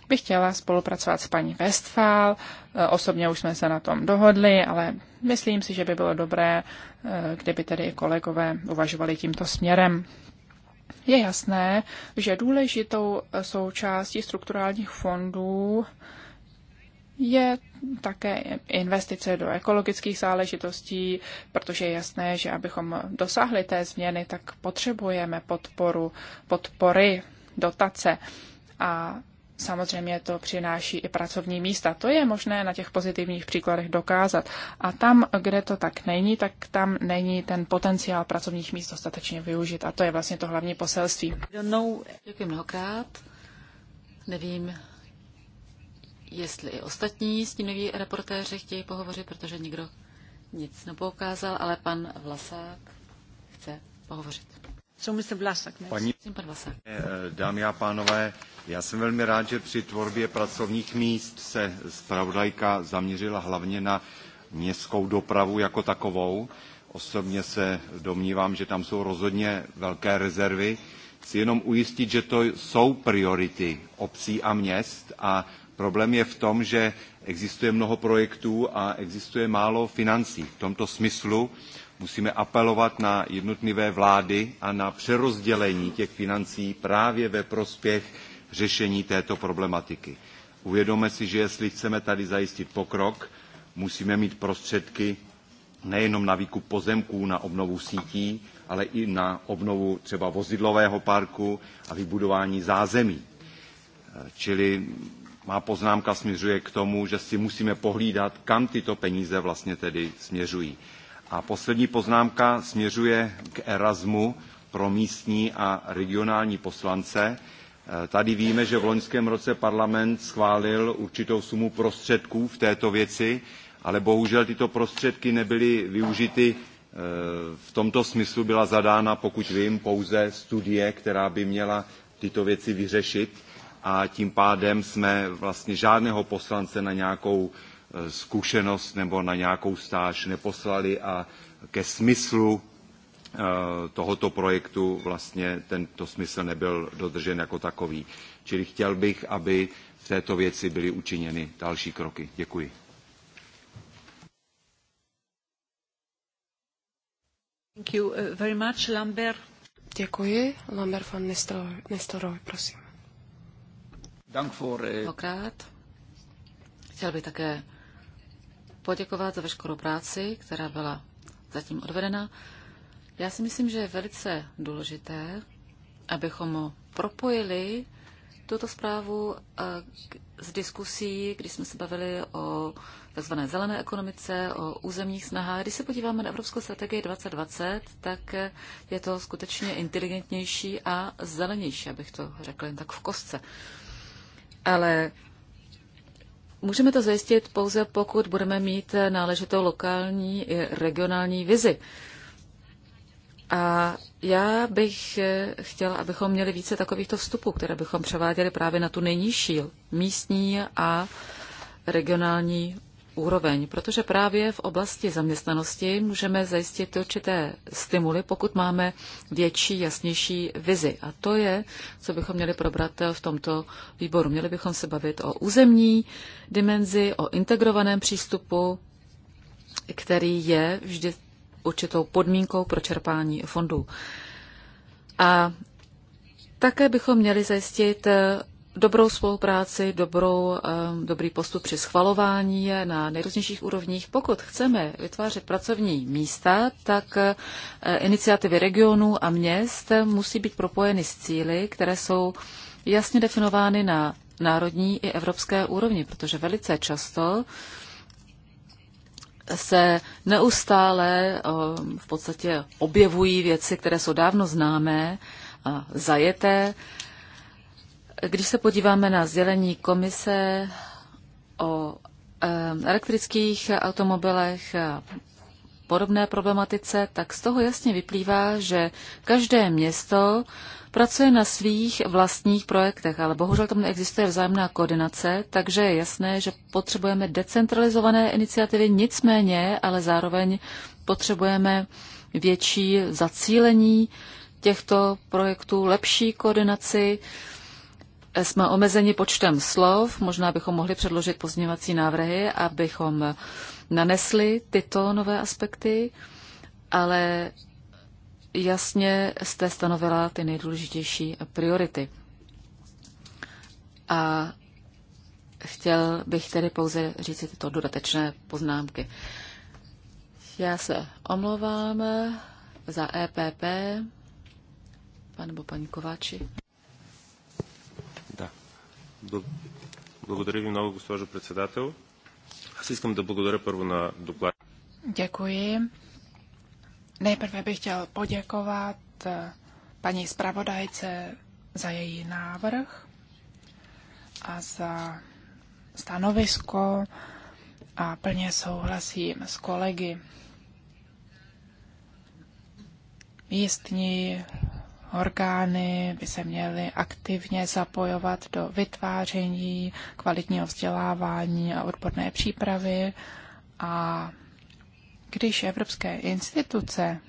bych chtěla spolupracovat s paní Westphal. Eh, osobně už jsme se na tom dohodli, ale myslím si, že by bylo dobré, eh, kdyby tedy i kolegové uvažovali tímto směrem. Je jasné, že důležitou součástí strukturálních fondů je také investice do ekologických záležitostí, protože je jasné, že abychom dosáhli té změny, tak potřebujeme podporu, podpory, dotace. A samozřejmě to přináší i pracovní místa. To je možné na těch pozitivních příkladech dokázat. A tam, kde to tak není, tak tam není ten potenciál pracovních míst dostatečně využit. A to je vlastně to hlavní poselství. Děkuji mnohokrát. Nevím, jestli i ostatní stínoví reportéři chtějí pohovořit, protože nikdo nic nepoukázal, ale pan Vlasák chce pohovořit. Paní, eh, dámy a pánové, já jsem velmi rád, že při tvorbě pracovních míst se zpravodajka zaměřila hlavně na městskou dopravu jako takovou. Osobně se domnívám, že tam jsou rozhodně velké rezervy. Chci jenom ujistit, že to jsou priority obcí a měst a problém je v tom, že existuje mnoho projektů a existuje málo financí. V tomto smyslu musíme apelovat na jednotlivé vlády a na přerozdělení těch financí právě ve prospěch řešení této problematiky. Uvědomme si, že jestli chceme tady zajistit pokrok, musíme mít prostředky nejenom na výkup pozemků, na obnovu sítí, ale i na obnovu třeba vozidlového parku a vybudování zázemí. Čili má poznámka směřuje k tomu, že si musíme pohlídat, kam tyto peníze vlastně tedy směřují. A poslední poznámka směřuje k Erasmu pro místní a regionální poslance. E, tady víme, že v loňském roce parlament schválil určitou sumu prostředků v této věci, ale bohužel tyto prostředky nebyly využity e, v tomto smyslu byla zadána, pokud vím, pouze studie, která by měla tyto věci vyřešit a tím pádem jsme vlastně žádného poslance na nějakou Eh, zkušenost nebo na nějakou stáž neposlali a ke smyslu eh, tohoto projektu vlastně tento smysl nebyl dodržen jako takový. Čili chtěl bych, aby v této věci byly učiněny další kroky. Děkuji. Thank you eh, very much, Lambert. Děkuji. Lambert van Nestorov, prosím. Dank for... Chtěl bych také poděkovat za veškerou práci, která byla zatím odvedena. Já si myslím, že je velice důležité, abychom propojili tuto zprávu z eh, diskusí, kdy jsme se bavili o tzv. zelené ekonomice, o územních snahách. Když se podíváme na Evropskou strategii 2020, tak je to skutečně inteligentnější a zelenější, abych to řekla jen tak v kostce. Ale Můžeme to zajistit pouze, pokud budeme mít náležitou lokální i regionální vizi. A já bych chtěla, abychom měli více takovýchto vstupů, které bychom převáděli právě na tu nejnižší místní a regionální úroveň, protože právě v oblasti zaměstnanosti můžeme zajistit určité stimuly, pokud máme větší, jasnější vizi. A to je, co bychom měli probrat v tomto výboru. Měli bychom se bavit o územní dimenzi, o integrovaném přístupu, který je vždy určitou podmínkou pro čerpání fondů. A také bychom měli zajistit dobrou spolupráci, dobrou, eh, dobrý postup při schvalování na nejrůznějších úrovních. Pokud chceme vytvářet pracovní místa, tak eh, iniciativy regionů a měst musí být propojeny s cíly, které jsou jasně definovány na národní i evropské úrovni, protože velice často se neustále eh, v podstatě objevují věci, které jsou dávno známé a zajeté, když se podíváme na zelení komise o elektrických automobilech a podobné problematice, tak z toho jasně vyplývá, že každé město pracuje na svých vlastních projektech, ale bohužel tam neexistuje vzájemná koordinace, takže je jasné, že potřebujeme decentralizované iniciativy, nicméně, ale zároveň potřebujeme větší zacílení těchto projektů, lepší koordinaci jsme omezeni počtem slov, možná bychom mohli předložit pozměňovací návrhy, abychom nanesli tyto nové aspekty, ale jasně jste stanovila ty nejdůležitější priority. A chtěl bych tedy pouze říct tyto dodatečné poznámky. Já se omlouvám za EPP, pan nebo paní Kováči. Благодаря ви много, госпожо председател. Аз искам да благодаря първо на доклад. Děkuji. Nejprve bych chtěl poděkovat eh, paní zpravodajce za její návrh a za stanovisko a plně souhlasím s kolegy. Místní orgány by se měly aktivně zapojovat do vytváření kvalitního vzdělávání a odborné přípravy. A když evropské instituce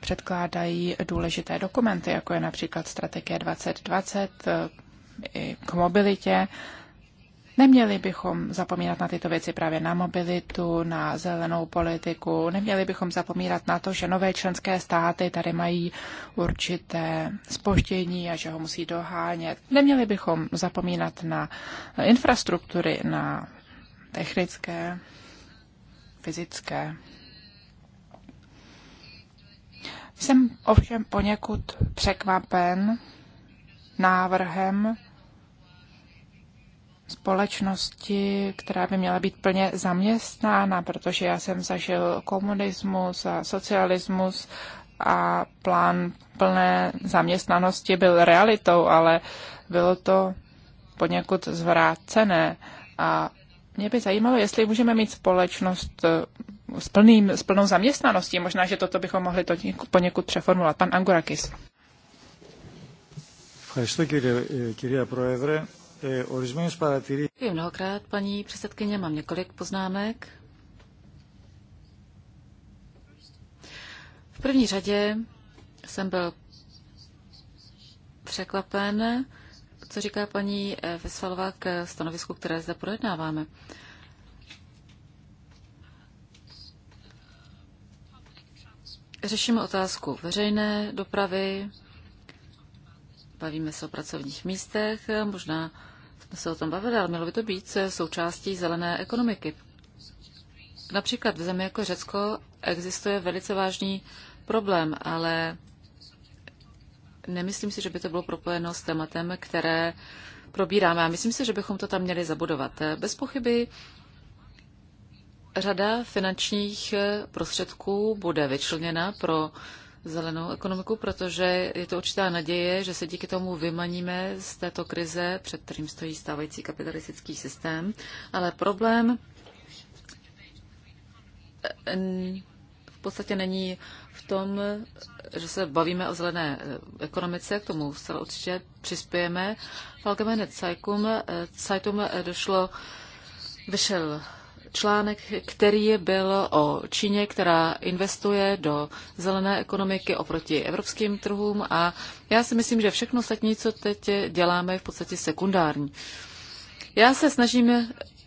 předkládají důležité dokumenty, jako je například Strategie 2020 eh, k mobilitě, Neměli bychom zapomínat na tyto věci právě na mobilitu, na zelenou politiku, neměli bychom zapomínat na to, že nové členské státy tady mají určité spoždění a že ho musí dohánět. Neměli bychom zapomínat na infrastruktury, na technické, fyzické. Jsem ovšem poněkud překvapen návrhem společnosti, která by měla být plně zaměstnána, protože já jsem zažil komunismus a socialismus a plán plné zaměstnanosti byl realitou, ale bylo to poněkud zvrácené. A mě by zajímalo, jestli můžeme mít společnost eh, s, plným, s plnou zaměstnaností. Možná, že toto bychom mohli to poněkud přeformulovat. Pan Angurakis. Ευχαριστώ κύριε, κυρία Πρόεδρε ορισμένες παρατηρήσεις. Děkuji mnohokrát, paní předsedkyně, mám několik poznámek. V první řadě jsem byl překvapen, co říká paní Vesvalová k stanovisku, které zde projednáváme. Řešíme otázku veřejné dopravy, bavíme se o pracovních místech, možná se o tom bavili, ale mělo by to být součástí zelené ekonomiky. Například v zemi jako Řecko existuje velice vážný problém, ale nemyslím si, že by to bylo propojeno s tématem, které probíráme. A myslím si, že bychom to tam měli zabudovat. Bez pochyby řada finančních prostředků bude vyčleněna pro zelenou ekonomiku, protože je to určitá naděje, že se díky tomu vymaníme z této krize, před kterým stojí stávající kapitalistický systém. Ale problém eh, v podstatě není v tom, že se bavíme o zelené eh, ekonomice, k tomu zcela určitě přispějeme. V Allgemeine eh, Zeitung došlo, vyšel článek, který byl o Číně, která investuje do zelené ekonomiky oproti evropským trhům a já si myslím, že všechno ostatní, co teď děláme, je v podstatě sekundární. Já se snažím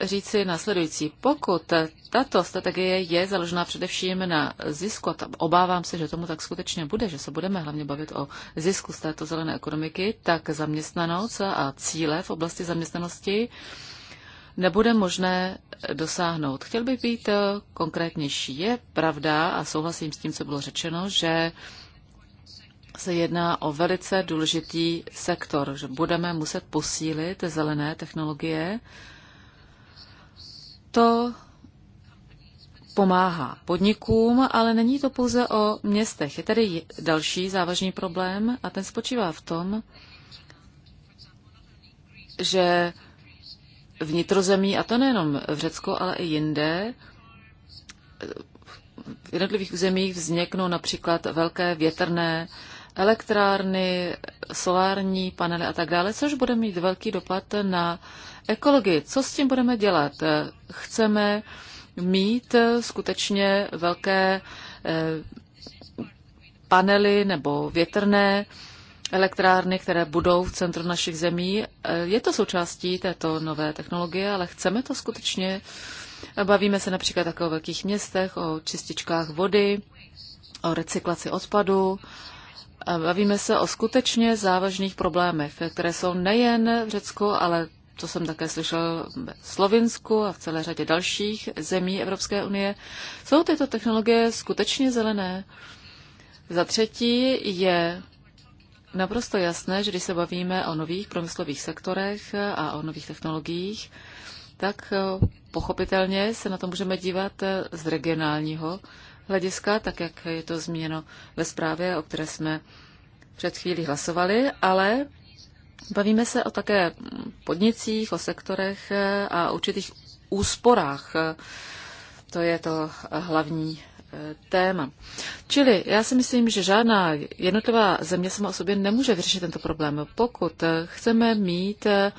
říci následující. Pokud tato strategie je založena především na zisku, a obávám se, že tomu tak skutečně bude, že se budeme hlavně bavit o zisku z této zelené ekonomiky, tak zaměstnanost a cíle v oblasti zaměstnanosti nebude možné dosáhnout. Chtěl bych být eh, konkrétnější. Je pravda, a souhlasím s tím, co bylo řečeno, že se jedná o velice důležitý sektor, že budeme muset posílit zelené technologie. To pomáhá podnikům, ale není to pouze o městech. Je tady další závažný problém a ten spočívá v tom, že vnitrozemí, a to nejenom v Řecku, ale i jinde. V jednotlivých zemích vzniknou například velké větrné elektrárny, solární panely a tak dále, což bude mít velký dopad na ekologii. Co s tím budeme dělat? Chceme mít skutečně velké eh, panely nebo větrné elektrárny, které budou v centru našich zemí. Eh, je to součástí této nové technologie, ale chceme to skutečně. Eh, bavíme se například také o velkých městech, o čističkách vody, o recyklaci odpadu. Eh, bavíme se o skutečně závažných problémech, které jsou nejen v Řecku, ale to jsem také slyšel v Slovinsku a v celé řadě dalších zemí Evropské unie. Jsou tyto technologie skutečně zelené? Za třetí je naprosto jasné, že když se bavíme o nových promyslových sektorech a o nových technologiích, tak eh, pochopitelně se na to můžeme dívat eh, z regionálního hlediska, tak jak je to zmíněno ve zprávě, o které jsme před chvílí hlasovali, ale bavíme se o také podnicích, o sektorech eh, a určitých úsporách. To je to hlavní téma. Čili já si myslím, že žádná jednotlivá země sama o sobě nemůže vyřešit tento problém. Pokud chceme mít eh,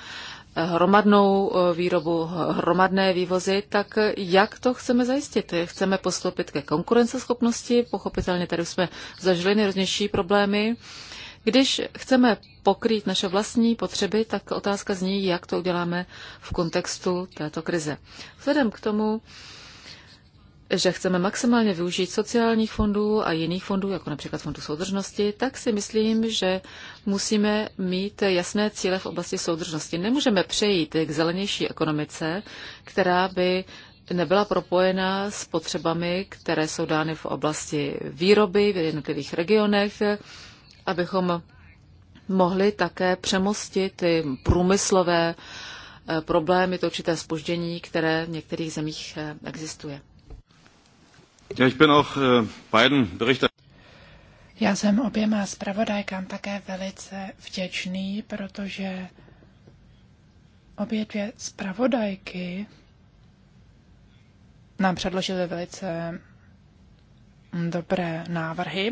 hromadnou eh, výrobu, hromadné vývozy, tak jak to chceme zajistit? Chceme postoupit ke konkurenceschopnosti, pochopitelně tady jsme zažili nejrůznější problémy. Když chceme pokrýt naše vlastní potřeby, tak otázka zní, jak to uděláme v kontextu této krize. Vzhledem k tomu, že chceme maximálně využít sociálních fondů a jiných fondů, jako například fondu soudržnosti, tak si myslím, že musíme mít jasné cíle v oblasti soudržnosti. Nemůžeme přejít k zelenější ekonomice, která by nebyla propojena s potřebami, které jsou dány v oblasti výroby v jednotlivých regionech, abychom mohli také přemostit ty průmyslové eh, problémy, to určité spoždění, které v některých zemích eh, existuje auch äh, beiden Já jsem oběma zpravodajkám také velice vděčný, protože obě dvě zpravodajky nám předložily velice dobré návrhy.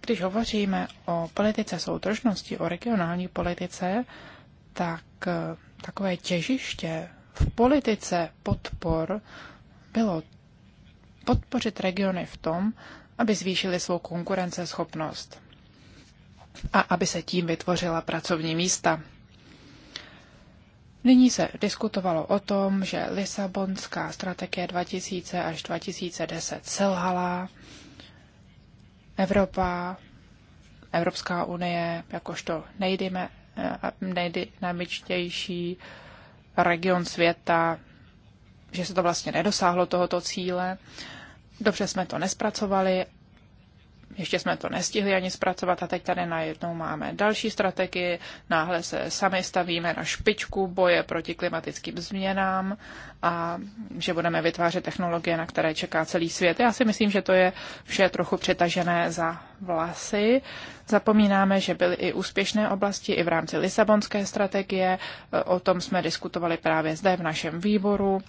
Když hovoříme o politice soudržnosti, o regionální politice, tak eh, takové těžiště v politice podpor bylo podpořit regiony v tom, aby zvýšili svou konkurenceschopnost a aby se tím vytvořila pracovní místa. Nyní se diskutovalo o tom, že Lisabonská strategie 2000 až 2010 selhala. Evropa, Evropská unie, jakožto nejdyme, eh, nejdynamičtější region světa, že se to vlastně nedosáhlo tohoto cíle dobře jsme to nespracovali, ještě jsme to nestihli ani zpracovat a teď tady najednou máme další strategii, náhle se sami stavíme na špičku boje proti klimatickým změnám a že budeme vytvářet technologie, na které čeká celý svět. Já si myslím, že to je vše trochu přitažené za vlasy. Zapomínáme, že byly i úspěšné oblasti i v rámci Lisabonské strategie, o tom jsme diskutovali právě zde v našem výboru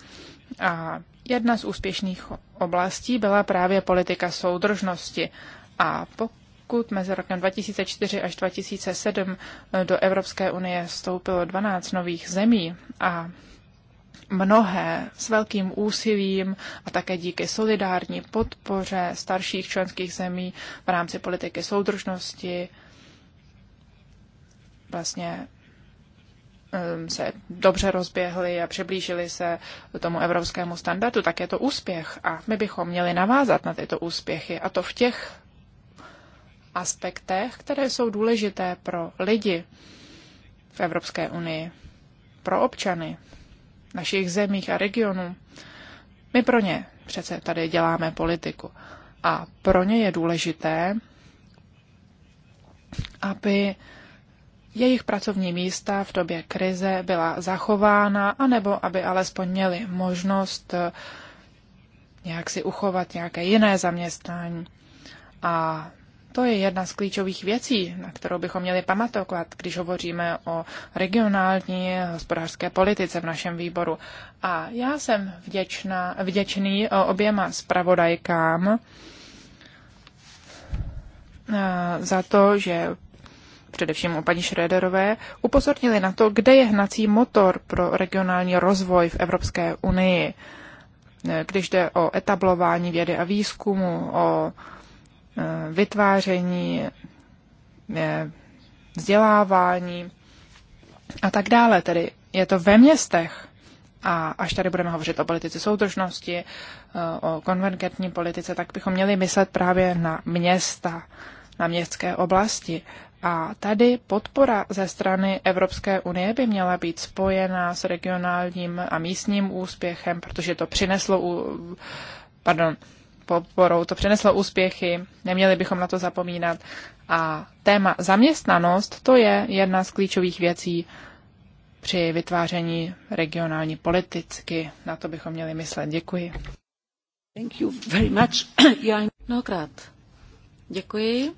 a Jedna z úspěšných oblastí byla právě politika soudržnosti. A pokud mezi rokem 2004 až 2007 do Evropské unie vstoupilo 12 nových zemí a mnohé s velkým úsilím a také díky solidární podpoře starších členských zemí v rámci politiky soudržnosti vlastně Ehm, se dobře rozběhly a přiblížili se tomu evropskému standardu, tak je to úspěch. A my bychom měli navázat na tyto úspěchy. A to v těch aspektech, které jsou důležité pro lidi v Evropské unii, pro občany našich zemích a regionů. My pro ně přece tady děláme politiku. A pro ně je důležité, aby jejich pracovní místa v době krize byla zachována, anebo aby alespoň měli možnost eh, nějak si uchovat nějaké jiné zaměstnání. A to je jedna z klíčových věcí, na kterou bychom měli pamatovat, když hovoříme o regionální hospodářské politice v našem výboru. A já jsem vděčná, vděčný eh, oběma zpravodajkám eh, za to, že především o paní Schröderové, upozornili na to, kde je hnací motor pro regionální rozvoj v Evropské unii, když jde o etablování vědy a výzkumu, o e, vytváření e, vzdělávání a tak dále. Tedy je to ve městech. A až tady budeme hovořit o politice soudržnosti, e, o konvergentní politice, tak bychom měli myslet právě na města, na městské oblasti. A tady podpora ze strany Evropské unie by měla být spojena s regionálním a místním úspěchem, protože to přineslo, pardon, podporou, to přineslo úspěchy, neměli bychom na to zapomínat. A téma zaměstnanost, to je jedna z klíčových věcí při vytváření regionální politiky. Na to bychom měli myslet. Děkuji. Thank you very much. Mnohokrát. Děkuji.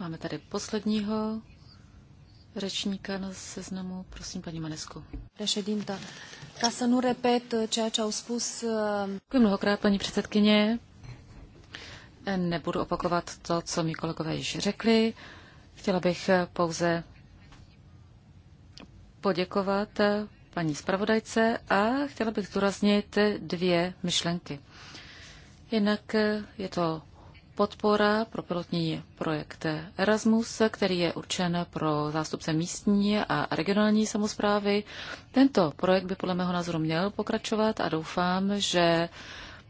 Máme tady posledního řečníka na seznamu. Prosím, paní Manesku. Președinta, ca să nu repet če uh, ce spus... Uh, Děkuji mnohokrát, paní předsedkyně. Nebudu opakovat to, co mi kolegové již řekli. Chtěla bych eh, pouze poděkovat eh, paní zpravodajce a chtěla bych zdůraznit eh, dvě myšlenky. Jinak je to podpora pro pilotní projekt Erasmus, který je určen pro zástupce místní a regionální samozprávy. Tento projekt by podle mého názoru měl pokračovat a doufám, že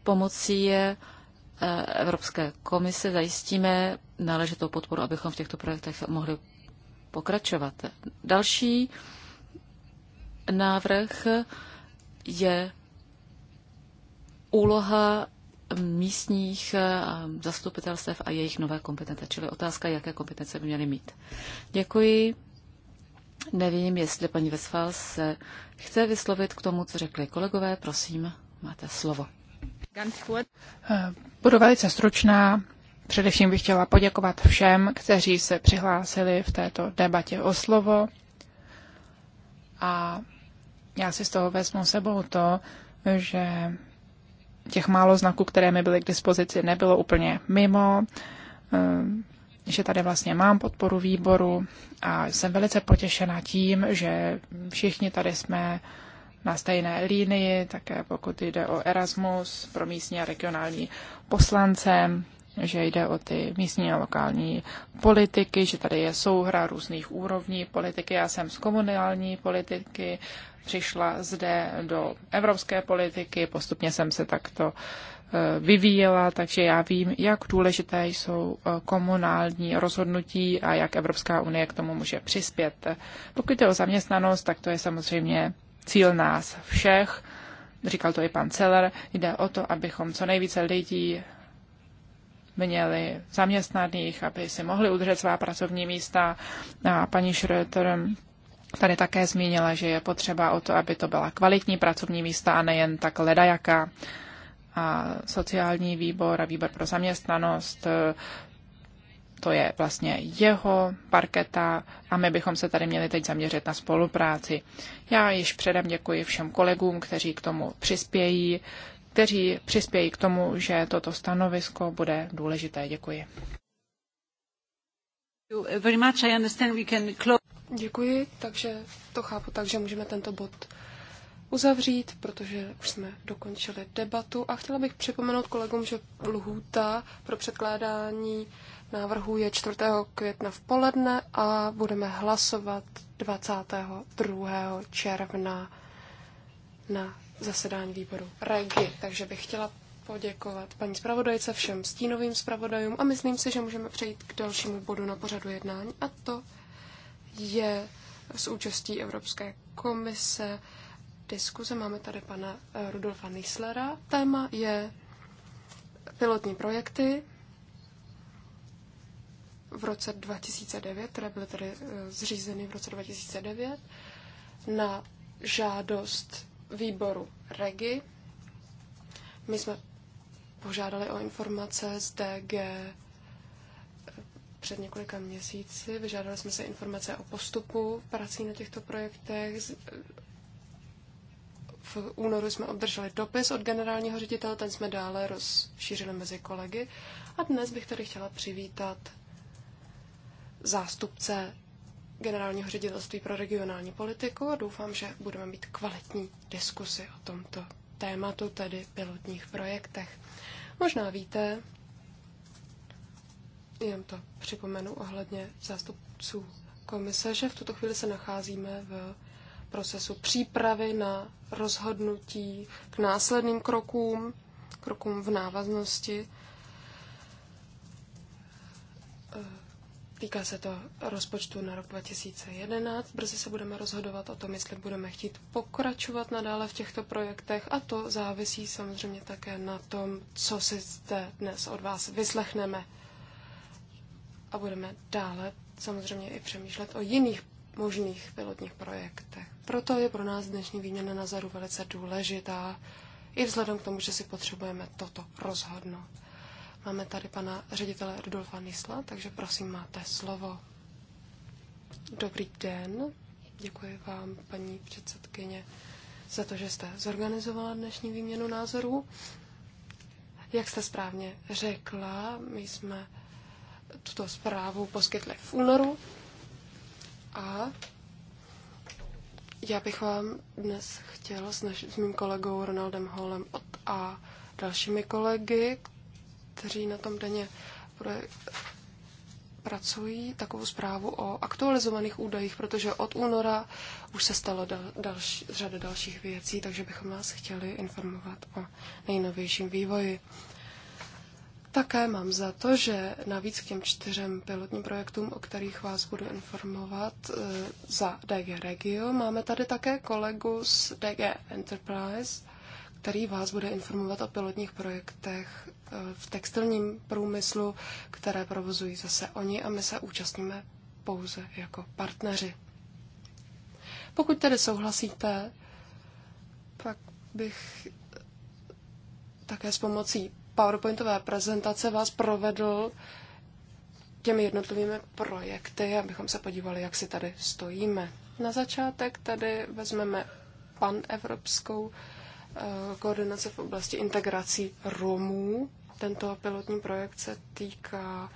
pomocí eh, Evropské komise zajistíme náležitou podporu, abychom v těchto projektech mohli pokračovat. Další návrh je úloha místních eh, zastupitelstev a jejich nové kompetence, čili otázka, jaké kompetence by měly mít. Děkuji. Nevím, jestli paní Vesfal se chce vyslovit k tomu, co řekli kolegové. Prosím, máte slovo. Eh, budu velice stručná. Především bych chtěla poděkovat všem, kteří se přihlásili v této debatě o slovo. A já si z toho vezmu sebou to, že těch málo znaků, které mi byly k dispozici, nebylo úplně mimo, eh, že tady vlastně mám podporu výboru a jsem velice potěšena tím, že všichni tady jsme na stejné línii, také pokud jde o Erasmus pro místní a regionální poslance že jde o ty místní a lokální politiky, že tady je souhra různých úrovní politiky. Já jsem z komunální politiky, přišla zde do evropské politiky, postupně jsem se takto e, vyvíjela, takže já vím, jak důležité jsou e, komunální rozhodnutí a jak Evropská unie k tomu může přispět. Pokud je o zaměstnanost, tak to je samozřejmě cíl nás všech. Říkal to i pan Celer, jde o to, abychom co nejvíce lidí měli zaměstnaných, aby si mohli udržet svá pracovní místa. A paní Schröter tady také zmínila, že je potřeba o to, aby to byla kvalitní pracovní místa a nejen tak ledajaká. A sociální výbor a výbor pro zaměstnanost to je vlastně jeho parketa a my bychom se tady měli teď zaměřit na spolupráci. Já již předem děkuji všem kolegům, kteří k tomu přispějí kteří přispějí k tomu, že toto stanovisko bude důležité. Děkuji. Děkuji, takže to chápu tak, že můžeme tento bod uzavřít, protože už jsme dokončili debatu a chtěla bych připomenout kolegům, že lhůta pro předkládání návrhu je 4. května v poledne a budeme hlasovat 22. června na zasedání výboru REGI. Takže bych chtěla poděkovat paní zpravodajce, všem stínovým zpravodajům a myslím si, že můžeme přejít k dalšímu bodu na pořadu jednání a to je s účastí Evropské komise diskuze. Máme tady pana eh, Rudolfa Nislera. Téma je pilotní projekty v roce 2009, které byly tedy eh, zřízeny v roce 2009 na žádost výboru REGI. My jsme požádali o informace z DG před několika měsíci. Vyžádali jsme se informace o postupu prací na těchto projektech. V únoru jsme obdrželi dopis od generálního ředitele, ten jsme dále rozšířili mezi kolegy. A dnes bych tady chtěla přivítat zástupce generálního ředitelství pro regionální politiku a doufám, že budeme mít kvalitní diskusy o tomto tématu, tedy pilotních projektech. Možná víte, jenom to připomenu ohledně zástupců komise, že v tuto chvíli se nacházíme v procesu přípravy na rozhodnutí k následným krokům, krokům v návaznosti Týká se to rozpočtu na rok 2011. Brzy se budeme rozhodovat o tom, jestli budeme chtít pokračovat nadále v těchto projektech a to závisí samozřejmě také na tom, co si zde dnes od vás vyslechneme. A budeme dále samozřejmě i přemýšlet o jiných možných pilotních projektech. Proto je pro nás dnešní výměna nazaru velice důležitá, i vzhledem k tomu, že si potřebujeme toto rozhodnout. Máme tady pana ředitele Rudolfa Nisla, takže prosím, máte slovo. Dobrý den. Děkuji vám, paní předsedkyně, za to, že jste zorganizovala dnešní výměnu názorů. Jak jste správně řekla, my jsme tuto zprávu poskytli v únoru a já bych vám dnes chtěla s, naši, s mým kolegou Ronaldem Holem od a dalšími kolegy, kteří na tom denně pracují, takovou zprávu o aktualizovaných údajích, protože od února už se stalo dal, další, řada dalších věcí, takže bychom vás chtěli informovat o nejnovějším vývoji. Také mám za to, že navíc k těm čtyřem pilotním projektům, o kterých vás budu informovat e, za DG Regio, máme tady také kolegu z DG Enterprise, který vás bude informovat o pilotních projektech eh, v textilním průmyslu, které provozují zase oni a my se účastníme pouze jako partneři. Pokud tedy souhlasíte, pak bych také s pomocí PowerPointové prezentace vás provedl těmi jednotlivými projekty, abychom se podívali, jak si tady stojíme. Na začátek tady vezmeme panevropskou evropskou koordinace v oblasti integrací Romů. Tento pilotní projekt se týká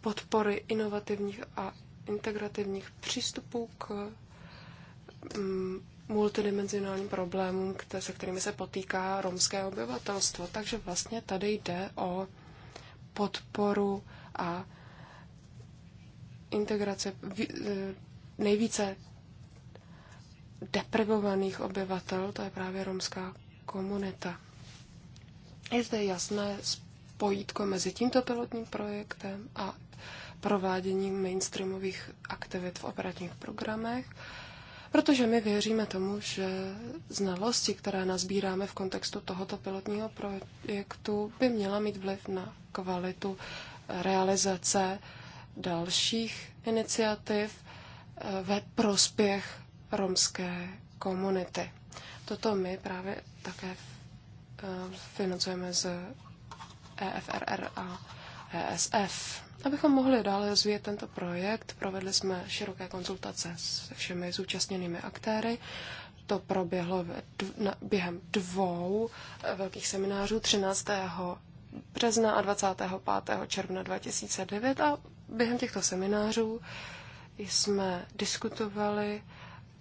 podpory inovativních a integrativních přístupů k mm, multidimenzionálním problémům, se kterými se potýká romské obyvatelstvo. Takže vlastně tady jde o podporu a integrace e, nejvíce deprivovaných obyvatel, to je právě romská komunita. Je zde jasné spojítko mezi tímto pilotním projektem a prováděním mainstreamových aktivit v operačních programech, protože my věříme tomu, že znalosti, které nazbíráme v kontextu tohoto pilotního projektu, by měla mít vliv na kvalitu realizace dalších iniciativ eh, ve prospěch romské komunity. Toto my právě také eh, financujeme z EFRR a ESF. Abychom mohli dále rozvíjet tento projekt, provedli jsme široké konzultace se všemi zúčastněnými aktéry. To proběhlo během dvou eh, velkých seminářů 13. března a 25. června 2009 a během těchto seminářů jsme diskutovali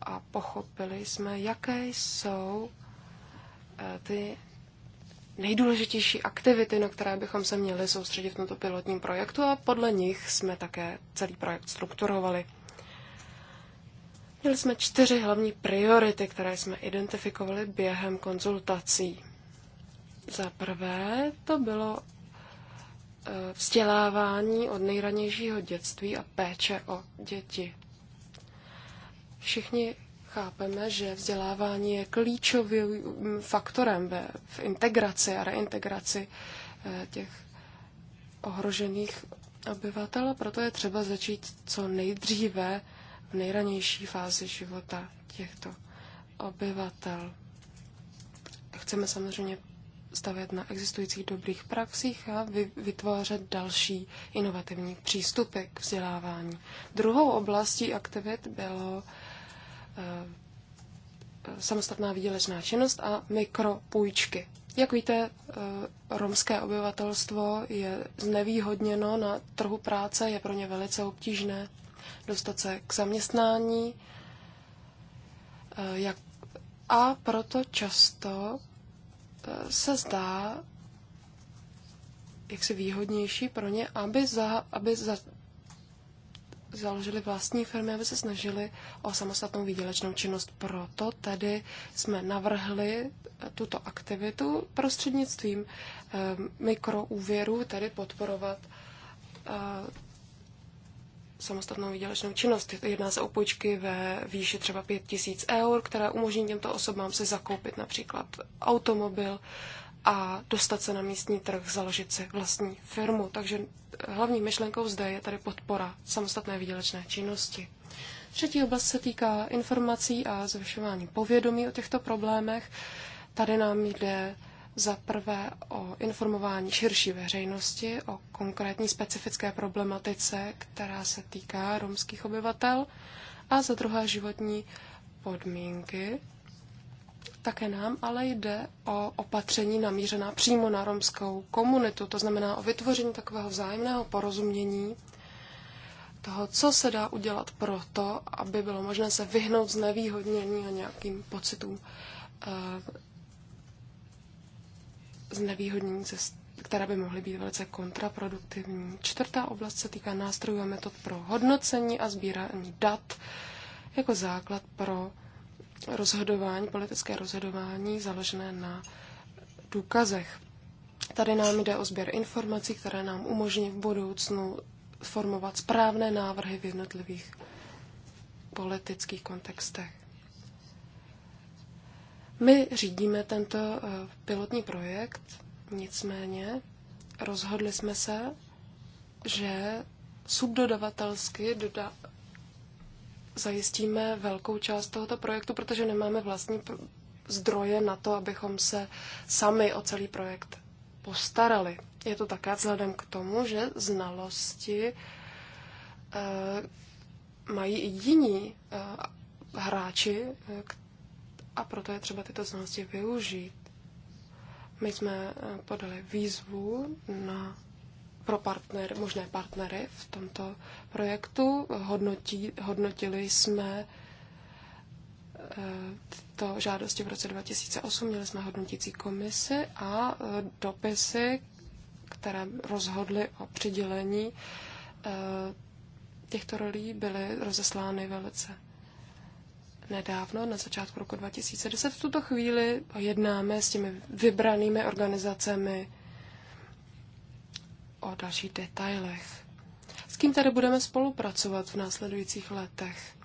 a pochopili jsme, jaké jsou eh, ty nejdůležitější aktivity, na které bychom se měli soustředit v tomto pilotním projektu a podle nich jsme také celý projekt strukturovali. Měli jsme čtyři hlavní priority, které jsme identifikovali během konzultací. Za prvé to bylo eh, vzdělávání od nejranějšího dětství a péče o děti. Všichni chápeme, že vzdělávání je klíčovým faktorem ve, v integraci a reintegraci eh, těch ohrožených obyvatel, proto je třeba začít co nejdříve v nejranější fázi života těchto obyvatel. Chceme samozřejmě stavět na existujících dobrých praxích a vytvářet další inovativní přístupy k vzdělávání. Druhou oblastí aktivit bylo Eh, samostatná výdělečná činnost a mikropůjčky. Jak víte, eh, romské obyvatelstvo je znevýhodněno na trhu práce, je pro ně velice obtížné dostat se k zaměstnání eh, jak, a proto často se zdá jaksi výhodnější pro ně, aby, za, aby za, založili vlastní firmy, aby se snažili o samostatnou výdělečnou činnost. Proto tedy jsme navrhli eh, tuto aktivitu prostřednictvím eh, mikroúvěru, tedy podporovat eh, samostatnou výdělečnou činnost. Jedná se o půjčky ve výši třeba 5000 eur, které umožní těmto osobám si zakoupit například automobil a dostat se na místní trh, založit si vlastní firmu. Takže eh, hlavní myšlenkou zde je tady podpora samostatné výdělečné činnosti. Třetí oblast se týká informací a zvyšování povědomí o těchto problémech. Tady nám jde za prvé o informování širší veřejnosti o konkrétní specifické problematice, která se týká romských obyvatel, a za druhé životní podmínky také nám, ale jde o opatření namířená přímo na romskou komunitu, to znamená o vytvoření takového vzájemného porozumění toho, co se dá udělat pro to, aby bylo možné se vyhnout znevýhodnění a nějakým pocitům eh, znevýhodnění, které by mohly být velice kontraproduktivní. Čtvrtá oblast se týká nástrojů a metod pro hodnocení a sbírání dat jako základ pro rozhodování, politické rozhodování založené na důkazech. Tady nám jde o sběr informací, které nám umožní v budoucnu formovat správné návrhy v jednotlivých politických kontextech. My řídíme tento eh, pilotní projekt, nicméně rozhodli jsme se, že subdodavatelsky doda- zajistíme velkou část tohoto projektu, protože nemáme vlastní zdroje na to, abychom se sami o celý projekt postarali. Je to také vzhledem k tomu, že znalosti eh, mají i jiní eh, hráči eh, a proto je třeba tyto znalosti využít. My jsme podali výzvu na pro partner, možné partnery v tomto projektu. Hodnotí, hodnotili jsme eh, tyto žádosti v roce 2008, měli jsme hodnotící komisi a eh, dopisy, které rozhodly o přidělení eh, těchto rolí, byly rozeslány velice nedávno, na začátku roku 2010. V tuto chvíli jednáme s těmi vybranými organizacemi o dalších detailech. S kým tady budeme spolupracovat v následujících letech?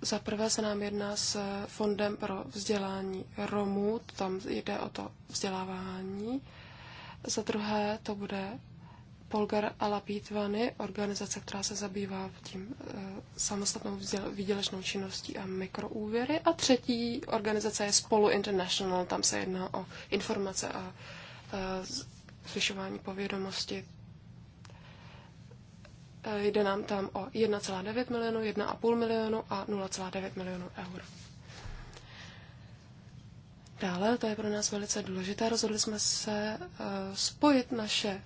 Za prvé se nám jedná s eh, Fondem pro vzdělání Romů, tam jde o to vzdělávání. Za druhé to bude Polgar Alapítvany, organizace, která se zabývá tím e, samostatnou výdělečnou činností a mikroúvěry. A třetí organizace je Spolu International, tam se jedná o informace a Eh, zvyšování povědomosti. Eh, jde nám tam o 1,9 milionu, 1,5 milionu a 0,9 milionu eur. Dále, to je pro nás velice důležité, rozhodli jsme se eh, spojit naše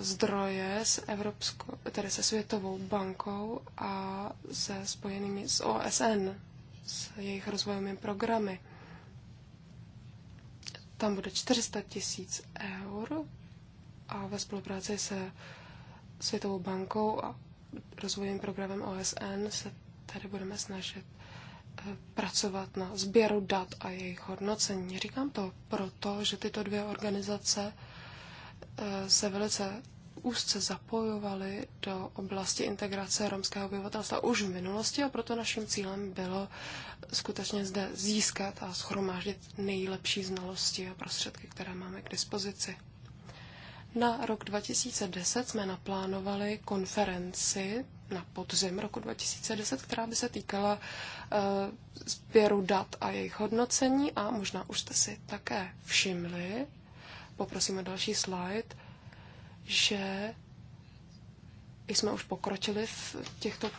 zdroje s Evropskou, tedy se Světovou bankou a se spojenými s OSN, s jejich rozvojovými programy tam bude 400 tisíc eur a ve spolupráci se Světovou bankou a rozvojovým programem OSN se tady budeme snažit eh, pracovat na sběru dat a jejich hodnocení. Říkám to proto, že tyto dvě organizace eh, se velice úzce zapojovali do oblasti integrace romského obyvatelstva už v minulosti a proto naším cílem bylo skutečně zde získat a schromáždit nejlepší znalosti a prostředky, které máme k dispozici. Na rok 2010 jsme naplánovali konferenci na podzim roku 2010, která by se týkala eh, sběru dat a jejich hodnocení a možná už jste si také všimli, poprosím o další slide, že jsme už pokročili v těchto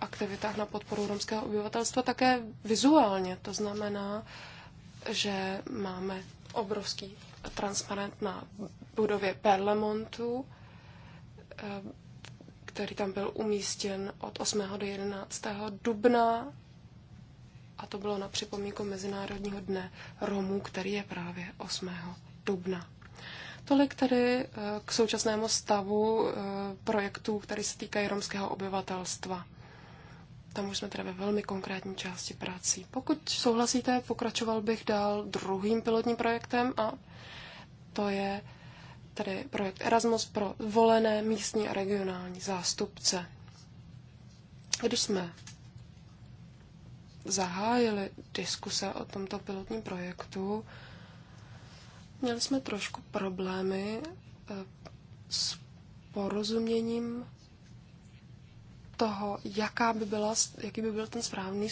aktivitách na podporu romského obyvatelstva také vizuálně. To znamená, že máme obrovský transparent na budově Perlemontu, eh, který tam byl umístěn od 8. do 11. dubna a to bylo na připomínku Mezinárodního dne Romů, který je právě 8. dubna. Tolik tedy eh, k současnému stavu eh, projektů, které se týkají romského obyvatelstva. Tam už jsme tedy ve velmi konkrétní části prací. Pokud souhlasíte, pokračoval bych dál druhým pilotním projektem a to je tedy projekt Erasmus pro volené místní a regionální zástupce. Když jsme zahájili diskuse o tomto pilotním projektu, Měli jsme trošku problémy eh, s porozuměním toho, jaká by byla, jaký by byl ten správný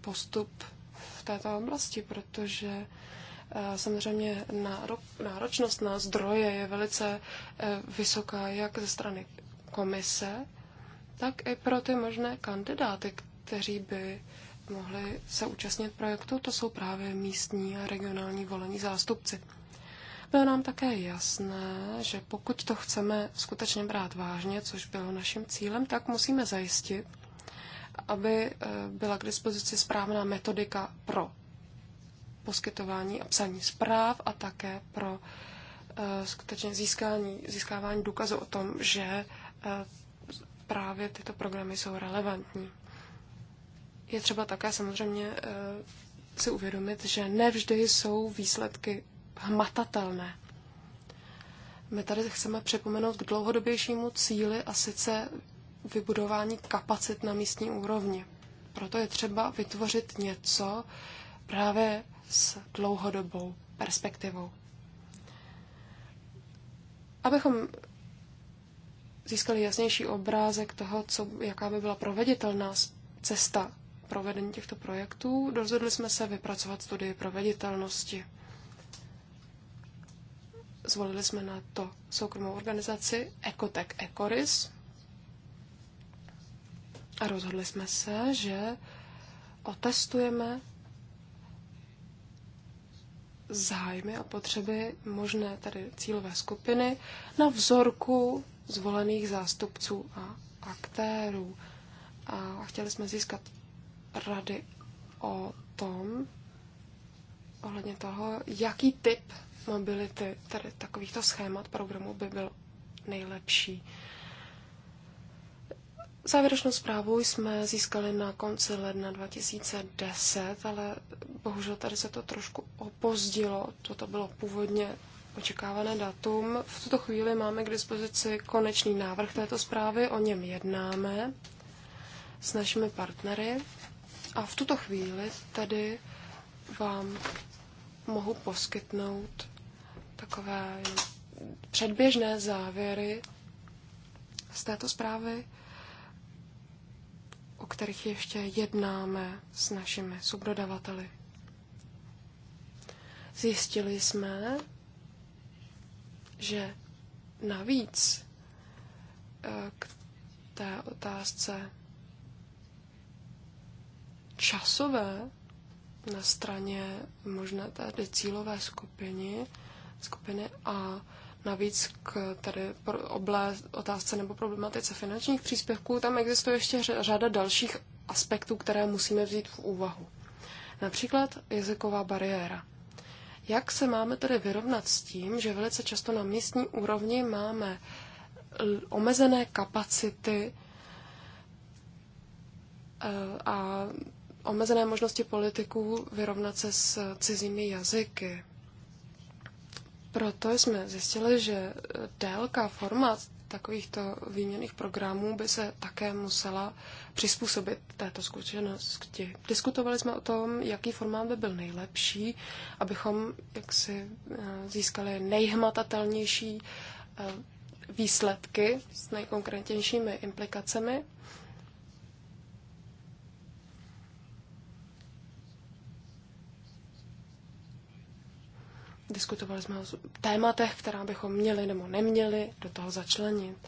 postup v této oblasti, protože eh, samozřejmě náročnost na zdroje je velice eh, vysoká jak ze strany komise, tak i pro ty možné kandidáty, kteří by mohli se účastnit projektu, to jsou právě místní a regionální volení zástupci. Bylo nám také jasné, že pokud to chceme skutečně brát vážně, což bylo naším cílem, tak musíme zajistit, aby eh, byla k dispozici správná metodika pro poskytování a psaní zpráv a také pro eh, skutečně získání, získávání důkazu o tom, že eh, právě tyto programy jsou relevantní. Je třeba také samozřejmě eh, si uvědomit, že nevždy jsou výsledky hmatatelné. My tady chceme připomenout k dlouhodobějšímu cíli a sice vybudování kapacit na místní úrovni. Proto je třeba vytvořit něco právě s dlouhodobou perspektivou. Abychom získali jasnější obrázek toho, co, jaká by byla proveditelná cesta provedení těchto projektů rozhodli jsme se vypracovat studii proveditelnosti. Zvolili jsme na to soukromou organizaci Ecotech Ecoris a rozhodli jsme se, že otestujeme zájmy a potřeby možné tady cílové skupiny na vzorku zvolených zástupců a aktérů. A chtěli jsme získat rady o tom, ohledně toho, jaký typ mobility, tedy takovýchto schémat programu by byl nejlepší. Závěrečnou zprávu jsme získali na konci ledna 2010, ale bohužel tady se to trošku opozdilo. Toto bylo původně očekávané datum. V tuto chvíli máme k dispozici konečný návrh této zprávy, o něm jednáme s našimi partnery a v tuto chvíli tady vám mohu poskytnout takové předběžné závěry z této zprávy, o kterých ještě jednáme s našimi subdodavateli. Zjistili jsme, že navíc eh, k té otázce časové na straně možné tady cílové skupiny, skupiny a Navíc k tady oblé otázce nebo problematice finančních příspěvků, tam existuje ještě řada dalších aspektů, které musíme vzít v úvahu. Například jazyková bariéra. Jak se máme tedy vyrovnat s tím, že velice často na místní úrovni máme omezené kapacity e, a omezené možnosti politiků vyrovnat se s cizími jazyky. Proto jsme zjistili, že délka, formát takovýchto výměných programů by se také musela přizpůsobit této zkušenosti. Diskutovali jsme o tom, jaký formát by byl nejlepší, abychom jaksi eh, získali nejhmatatelnější eh, výsledky s nejkonkrétnějšími implikacemi. Diskutovali jsme o tématech, která bychom měli nebo neměli do toho začlenit.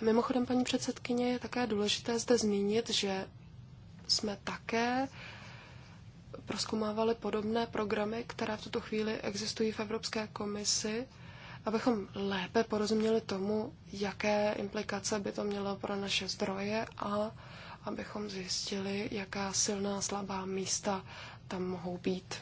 A mimochodem, paní předsedkyně, je také důležité zde zmínit, že jsme také proskumávali podobné programy, které v tuto chvíli existují v Evropské komisi, abychom lépe porozuměli tomu, jaké implikace by to mělo pro naše zdroje a abychom zjistili, jaká silná slabá místa tam mohou být.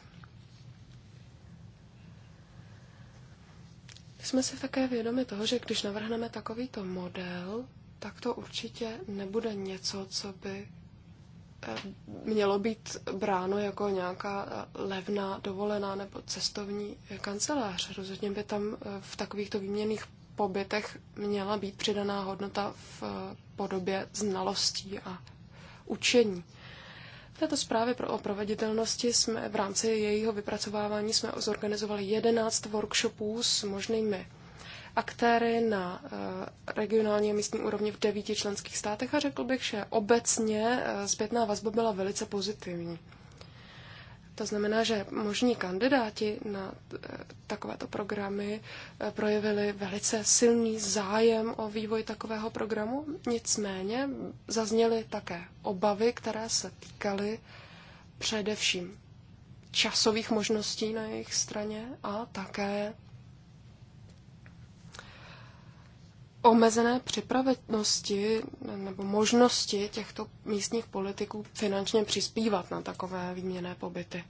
Jsme si také vědomi toho, že když navrhneme takovýto model, tak to určitě nebude něco, co by eh, mělo být bráno jako nějaká eh, levná dovolená nebo cestovní kancelář. Rozhodně by tam eh, v takovýchto výměných pobytech měla být přidaná hodnota v podobě znalostí a učení této zprávě pro o proveditelnosti jsme v rámci jejího vypracovávání jsme zorganizovali 11 workshopů s možnými aktéry na eh, regionální a místní úrovni v devíti členských státech a řekl bych, že obecně eh, zpětná vazba byla velice pozitivní. To znamená, že možní kandidáti na eh, takovéto programy eh, projevili velice silný zájem o vývoj takového programu, nicméně zazněly také obavy, které se týkaly především časových možností na jejich straně a také omezené připravenosti nebo možnosti těchto místních politiků finančně přispívat na takové výměné pobyty.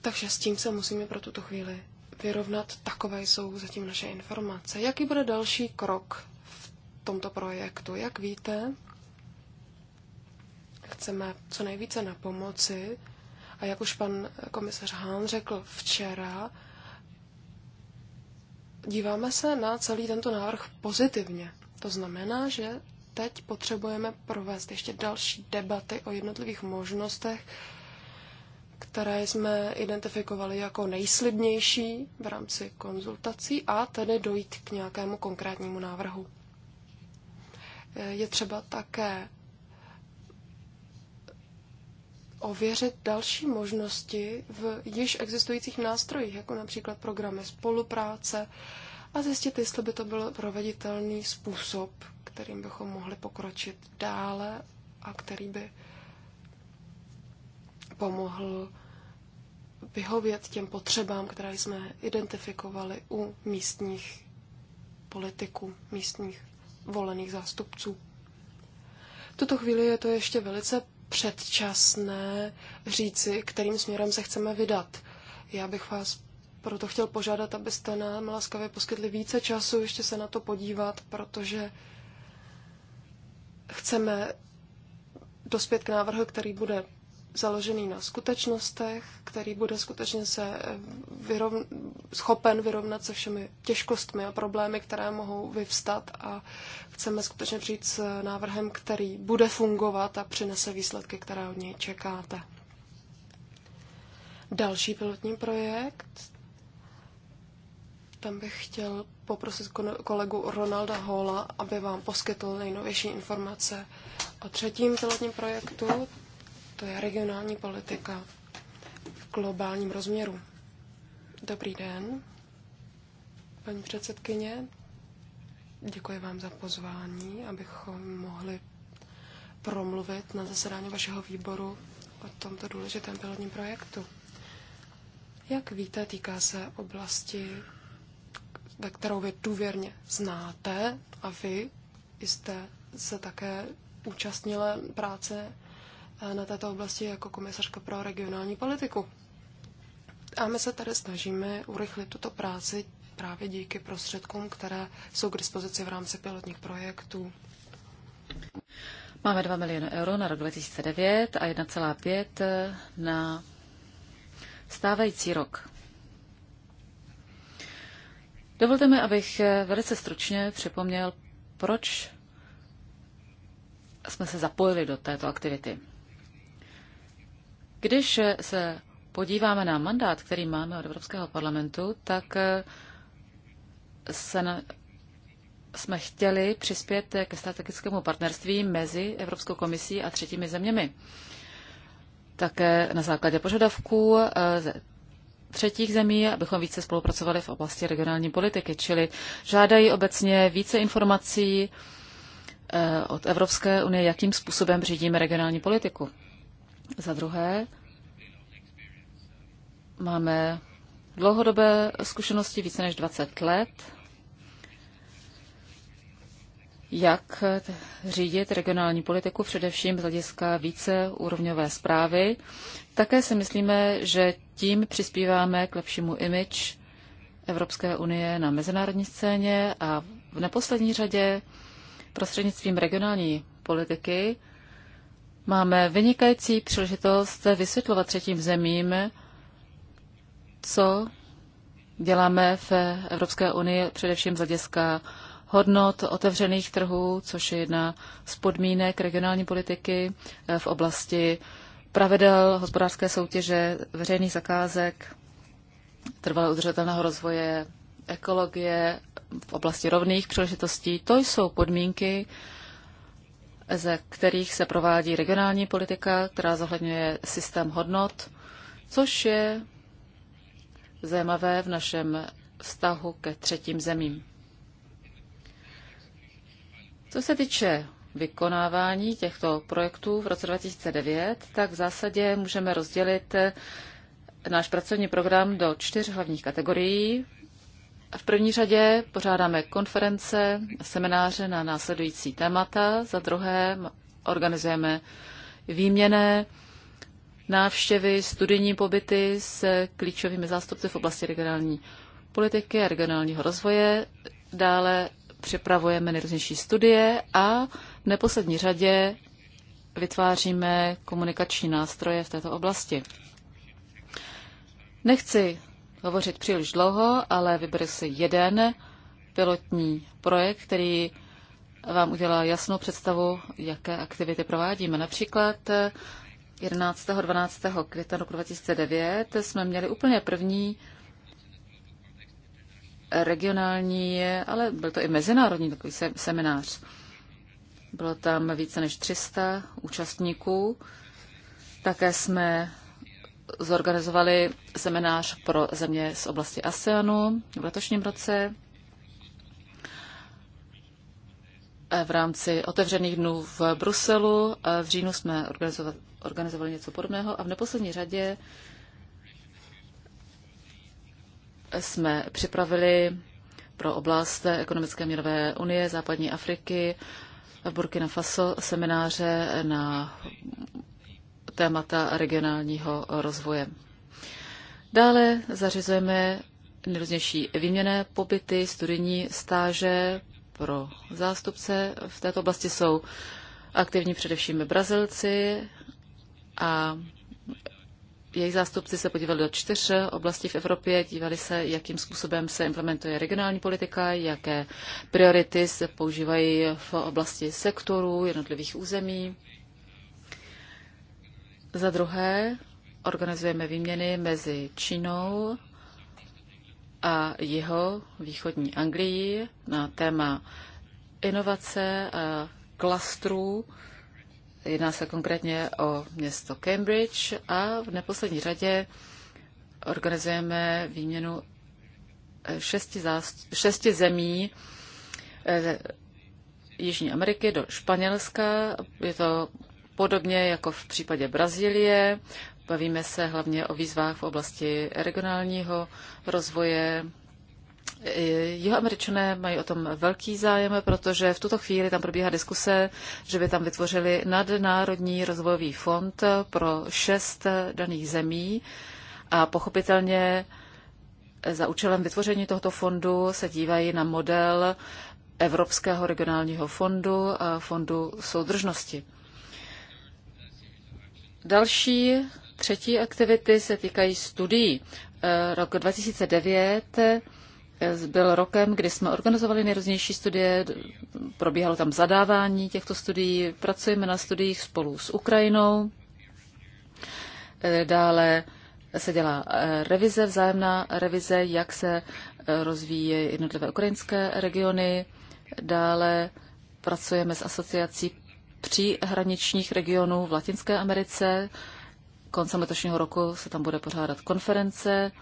Takže s tím se musíme pro tuto chvíli vyrovnat. Takové jsou zatím naše informace. Jaký bude další krok v tomto projektu? Jak víte, chceme co nejvíce na pomoci. A jak už pan komisař Hahn řekl včera, díváme se na celý tento návrh pozitivně. To znamená, že teď potřebujeme provést ještě další debaty o jednotlivých možnostech, které jsme identifikovali jako nejslibnější v rámci konzultací a tedy dojít k nějakému konkrétnímu návrhu. Je třeba také ověřit další možnosti v již existujících nástrojích, jako například programy spolupráce, a zjistit, jestli by to byl proveditelný způsob, kterým bychom mohli pokročit dále a který by pomohl vyhovět těm potřebám, které jsme identifikovali u místních politiků, místních volených zástupců. V tuto chvíli je to ještě velice předčasné říci, kterým směrem se chceme vydat. Já bych vás proto chtěl požádat, abyste nám laskavě poskytli více času ještě se na to podívat, protože chceme dospět k návrhu, který bude založený na skutečnostech, který bude skutečně se eh, vyrovn- schopen vyrovnat se všemi těžkostmi a problémy, které mohou vyvstat a chceme skutečně přijít s návrhem, který bude fungovat a přinese výsledky, které od něj čekáte. Další pilotní projekt. Tam bych chtěl poprosit kolegu Ronalda Hola, aby vám poskytl nejnovější informace o třetím pilotním projektu to je regionální politika v globálním rozměru. Dobrý den, paní předsedkyně. Děkuji vám za pozvání, abychom mohli promluvit na zasedání vašeho výboru o tomto důležitém pilotním projektu. Jak víte, týká se oblasti, ve kterou vy důvěrně znáte a vy jste se také účastnila práce na této oblasti jako komisařka pro regionální politiku. A my se tady snažíme urychlit tuto práci právě díky prostředkům, které jsou k dispozici v rámci pilotních projektů. Máme 2 miliony euro na rok 2009 a 1,5 na stávající rok. Dovolte mi, abych velice stručně připomněl, proč jsme se zapojili do této aktivity. Když se podíváme na mandát, který máme od Evropského parlamentu, tak eh, se na, jsme chtěli přispět ke strategickému partnerství mezi Evropskou komisí a třetími zeměmi. Také na základě požadavků eh, ze třetích zemí, abychom více spolupracovali v oblasti regionální politiky, čili žádají obecně více informací eh, od Evropské unie, jakým způsobem řídíme regionální politiku. Za druhé, máme dlouhodobé zkušenosti více než 20 let, jak řídit regionální politiku, především z hlediska více úrovňové zprávy. Také si myslíme, že tím přispíváme k lepšímu image Evropské unie na mezinárodní scéně a v neposlední řadě prostřednictvím regionální politiky Máme vynikající příležitost vysvětlovat třetím zemím, co děláme v Evropské unii, především z hlediska hodnot otevřených trhů, což je jedna z podmínek regionální politiky eh, v oblasti pravidel hospodářské soutěže, veřejných zakázek, trvalé udržitelného rozvoje, ekologie, v oblasti rovných příležitostí. To jsou podmínky, ze kterých se provádí regionální politika, která zohledňuje systém hodnot, což je zajímavé v našem vztahu ke třetím zemím. Co se týče vykonávání těchto projektů v roce 2009, tak v zásadě můžeme rozdělit náš pracovní program do čtyř hlavních kategorií. V první řadě pořádáme konference, semináře na následující témata, za druhé organizujeme výměné návštěvy, studijní pobyty s klíčovými zástupci v oblasti regionální politiky a regionálního rozvoje. Dále připravujeme nejrůznější studie a v neposlední řadě vytváříme komunikační nástroje v této oblasti. Nechci hovořit příliš dlouho, ale vyberu si jeden pilotní projekt, který vám udělá jasnou představu, jaké aktivity provádíme. Například 11. Eh, 12. května roku 2009 jsme měli úplně první regionální, ale byl to i mezinárodní takový seminář. Bylo tam více než 300 účastníků. Také jsme zorganizovali seminář pro země z oblasti ASEANu v letošním roce eh, v rámci otevřených dnů v Bruselu. Eh, v říjnu jsme organizovali něco podobného a v neposlední řadě eh, jsme připravili pro oblast ekonomické měnové unie západní Afriky v Burkina Faso semináře na témata regionálního rozvoje. Dále zařizujeme nejrůznější výměné pobyty, studijní stáže pro zástupce. V této oblasti jsou aktivní především Brazilci a jejich zástupci se podívali do čtyř oblastí v Evropě, dívali se, jakým způsobem se implementuje regionální politika, jaké priority se používají v oblasti sektorů, jednotlivých území, za druhé, organizujeme výměny mezi Čínou a jeho východní Anglií na téma inovace a klastrů. Jedná se konkrétně o město Cambridge a v neposlední řadě organizujeme výměnu eh, šesti, zást- šesti zemí eh, Jižní Ameriky do Španělska. Je to podobně jako v případě Brazílie. Bavíme se hlavně o výzvách v oblasti regionálního rozvoje. Jeho američané mají o tom velký zájem, protože v tuto chvíli tam probíhá diskuse, že by tam vytvořili nadnárodní rozvojový fond pro šest daných zemí a pochopitelně za účelem vytvoření tohoto fondu se dívají na model Evropského regionálního fondu a fondu soudržnosti. Další třetí aktivity se týkají studií. Eh, rok 2009 eh, byl rokem, kdy jsme organizovali nejrůznější studie, probíhalo tam zadávání těchto studií, pracujeme na studiích spolu s Ukrajinou, eh, dále se dělá revize, vzájemná revize, jak se rozvíjí jednotlivé ukrajinské regiony, dále pracujeme s asociací příhraničních regionů v Latinské Americe. Koncem letošního roku se tam bude pořádat konference,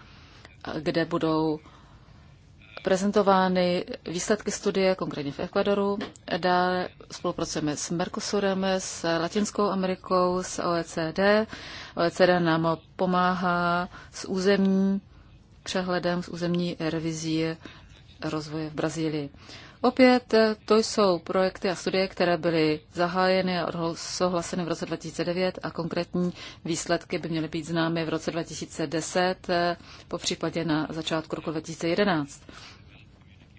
kde budou prezentovány výsledky studie, konkrétně v Ekvadoru. Dále spolupracujeme s Mercosurem, s Latinskou Amerikou, s OECD. OECD nám pomáhá s územní přehledem, s územní revizí rozvoje v Brazílii. Opět eh, to jsou projekty a studie, které byly zahájeny a souhlaseny v roce 2009 a konkrétní výsledky by měly být známy v roce 2010, eh, po případě na začátku roku 2011.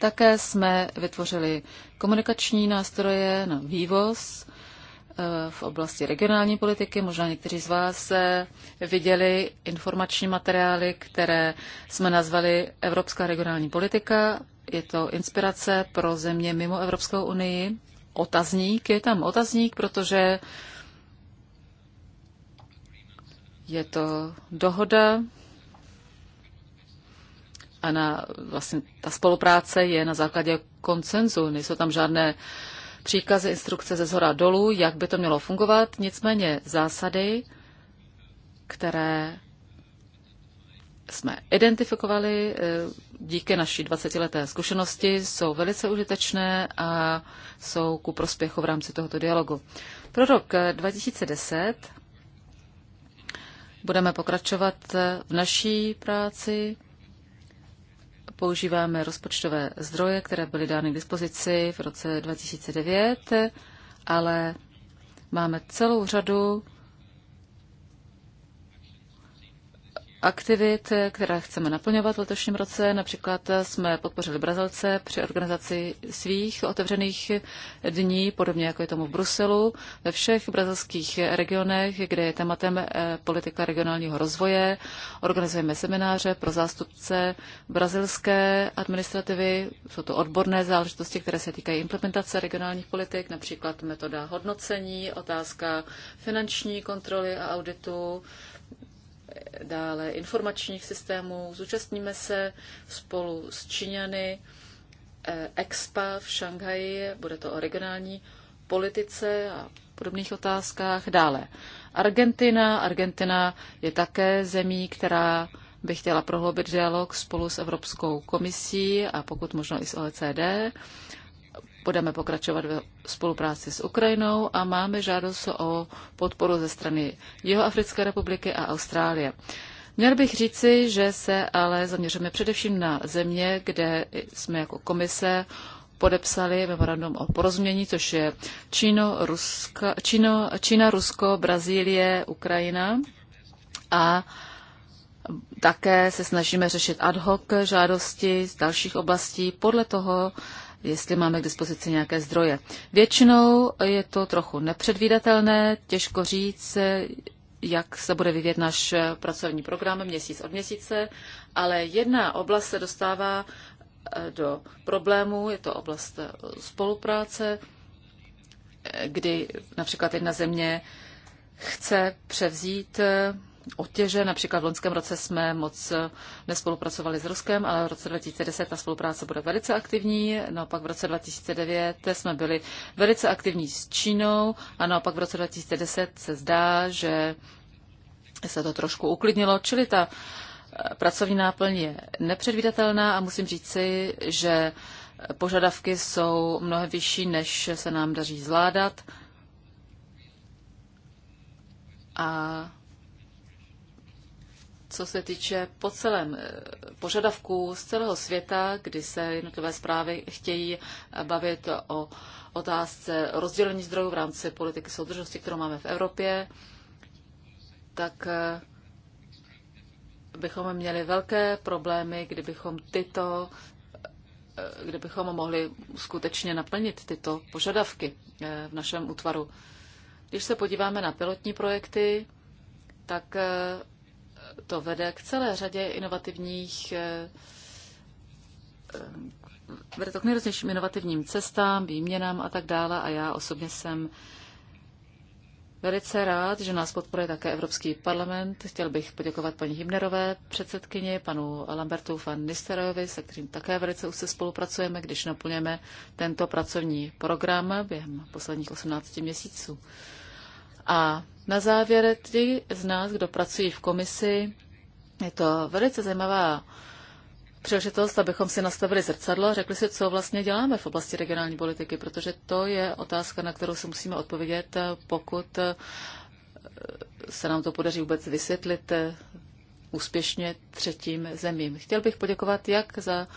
Také jsme vytvořili komunikační nástroje na vývoz eh, v oblasti regionální politiky. Možná někteří z vás viděli informační materiály, které jsme nazvali Evropská regionální politika je to inspirace pro země mimo Evropskou unii. Otazník, je tam otazník, protože je to dohoda a na, vlastně ta spolupráce je na základě koncenzu. Nejsou tam žádné příkazy, instrukce ze zhora dolů, jak by to mělo fungovat. Nicméně zásady, které jsme identifikovali, eh, díky naší 20-leté zkušenosti jsou velice užitečné a jsou ku prospěchu v rámci tohoto dialogu. Pro rok 2010 eh, budeme pokračovat eh, v naší práci. Používáme rozpočtové zdroje, které byly dány k dispozici v roce 2009, ale máme celou řadu aktivit, které chceme naplňovat v letošním roce. Například jsme podpořili Brazilce při organizaci svých otevřených dní, podobně jako je tomu v Bruselu, ve všech brazilských regionech, kde je tématem eh, politika regionálního rozvoje. Organizujeme semináře pro zástupce brazilské administrativy. Jsou to odborné záležitosti, které se týkají implementace regionálních politik, například metoda hodnocení, otázka finanční kontroly a auditu, dále informačních systémů. Zúčastníme se spolu s Číňany e, Expa v Šanghaji, bude to o regionální politice a podobných otázkách. Dále Argentina. Argentina je také zemí, která by chtěla prohloubit dialog spolu s Evropskou komisí a pokud možno i s OECD budeme pokračovat ve spolupráci s Ukrajinou a máme žádost o podporu ze strany Jihoafrické republiky a Austrálie. Měl bych říci, že se ale zaměříme především na země, kde jsme jako komise podepsali memorandum o porozumění, což je Číno, Ruska, Číno, Čína, Rusko, Brazílie, Ukrajina a také se snažíme řešit ad hoc žádosti z dalších oblastí podle toho, jestli máme k dispozici nějaké zdroje. Většinou je to trochu nepředvídatelné, těžko říct, jak se bude vyvíjet náš pracovní program měsíc od měsíce, ale jedna oblast se dostává eh, do problémů, je to oblast eh, spolupráce, eh, kdy například jedna země chce převzít otěže. Například v loňském roce jsme moc nespolupracovali s Ruskem, ale v roce 2010 ta spolupráce bude velice aktivní. Naopak v roce 2009 jsme byli velice aktivní s Čínou a naopak v roce 2010 se zdá, že se to trošku uklidnilo, čili ta eh, pracovní náplň je nepředvídatelná a musím říci, že požadavky jsou mnohem vyšší, než se nám daří zvládat. A co se týče po celém eh, požadavků z celého světa, kdy se jednotlivé zprávy chtějí bavit o otázce rozdělení zdrojů v rámci politiky soudržnosti, kterou máme v Evropě, tak eh, bychom měli velké problémy, kdybychom tyto eh, kdybychom mohli skutečně naplnit tyto požadavky v našem útvaru. Když se podíváme na pilotní projekty, tak to vede k celé řadě inovativních eh, eh, vede to k nejrůznějším inovativním cestám, výměnám a tak dále. A já osobně jsem velice rád, že nás podporuje také Evropský parlament. Chtěl bych poděkovat paní Himnerové předsedkyni, panu Lambertu van Nisterovi, se kterým také velice už se spolupracujeme, když naplňujeme tento pracovní program během posledních 18 měsíců. A na závěr ti z nás, kdo pracují v komisi, je to velice zajímavá příležitost, abychom si nastavili zrcadlo a řekli si, co vlastně děláme v oblasti regionální politiky, protože to je otázka, na kterou si musíme odpovědět, pokud se nám to podaří vůbec vysvětlit úspěšně třetím zemím. Chtěl bych poděkovat jak za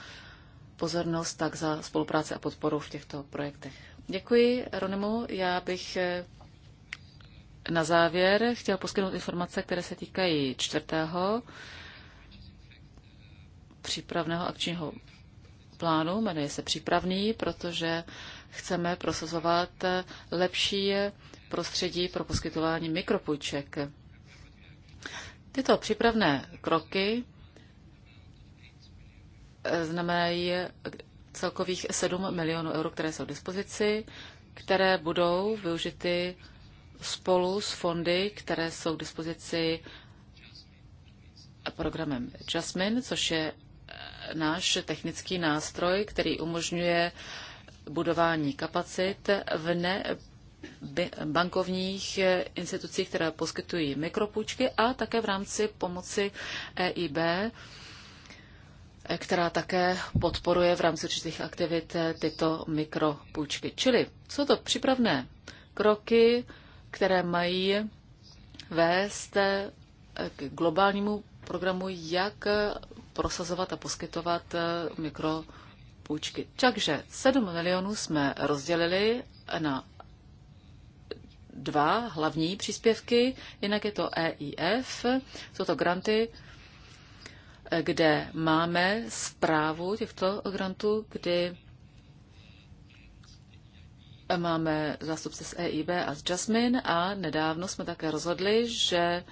pozornost, tak za spolupráci a podporu v těchto projektech. Děkuji, Ronemu. Já bych na závěr chtěl poskytnout informace, které se týkají čtvrtého přípravného akčního plánu. Jmenuje se přípravný, protože chceme prosazovat lepší prostředí pro poskytování mikropůjček. Tyto přípravné kroky znamenají celkových 7 milionů eur, které jsou k dispozici, které budou využity spolu s fondy, které jsou k dispozici programem Jasmine, což je eh, náš technický nástroj, který umožňuje budování kapacit v ne bankovních eh, institucích, které poskytují mikropůjčky a také v rámci pomoci EIB, eh, která také podporuje v rámci určitých aktivit tyto mikropůjčky. Čili jsou to přípravné kroky, které mají vést eh, k globálnímu programu, jak prosazovat a poskytovat eh, mikropůjčky. Takže 7 milionů jsme rozdělili na dva hlavní příspěvky, jinak je to EIF, jsou to granty, eh, kde máme zprávu těchto grantů, kdy Máme zástupce z EIB a z Jasmine a nedávno jsme také rozhodli, že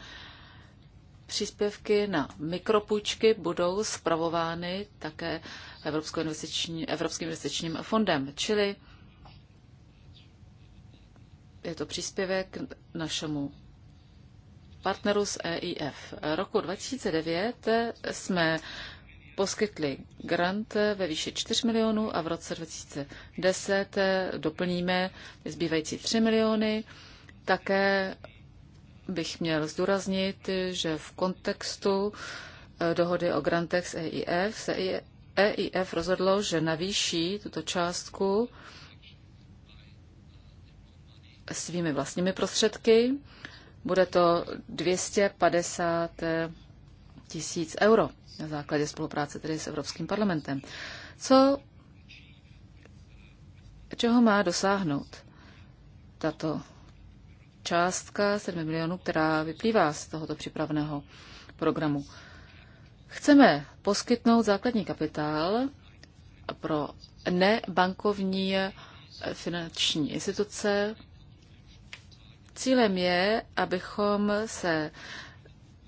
příspěvky na mikropůjčky budou spravovány také Evropskou investiční, Evropským investičním fondem, čili je to příspěvek našemu partneru z EIF. Roku 2009 jsme poskytli grant ve výši 4 milionů a v roce 2010 doplníme zbývající 3 miliony. Také bych měl zdůraznit, že v kontextu eh, dohody o grantech s EIF se EIF rozhodlo, že navýší tuto částku svými vlastními prostředky. Bude to 250 tisíc euro na základě spolupráce tedy s Evropským parlamentem. Co, čeho má dosáhnout tato částka 7 milionů, která vyplývá z tohoto připraveného programu? Chceme poskytnout základní kapitál pro nebankovní finanční instituce. Cílem je, abychom se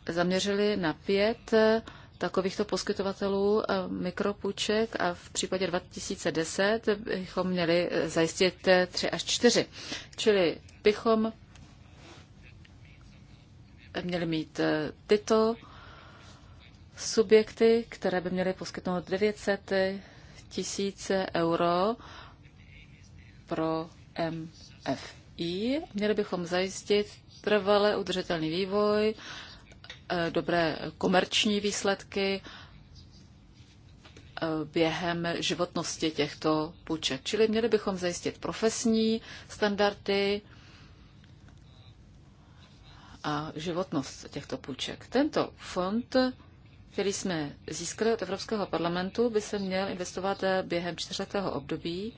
zaměřili na pět takovýchto poskytovatelů eh, mikropůjček a v případě 2010 bychom měli eh, zajistit 3 eh, až 4. Čili bychom měli mít tyto subjekty, které by měly poskytnout 900 tisíc euro pro MFI. Měli bychom zajistit trvalé udržitelný vývoj, Eh, dobré komerční výsledky eh, během životnosti těchto půjček. Čili měli bychom zajistit profesní standardy a životnost těchto půjček. Tento fond, který jsme získali od Evropského parlamentu, by se měl investovat během čtyřletého období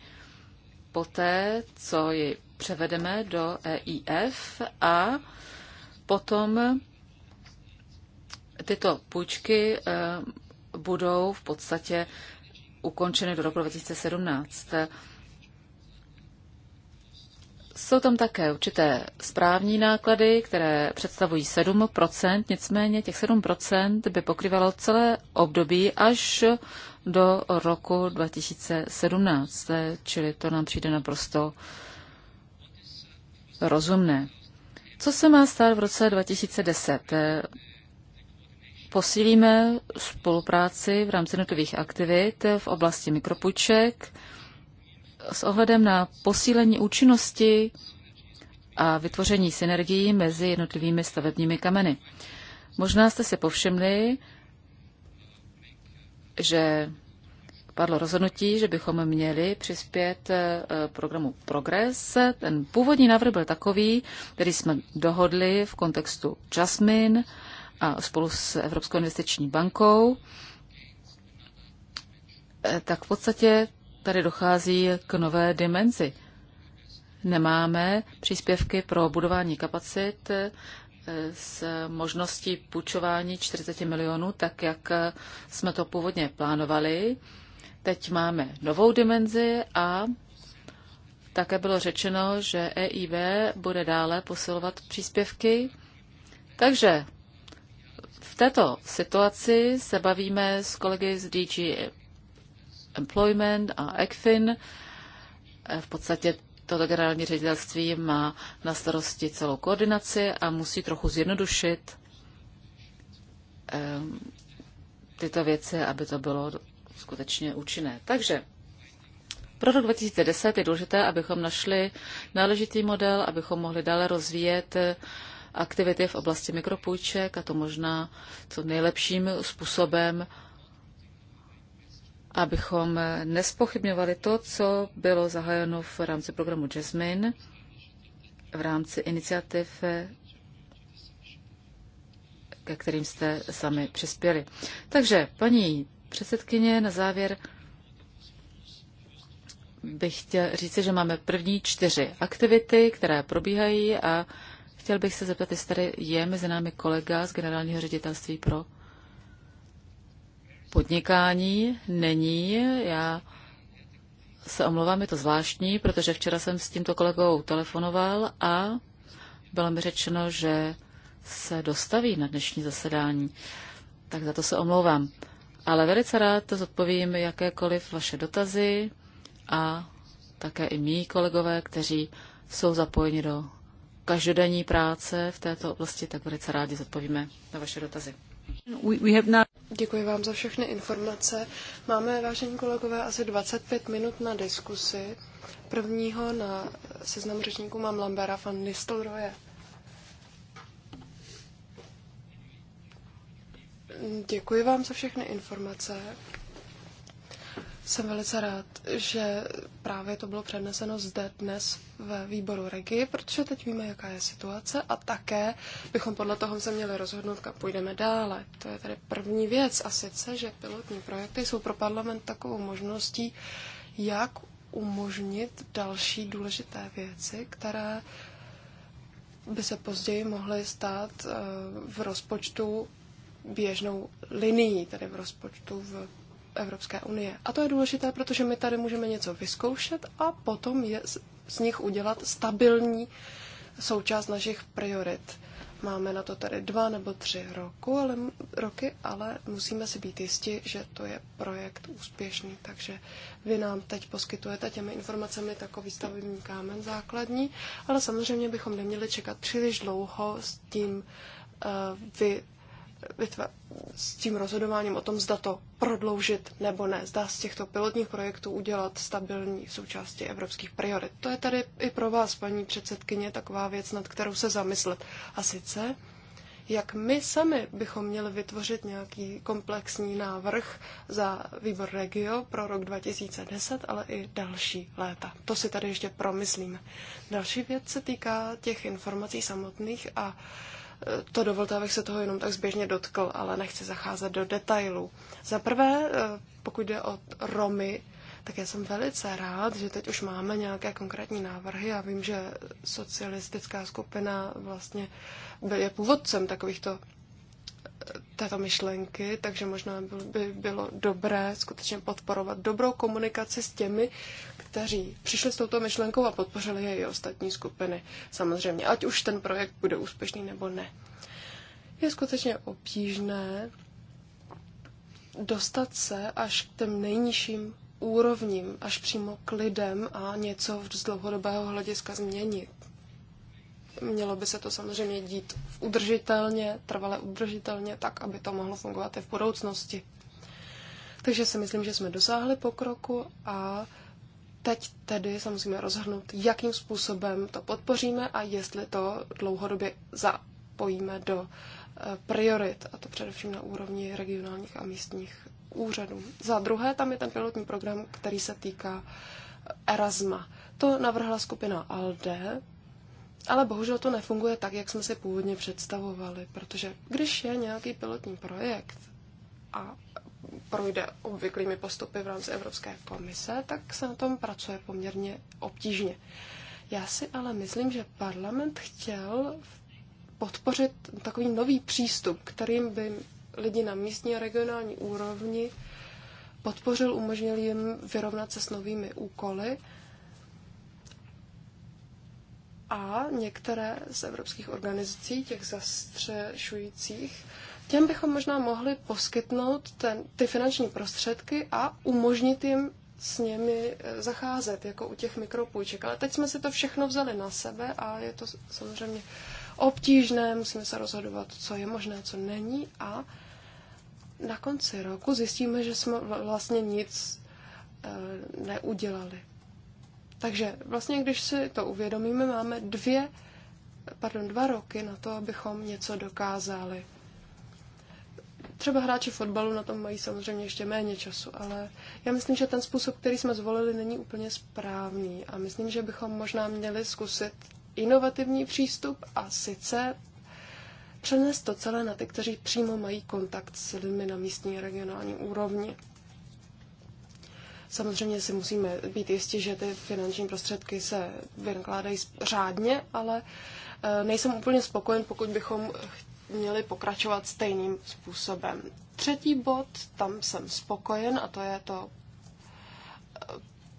poté, co ji převedeme do EIF a potom Tyto půjčky eh, budou v podstatě ukončeny do roku 2017. Jsou tam také určité správní náklady, které představují 7%, nicméně těch 7% by pokrývalo celé období až do roku 2017, čili to nám přijde naprosto rozumné. Co se má stát v roce 2010? Posílíme spolupráci v rámci jednotlivých aktivit v oblasti mikropůjček s ohledem na posílení účinnosti a vytvoření synergií mezi jednotlivými stavebními kameny. Možná jste se povšimli, že padlo rozhodnutí, že bychom měli přispět eh, programu Progress. Ten původní návrh byl takový, který jsme dohodli v kontextu Jasmine a spolu s Evropskou investiční bankou, eh, tak v podstatě tady dochází k nové dimenzi. Nemáme příspěvky pro budování kapacit eh, s možností půjčování 40 milionů, tak jak eh, jsme to původně plánovali. Teď máme novou dimenzi a také bylo řečeno, že EIB bude dále posilovat příspěvky. Takže této situaci se bavíme s kolegy z DG Employment a ECFIN. V podstatě toto generální ředitelství má na starosti celou koordinaci a musí trochu zjednodušit ehm, tyto věci, aby to bylo skutečně účinné. Takže pro rok 2010 je důležité, abychom našli náležitý model, abychom mohli dále rozvíjet aktivity v oblasti mikropůjček a to možná co nejlepším způsobem, abychom nespochybňovali to, co bylo zahájeno v rámci programu Jasmine, v rámci iniciativ, ke kterým jste sami přispěli. Takže, paní předsedkyně, na závěr bych chtěl říci, že máme první čtyři aktivity, které probíhají a Chtěl bych se zeptat, jestli tady je mezi námi kolega z generálního ředitelství pro podnikání. Není. Já se omlouvám, je to zvláštní, protože včera jsem s tímto kolegou telefonoval a bylo mi řečeno, že se dostaví na dnešní zasedání. Tak za to se omlouvám. Ale velice rád to zodpovím jakékoliv vaše dotazy a také i mý kolegové, kteří jsou zapojeni do každodenní práce v této oblasti, tak velice rádi zodpovíme na vaše dotazy. Děkuji vám za všechny informace. Máme, vážení kolegové, asi 25 minut na diskusi. Prvního na seznamu řečníků mám Lambera van Nistelroje. Děkuji vám za všechny informace. Jsem velice rád, že právě to bylo předneseno zde dnes ve výboru Regi, protože teď víme, jaká je situace a také bychom podle toho se měli rozhodnout, kam půjdeme dále. To je tedy první věc a sice, že pilotní projekty jsou pro parlament takovou možností, jak umožnit další důležité věci, které by se později mohly stát eh, v rozpočtu běžnou linií, tedy v rozpočtu v Evropské unie. A to je důležité, protože my tady můžeme něco vyzkoušet a potom je z nich udělat stabilní součást našich priorit. Máme na to tady dva nebo tři roku, ale, roky, ale musíme si být jisti, že to je projekt úspěšný. Takže vy nám teď poskytujete těmi informacemi takový stavební kámen základní, ale samozřejmě bychom neměli čekat příliš dlouho s tím uh, vy s tím rozhodováním o tom, zda to prodloužit nebo ne, zda z těchto pilotních projektů udělat stabilní součástí evropských priorit. To je tady i pro vás, paní předsedkyně, taková věc, nad kterou se zamyslet. A sice, jak my sami bychom měli vytvořit nějaký komplexní návrh za výbor Regio pro rok 2010, ale i další léta. To si tady ještě promyslíme. Další věc se týká těch informací samotných a uh, to dovolte, abych se toho jenom tak zběžně dotkl, ale nechci zacházet do detailů. Za prvé, eh, pokud jde o Romy, tak já jsem velice rád, že teď už máme nějaké konkrétní návrhy. Já vím, že socialistická skupina vlastně je původcem takovýchto eh, této myšlenky, takže možná by bylo dobré skutečně podporovat dobrou komunikaci s těmi, kteří přišli s touto myšlenkou a podpořili je i ostatní skupiny, samozřejmě, ať už ten projekt bude úspěšný nebo ne. Je skutečně obtížné dostat se až k těm nejnižším úrovním, až přímo k lidem a něco z dlouhodobého hlediska změnit. Mělo by se to samozřejmě dít udržitelně, trvale udržitelně, tak, aby to mohlo fungovat i v budoucnosti. Takže si myslím, že jsme dosáhli pokroku a Teď tedy se musíme rozhodnout, jakým způsobem to podpoříme a jestli to dlouhodobě zapojíme do eh, priorit, a to především na úrovni regionálních a místních úřadů. Za druhé, tam je ten pilotní program, který se týká eh, Erasma. To navrhla skupina ALDE, ale bohužel to nefunguje tak, jak jsme si původně představovali, protože když je nějaký pilotní projekt a projde obvyklými postupy v rámci Evropské komise, tak se na tom pracuje poměrně obtížně. Já si ale myslím, že parlament chtěl podpořit takový nový přístup, kterým by lidi na místní a regionální úrovni podpořil, umožnil jim vyrovnat se s novými úkoly. A některé z evropských organizací, těch zastřešujících, těm bychom možná mohli poskytnout ten, ty finanční prostředky a umožnit jim s nimi e, zacházet, jako u těch mikropůjček. Ale teď jsme si to všechno vzali na sebe a je to samozřejmě obtížné, musíme se rozhodovat, co je možné, co není a na konci roku zjistíme, že jsme vlastně nic e, neudělali. Takže vlastně, když si to uvědomíme, máme dvě, pardon, dva roky na to, abychom něco dokázali. Třeba hráči fotbalu na tom mají samozřejmě ještě méně času, ale já myslím, že ten způsob, který jsme zvolili, není úplně správný a myslím, že bychom možná měli zkusit inovativní přístup a sice přenést to celé na ty, kteří přímo mají kontakt s lidmi na místní a regionální úrovni. Samozřejmě si musíme být jistí, že ty finanční prostředky se vynakládají řádně, ale eh, nejsem úplně spokojen, pokud bychom měly pokračovat stejným způsobem. Třetí bod, tam jsem spokojen, a to je to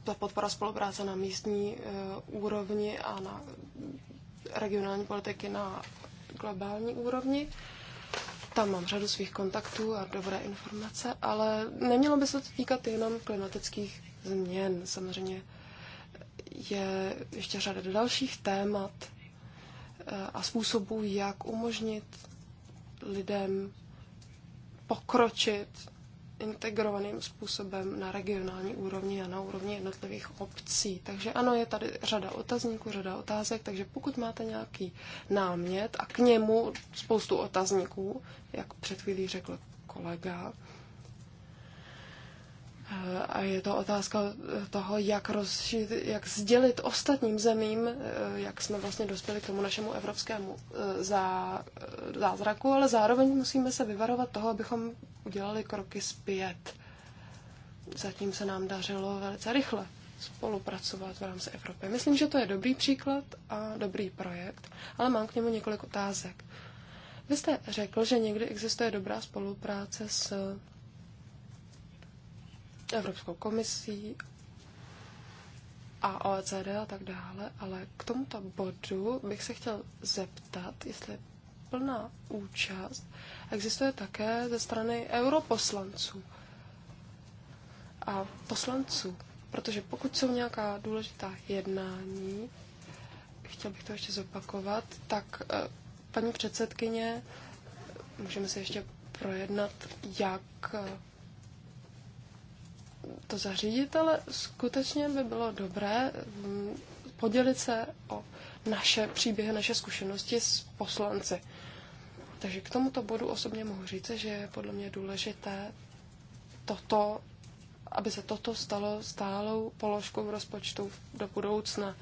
ta podpora spolupráce na místní e, úrovni a na regionální politiky na globální úrovni. Tam mám řadu svých kontaktů a dobré informace, ale nemělo by se to týkat jenom klimatických změn. Samozřejmě je ještě řada dalších témat e, a způsobů, jak umožnit lidem pokročit integrovaným způsobem na regionální úrovni a na úrovni jednotlivých obcí. Takže ano, je tady řada otazníků, řada otázek, takže pokud máte nějaký námět a k němu spoustu otazníků, jak před chvílí řekl kolega, a je to otázka toho, jak, rozšit, jak sdělit ostatním zemím, eh, jak jsme vlastně dospěli k tomu našemu evropskému eh, zá, eh, zázraku, ale zároveň musíme se vyvarovat toho, abychom udělali kroky zpět. Zatím se nám dařilo velice rychle spolupracovat v rámci Evropy. Myslím, že to je dobrý příklad a dobrý projekt, ale mám k němu několik otázek. Vy jste řekl, že někdy existuje dobrá spolupráce s Evropskou komisí a OECD a tak dále, ale k tomuto bodu bych se chtěl zeptat, jestli plná účast existuje také ze strany europoslanců a poslanců, protože pokud jsou nějaká důležitá jednání, chtěl bych to ještě zopakovat, tak eh, paní předsedkyně, můžeme se ještě projednat, jak eh, to zařídit, ale skutečně by bylo dobré mm, podělit se o naše příběhy, naše zkušenosti s poslanci. Takže k tomuto bodu osobně mohu říct, že je podle mě důležité toto, aby se toto stalo stálou položkou rozpočtu do budoucna.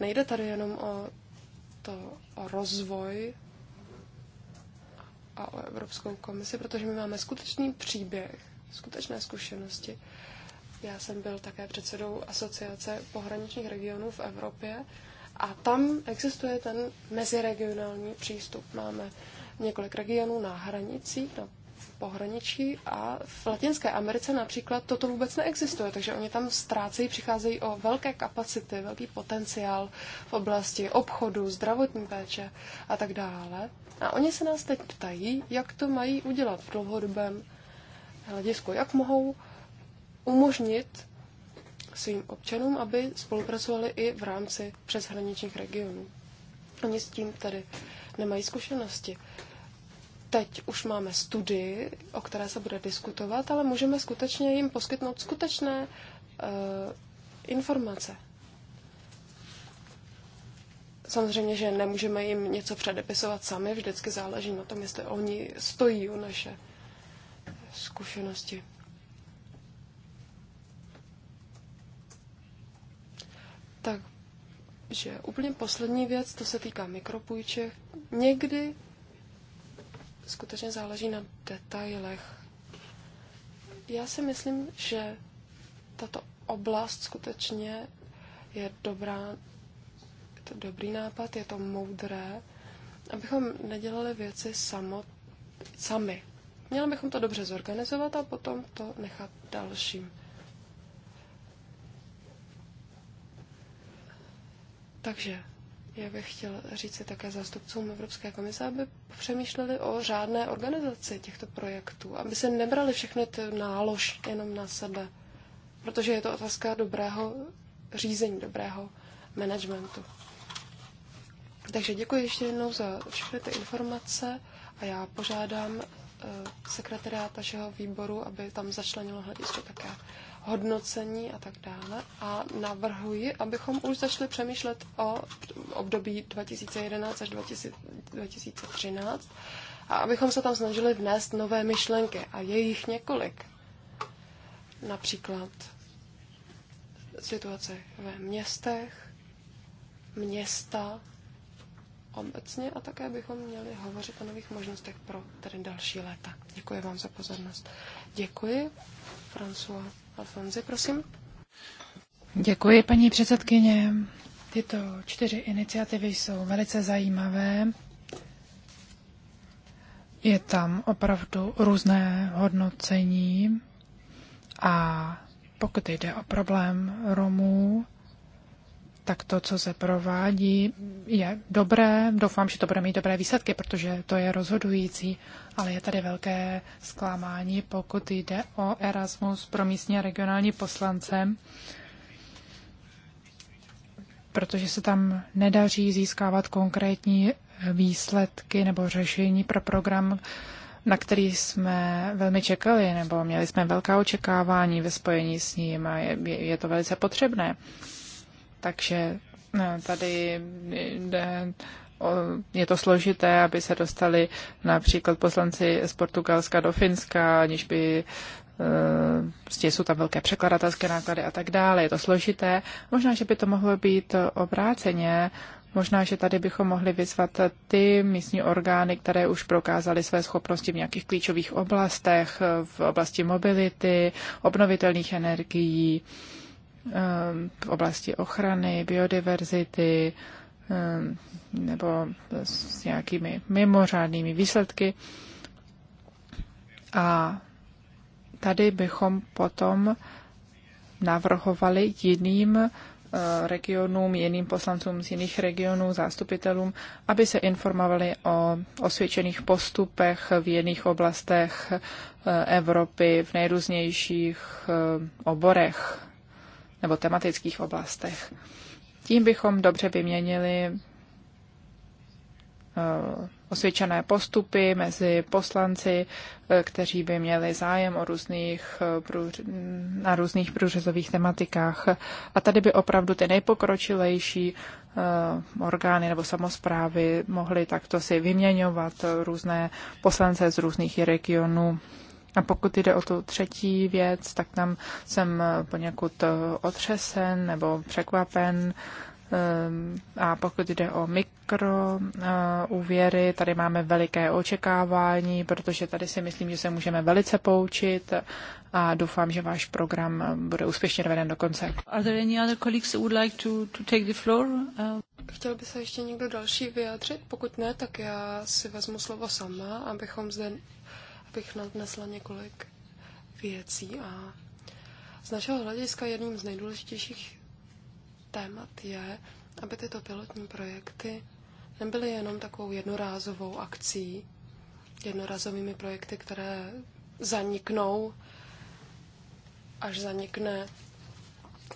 Nejde tady jenom o, to, o rozvoj a o Evropskou komisi, protože my máme skutečný příběh, skutečné zkušenosti já jsem byl také předsedou asociace pohraničních regionů v Evropě a tam existuje ten meziregionální přístup. Máme několik regionů na hranicích, na pohraničí a v Latinské Americe například toto vůbec neexistuje, takže oni tam ztrácejí, přicházejí o velké kapacity, velký potenciál v oblasti obchodu, zdravotní péče a tak dále. A oni se nás teď ptají, jak to mají udělat v dlouhodobém hledisku, jak mohou umožnit svým občanům, aby spolupracovali i v rámci přeshraničních regionů. Oni s tím tady nemají zkušenosti. Teď už máme studii, o které se bude diskutovat, ale můžeme skutečně jim poskytnout skutečné uh, informace. Samozřejmě, že nemůžeme jim něco předepisovat sami, vždycky záleží na tom, jestli oni stojí u naše zkušenosti. Takže úplně poslední věc, to se týká mikropůjček. Někdy skutečně záleží na detailech. Já si myslím, že tato oblast skutečně je dobrá, je to dobrý nápad, je to moudré, abychom nedělali věci samo, sami. Měli bychom to dobře zorganizovat a potom to nechat dalším. Takže já bych chtěl říct si také zástupcům Evropské komise, aby přemýšleli o řádné organizaci těchto projektů, aby se nebrali všechny ty nálož jenom na sebe, protože je to otázka dobrého řízení, dobrého managementu. Takže děkuji ještě jednou za všechny ty informace a já požádám eh, sekretariát našeho výboru, aby tam začlenilo hledisko také hodnocení a tak dále. A navrhuji, abychom už začali přemýšlet o období 2011 až 2013 a abychom se tam snažili vnést nové myšlenky a je jich několik. Například situace ve městech, města obecně a také bychom měli hovořit o nových možnostech pro tedy další léta. Děkuji vám za pozornost. Děkuji, François. Alfonzi, prosím. Děkuji, paní předsedkyně. Tyto čtyři iniciativy jsou velice zajímavé. Je tam opravdu různé hodnocení a pokud jde o problém Romů, tak to, co se provádí, je dobré. Doufám, že to bude mít dobré výsledky, protože to je rozhodující, ale je tady velké zklamání, pokud jde o Erasmus pro místní a regionální poslance, protože se tam nedaří získávat konkrétní výsledky nebo řešení pro program, na který jsme velmi čekali, nebo měli jsme velká očekávání ve spojení s ním a je, je to velice potřebné takže eh, tady jde je to složité, aby se dostali například poslanci z Portugalska do Finska, aniž by eh, prostě jsou tam velké překladatelské náklady a tak dále, je to složité. Možná, že by to mohlo být obráceně, možná, že tady bychom mohli vyzvat ty místní orgány, které už prokázaly své schopnosti v nějakých klíčových oblastech, v oblasti mobility, obnovitelných energií, v oblasti ochrany, biodiverzity nebo s nějakými mimořádnými výsledky. A tady bychom potom navrhovali jiným eh, regionům, jiným poslancům z jiných regionů, zástupitelům, aby se informovali o osvědčených postupech v jiných oblastech eh, Evropy v nejrůznějších eh, oborech nebo tematických oblastech. Tím bychom dobře vyměnili eh, osvědčené postupy mezi poslanci, eh, kteří by měli zájem o různých, eh, na různých průřezových tematikách. A tady by opravdu ty nejpokročilejší orgány nebo samozprávy mohly takto si vyměňovat různé poslance z různých regionů a pokud jde o tu třetí věc, tak tam jsem eh, poněkud eh, otřesen nebo překvapen. Ehm, a pokud jde o mikroúvěry, eh, tady máme veliké očekávání, protože tady si myslím, že se můžeme velice poučit a doufám, že váš program bude úspěšně doveden do konce. Chtěl by se ještě někdo další vyjádřit? Pokud ne, tak já si vezmu slovo sama, abychom zde bych nadnesla několik věcí a z našeho hlediska jedním z nejdůležitějších témat je, aby tyto pilotní projekty nebyly jenom takovou jednorázovou akcí, jednorázovými projekty, které zaniknou, až zanikne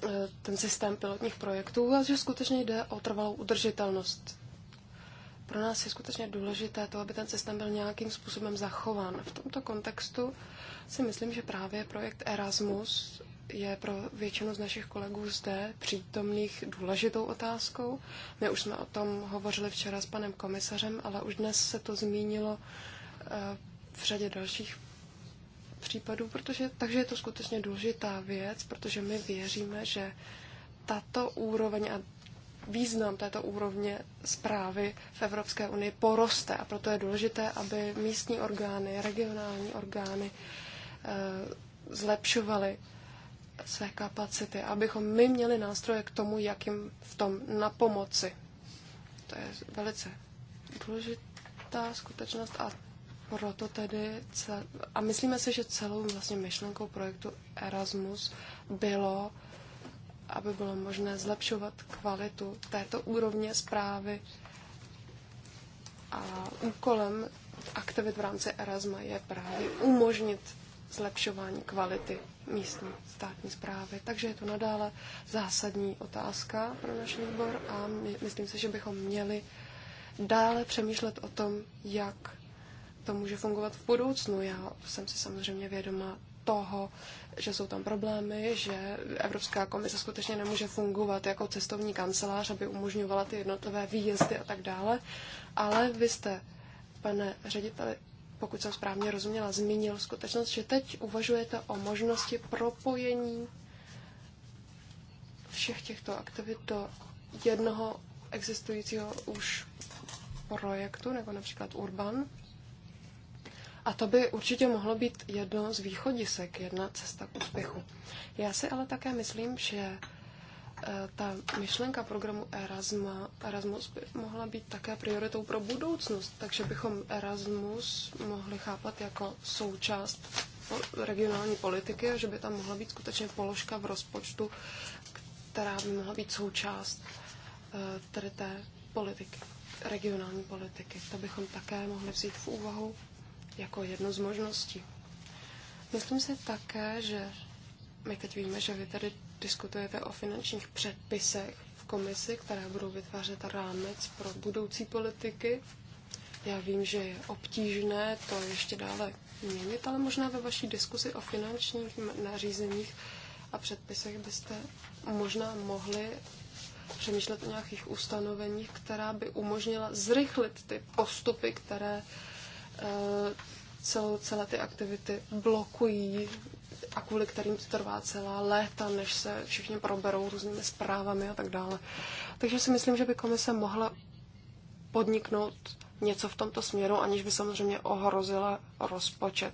eh, ten systém pilotních projektů, ale že skutečně jde o trvalou udržitelnost pro nás je skutečně důležité to, aby ten systém byl nějakým způsobem zachován. V tomto kontextu si myslím, že právě projekt Erasmus je pro většinu z našich kolegů zde přítomných důležitou otázkou. My už jsme o tom hovořili včera s panem komisařem, ale už dnes se to zmínilo eh, v řadě dalších případů, protože, takže je to skutečně důležitá věc, protože my věříme, že tato úroveň a význam této úrovně zprávy v Evropské unii poroste a proto je důležité, aby místní orgány, regionální orgány eh, zlepšovaly své kapacity, abychom my měli nástroje k tomu, jak jim v tom na pomoci. To je velice důležitá skutečnost a proto tedy cel... a myslíme si, že celou vlastně myšlenkou projektu Erasmus bylo aby bylo možné zlepšovat kvalitu této úrovně zprávy. A úkolem aktivit v rámci Erasma je právě umožnit zlepšování kvality místní státní zprávy. Takže je to nadále zásadní otázka pro náš výbor a my, myslím si, že bychom měli dále přemýšlet o tom, jak to může fungovat v budoucnu. Já jsem si samozřejmě vědoma toho, že jsou tam problémy, že Evropská komise skutečně nemůže fungovat jako cestovní kancelář, aby umožňovala ty jednotlivé výjezdy a tak dále. Ale vy jste, pane řediteli, pokud jsem správně rozuměla, zmínil skutečnost, že teď uvažujete o možnosti propojení všech těchto aktivit do jednoho existujícího už projektu, nebo například Urban, a to by určitě mohlo být jedno z východisek, jedna cesta k úspěchu. Já si ale také myslím, že e, ta myšlenka programu Erasma, Erasmus by mohla být také prioritou pro budoucnost, takže bychom Erasmus mohli chápat jako součást regionální politiky a že by tam mohla být skutečně položka v rozpočtu, která by mohla být součást e, tedy té politiky, regionální politiky. To bychom také mohli vzít v úvahu jako jednu z možností. Myslím si také, že my teď víme, že vy tady diskutujete o finančních předpisech v komisi, které budou vytvářet rámec pro budoucí politiky. Já vím, že je obtížné to ještě dále měnit, ale možná ve vaší diskusi o finančních nařízeních a předpisech byste možná mohli přemýšlet o nějakých ustanoveních, která by umožnila zrychlit ty postupy, které Eh, cel, celé ty aktivity blokují a kvůli kterým to trvá celá léta, než se všichni proberou různými zprávami a tak dále. Takže si myslím, že by komise mohla podniknout něco v tomto směru, aniž by samozřejmě ohrozila rozpočet.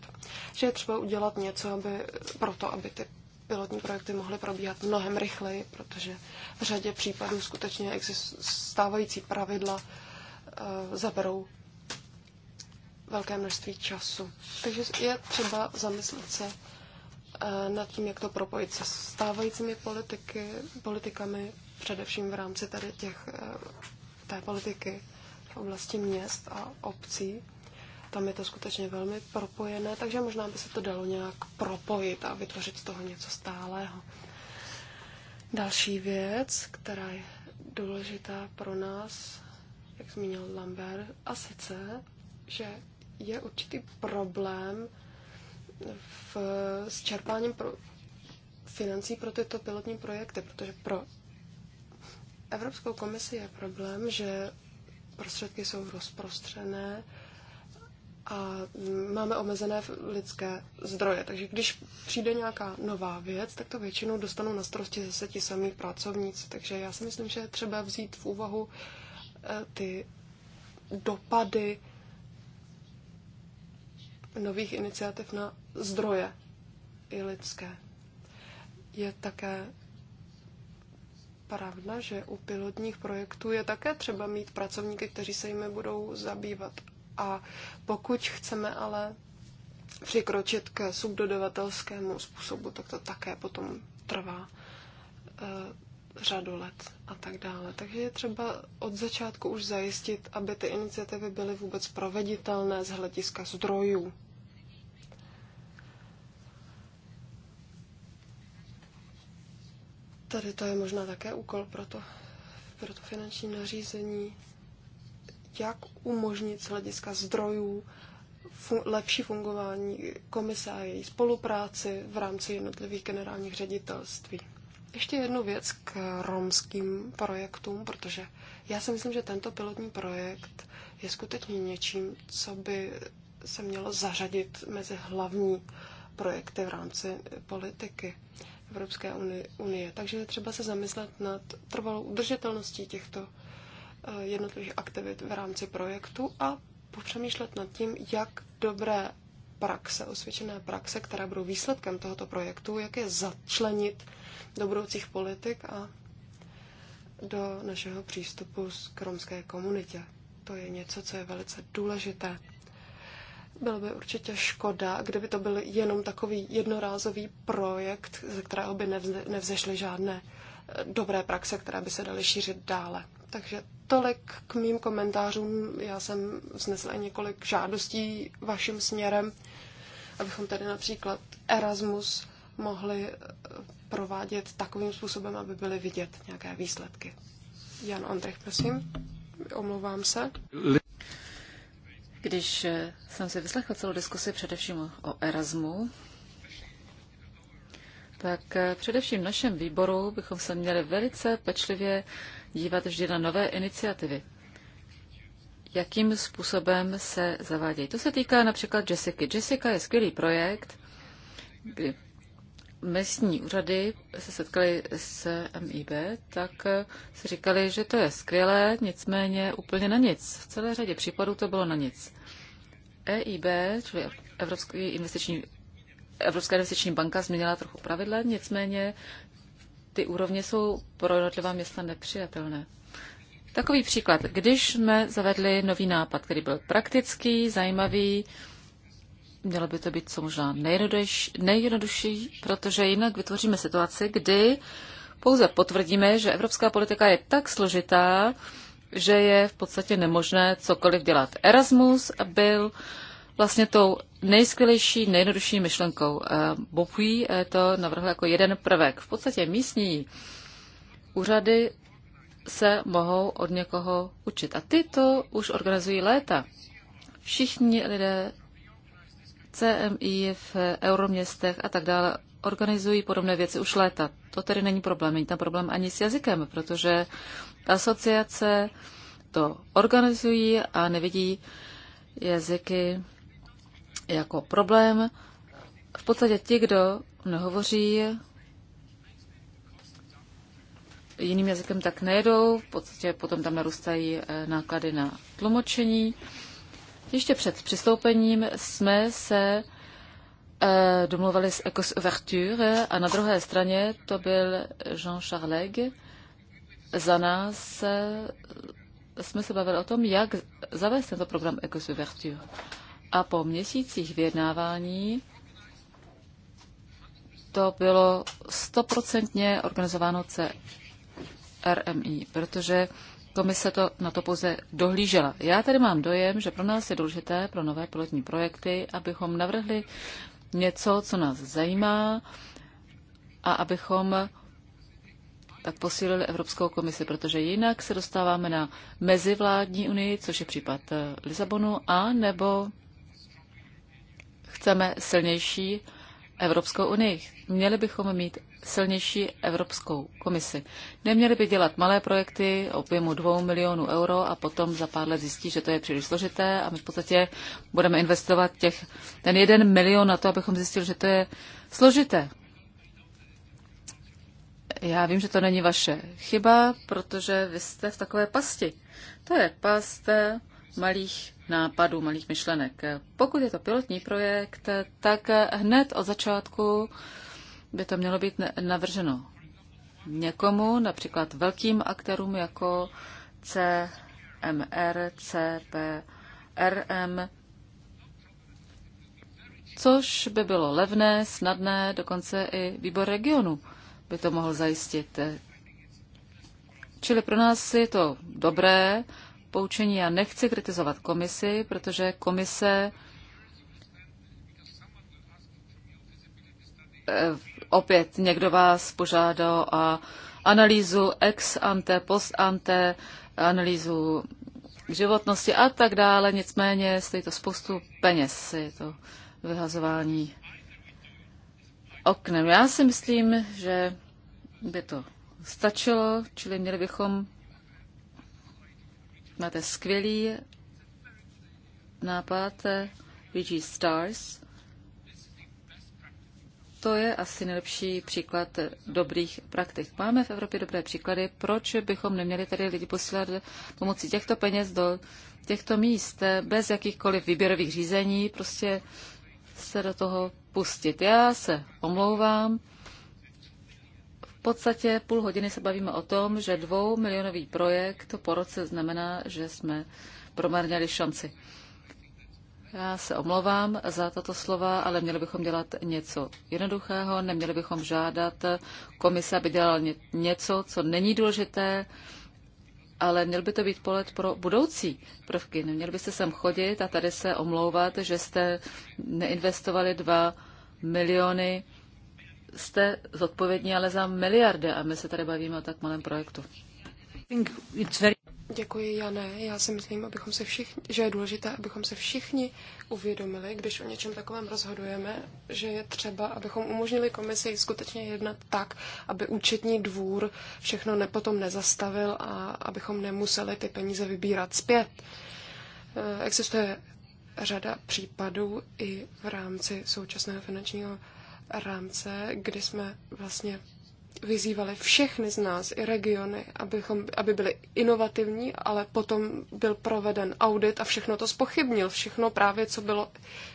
Že je třeba udělat něco aby, pro to, aby ty pilotní projekty mohly probíhat mnohem rychleji, protože v řadě případů skutečně exist- stávající pravidla e, zaberou velké množství času. Takže je třeba zamyslet se eh, nad tím, jak to propojit se stávajícími politiky, politikami, především v rámci tady těch, eh, té politiky v oblasti měst a obcí. Tam je to skutečně velmi propojené, takže možná by se to dalo nějak propojit a vytvořit z toho něco stálého. Další věc, která je důležitá pro nás, jak zmínil Lambert, a sice, že je určitý problém v, s čerpáním pro, financí pro tyto pilotní projekty, protože pro Evropskou komisi je problém, že prostředky jsou rozprostřené a máme omezené lidské zdroje. Takže když přijde nějaká nová věc, tak to většinou dostanou na starosti zase ti samí pracovníci. Takže já si myslím, že je třeba vzít v úvahu eh, ty dopady nových iniciativ na zdroje i lidské. Je také pravda, že u pilotních projektů je také třeba mít pracovníky, kteří se jimi budou zabývat. A pokud chceme ale přikročit k subdodavatelskému způsobu, tak to také potom trvá eh, řadu let a tak dále. Takže je třeba od začátku už zajistit, aby ty iniciativy byly vůbec proveditelné z hlediska zdrojů. Tady to je možná také úkol pro to, pro to finanční nařízení, jak umožnit z hlediska zdrojů fun- lepší fungování komise a její spolupráci v rámci jednotlivých generálních ředitelství. Ještě jednu věc k romským projektům, protože já si myslím, že tento pilotní projekt je skutečně něčím, co by se mělo zařadit mezi hlavní projekty v rámci politiky Evropské unie. Takže je třeba se zamyslet nad trvalou udržitelností těchto eh, jednotlivých aktivit v rámci projektu a popřemýšlet nad tím, jak dobré praxe, osvědčené praxe, které budou výsledkem tohoto projektu, jak je začlenit do budoucích politik a do našeho přístupu k romské komunitě. To je něco, co je velice důležité. Bylo by určitě škoda, kdyby to byl jenom takový jednorázový projekt, ze kterého by nevzešly žádné eh, dobré praxe, které by se daly šířit dále. Takže tolik k mým komentářům. Já jsem vznesla několik žádostí vašim směrem, abychom tady například Erasmus mohli eh, provádět takovým způsobem, aby byly vidět nějaké výsledky. Jan Ondřej, prosím. Omlouvám se. Když eh, jsem si vyslechla celou diskusi především o Erasmu, tak eh, především v našem výboru bychom se měli velice pečlivě dívat vždy na nové iniciativy. Jakým způsobem se zavádějí. To se týká například Jessica. Jessica je skvělý projekt, kdy městní úřady se setkaly s MIB, tak si říkali, že to je skvělé, nicméně úplně na nic. V celé řadě případů to bylo na nic. EIB, čili Evropský investiční Evropská investiční banka změnila trochu pravidla, nicméně ty úrovně jsou pro jednotlivá města nepřijatelné. Takový příklad. Když jsme zavedli nový nápad, který byl praktický, zajímavý, mělo by to být co možná nejjednodušší, nejjednodušší protože jinak vytvoříme situaci, kdy pouze potvrdíme, že evropská politika je tak složitá, že je v podstatě nemožné cokoliv dělat. Erasmus byl vlastně tou nejskvělejší, nejjednodušší myšlenkou. Eh, Bopuí eh, to navrhl jako jeden prvek. V podstatě místní úřady se mohou od někoho učit. A ty to už organizují léta. Všichni lidé CMI v euroměstech a tak dále organizují podobné věci už léta. To tedy není problém. Není tam problém ani s jazykem, protože asociace to organizují a nevidí jazyky jako problém. V podstatě ti, kdo nehovoří jiným jazykem, tak nejedou. V podstatě potom tam narůstají eh, náklady na tlumočení. Ještě před přistoupením jsme se eh, domluvali s Ecos Ouverture a na druhé straně to byl Jean Charleg. Za nás eh, jsme se bavili o tom, jak zavést tento program Ecos Ouverture a po měsících vyjednávání to bylo stoprocentně organizováno CRMI, protože komise to na to pouze dohlížela. Já tady mám dojem, že pro nás je důležité, pro nové pilotní projekty, abychom navrhli něco, co nás zajímá a abychom tak posílili Evropskou komisi, protože jinak se dostáváme na mezivládní unii, což je případ eh, Lisabonu, a nebo chceme silnější Evropskou unii. Měli bychom mít silnější Evropskou komisi. Neměli by dělat malé projekty objemu 2 milionů euro a potom za pár let zjistí, že to je příliš složité a my v podstatě budeme investovat těch, ten jeden milion na to, abychom zjistili, že to je složité. Já vím, že to není vaše chyba, protože vy jste v takové pasti. To je past malých nápadů, malých myšlenek. Pokud je to pilotní projekt, tak hned od začátku by to mělo být navrženo někomu, například velkým aktérům jako CMR, CPRM, což by bylo levné, snadné, dokonce i výbor regionu by to mohl zajistit. Čili pro nás je to dobré, poučení. Já nechci kritizovat komisi, protože komise eh, opět někdo vás požádal a analýzu ex ante, post ante, analýzu životnosti a tak dále. Nicméně stojí to spoustu peněz, je to vyhazování oknem. Já si myslím, že by to stačilo, čili měli bychom Máte skvělý nápad VG Stars. To je asi nejlepší příklad dobrých praktik. Máme v Evropě dobré příklady, proč bychom neměli tady lidi posílat pomocí těchto peněz do těchto míst bez jakýchkoliv výběrových řízení, prostě se do toho pustit. Já se omlouvám, v podstatě půl hodiny se bavíme o tom, že dvou milionový projekt po roce znamená, že jsme promarnili šanci. Já se omlouvám za tato slova, ale měli bychom dělat něco jednoduchého, neměli bychom žádat komise, aby dělal něco, co není důležité, ale měl by to být polet pro budoucí prvky. Neměli byste sem chodit a tady se omlouvat, že jste neinvestovali dva miliony jste zodpovědní ale za miliardy a my se tady bavíme o tak malém projektu. Děkuji, ne. Já si myslím, abychom se všichni, že je důležité, abychom se všichni uvědomili, když o něčem takovém rozhodujeme, že je třeba, abychom umožnili komisi skutečně jednat tak, aby účetní dvůr všechno ne, potom nezastavil a abychom nemuseli ty peníze vybírat zpět. Eh, existuje řada případů i v rámci současného finančního rámce, kdy jsme vlastně vyzývali všechny z nás i regiony, abychom, aby byli inovativní, ale potom byl proveden audit a všechno to spochybnil. Všechno právě, co bylo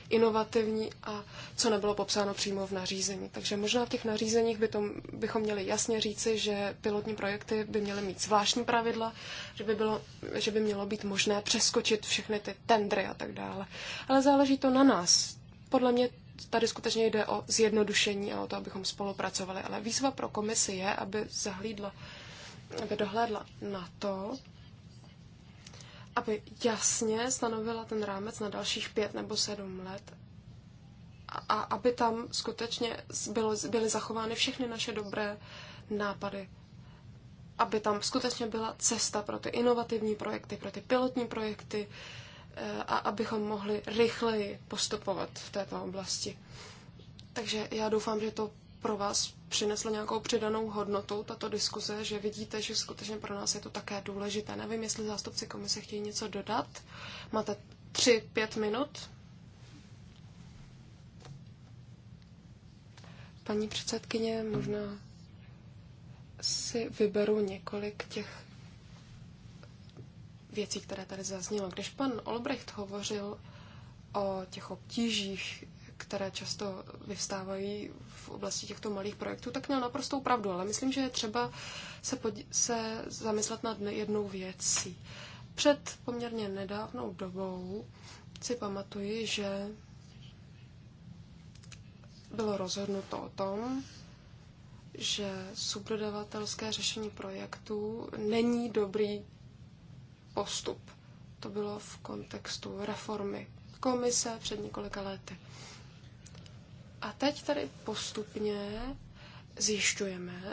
inovativní a co nebylo popsáno přímo v nařízení. Takže možná v těch nařízeních by tom, bychom měli jasně říci, že pilotní projekty by měly mít zvláštní pravidla, že by, bylo, že by mělo být možné přeskočit všechny ty tendry a tak dále. Ale záleží to na nás. Podle mě tady skutečně jde o zjednodušení a o to, abychom spolupracovali. Ale výzva pro komisi je, aby zahlídla, aby dohlédla na to, aby jasně stanovila ten rámec na dalších pět nebo sedm let a, a aby tam skutečně bylo, byly zachovány všechny naše dobré nápady, aby tam skutečně byla cesta pro ty inovativní projekty, pro ty pilotní projekty, uh, Eh, a abychom mohli rychleji postupovat v této oblasti. Takže já doufám, že to pro vás přineslo nějakou přidanou hodnotu tato diskuze, že vidíte, že skutečně pro nás je to také důležité. Nevím, jestli zástupci komise chtějí něco dodat. Máte tři, pět minut. Paní předsedkyně, možná si vyberu několik těch věcí, které tady zaznělo. Když pan Olbrecht hovořil o těch obtížích, které často vyvstávají v oblasti těchto malých projektů, tak měl naprostou pravdu, ale myslím, že je třeba se, se zamyslet nad jednou věcí. Před poměrně nedávnou dobou si pamatuji, že bylo rozhodnuto o tom, že subdodavatelské řešení projektů není dobrý postup. To bylo v kontextu reformy komise před několika lety. A teď tady postupně zjišťujeme,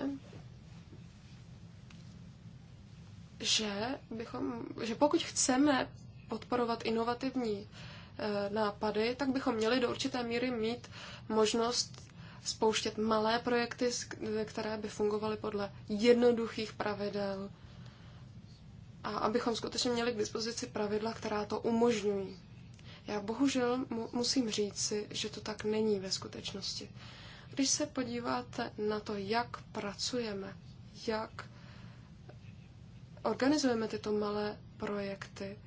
že, bychom, že pokud chceme podporovat inovativní e, nápady, tak bychom měli do určité míry mít možnost spouštět malé projekty, které by fungovaly podle jednoduchých pravidel, a abychom skutečně měli k dispozici pravidla, která to umožňují. Já bohužel mu, musím si, že to tak není ve skutečnosti. Když se podíváte na to, jak pracujeme, jak organizujeme tyto malé projekty,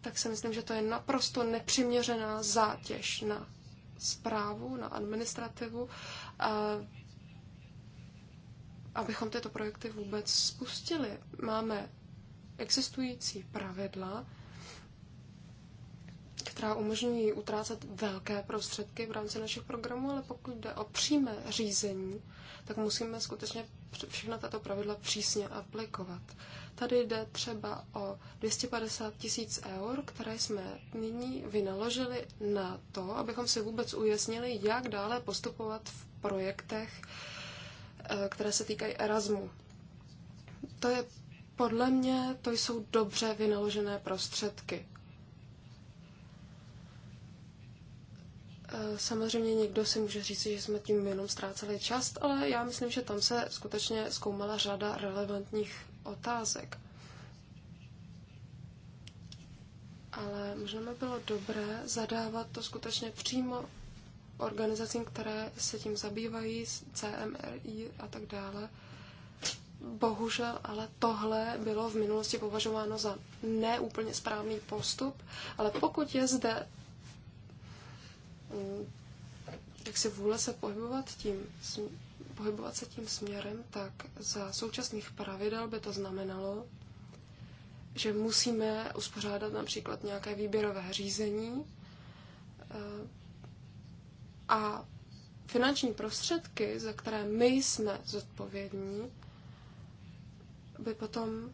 tak si myslím, že to je naprosto nepřiměřená zátěž na zprávu, na administrativu, a abychom tyto projekty vůbec spustili. Máme existující pravidla, která umožňují utrácet velké prostředky v rámci našich programů, ale pokud jde o přímé řízení, tak musíme skutečně všechna tato pravidla přísně aplikovat. Tady jde třeba o 250 tisíc eur, které jsme nyní vynaložili na to, abychom si vůbec ujasnili, jak dále postupovat v projektech, eh, které se týkají Erasmu. To je podle mě to jsou dobře vynaložené prostředky. Eh, samozřejmě někdo si může říct, že jsme tím jenom ztráceli čas, ale já myslím, že tam se skutečně zkoumala řada relevantních otázek. Ale možná by bylo dobré zadávat to skutečně přímo organizacím, které se tím zabývají, CMRI a tak dále, Bohužel, ale tohle bylo v minulosti považováno za neúplně správný postup, ale pokud je zde mm, jak si vůle se pohybovat tím, pohybovat se tím směrem, tak za současných pravidel by to znamenalo, že musíme uspořádat například nějaké výběrové řízení eh, a finanční prostředky, za které my jsme zodpovědní, by potom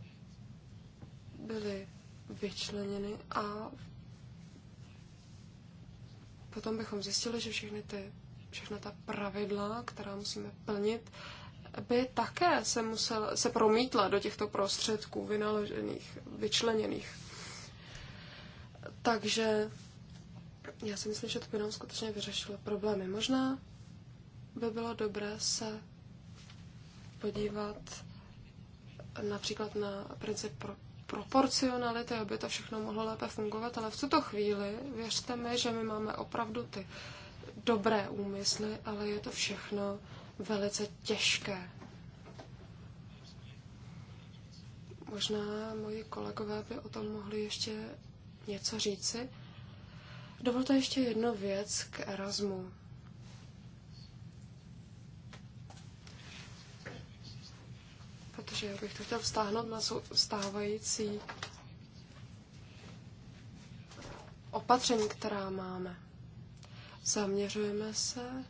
byly vyčleněny a potom bychom zjistili, že všechny ty, všechna ta pravidla, která musíme plnit, by také se, musel, se promítla do těchto prostředků vynaložených, vyčleněných. Takže já si myslím, že to by nám skutečně vyřešilo problémy. Možná by bylo dobré se podívat například na princip pro proporcionality, aby to všechno mohlo lépe fungovat, ale v tuto chvíli věřte mi, že my máme opravdu ty dobré úmysly, ale je to všechno velice těžké. Možná moji kolegové by o tom mohli ještě něco říci. Dovolte ještě jednu věc k Erasmu. protože já bych to chtěl vztáhnout na stávající opatření, která máme. Zaměřujeme se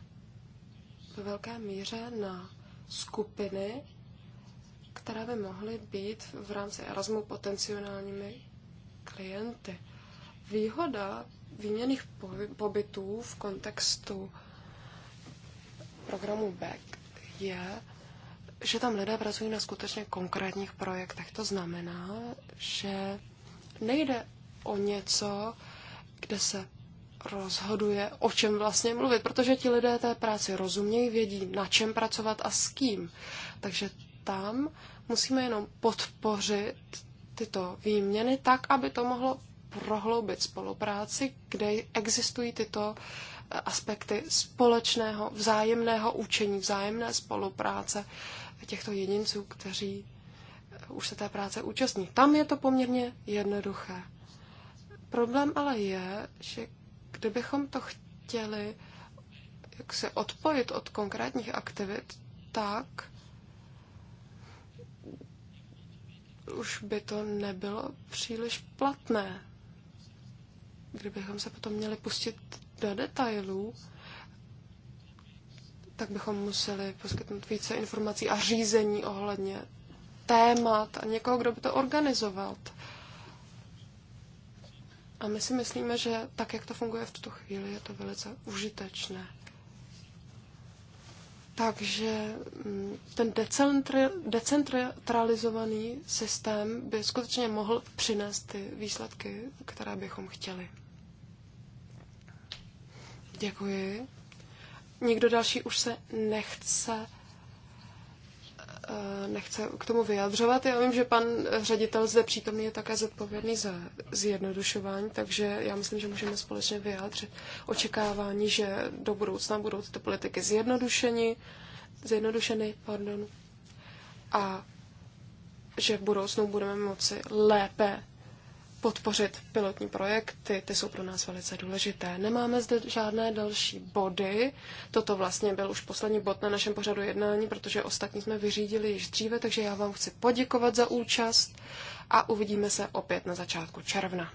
ve velké míře na skupiny, které by mohly být v rámci Erasmu potenciálními klienty. Výhoda výměných pobytů v kontextu programu BEC je, že tam lidé pracují na skutečně konkrétních projektech. To znamená, že nejde o něco, kde se rozhoduje, o čem vlastně mluvit, protože ti lidé té práci rozumějí, vědí, na čem pracovat a s kým. Takže tam musíme jenom podpořit tyto výměny tak, aby to mohlo prohloubit spolupráci, kde existují tyto eh, aspekty společného, vzájemného učení, vzájemné spolupráce těchto jedinců, kteří eh, už se té práce účastní. Tam je to poměrně jednoduché. Problém ale je, že kdybychom to chtěli jak se odpojit od konkrétních aktivit, tak už by to nebylo příliš platné. Kdybychom se potom měli pustit do detailů, tak bychom museli poskytnout více informací a řízení ohledně témat a někoho, kdo by to organizoval. A my si myslíme, že tak, jak to funguje v tuto chvíli, je to velice užitečné. Takže mm, ten decentralizovaný systém by skutečně mohl přinést ty výsledky, které bychom chtěli. Děkuji. Nikdo další už se nechce eh, nechce k tomu vyjadřovat. Já vím, že pan ředitel zde přítomný je také zodpovědný za zjednodušování, takže já myslím, že můžeme společně vyjádřit očekávání, že do budoucna budou tyto politiky zjednodušeny, zjednodušeny pardon, a že v budoucnu budeme moci lépe podpořit pilotní projekty, ty jsou pro nás velice důležité. Nemáme zde žádné další body, toto vlastně byl už poslední bod na našem pořadu jednání, protože ostatní jsme vyřídili již dříve, takže já vám chci poděkovat za účast a uvidíme se opět na začátku června.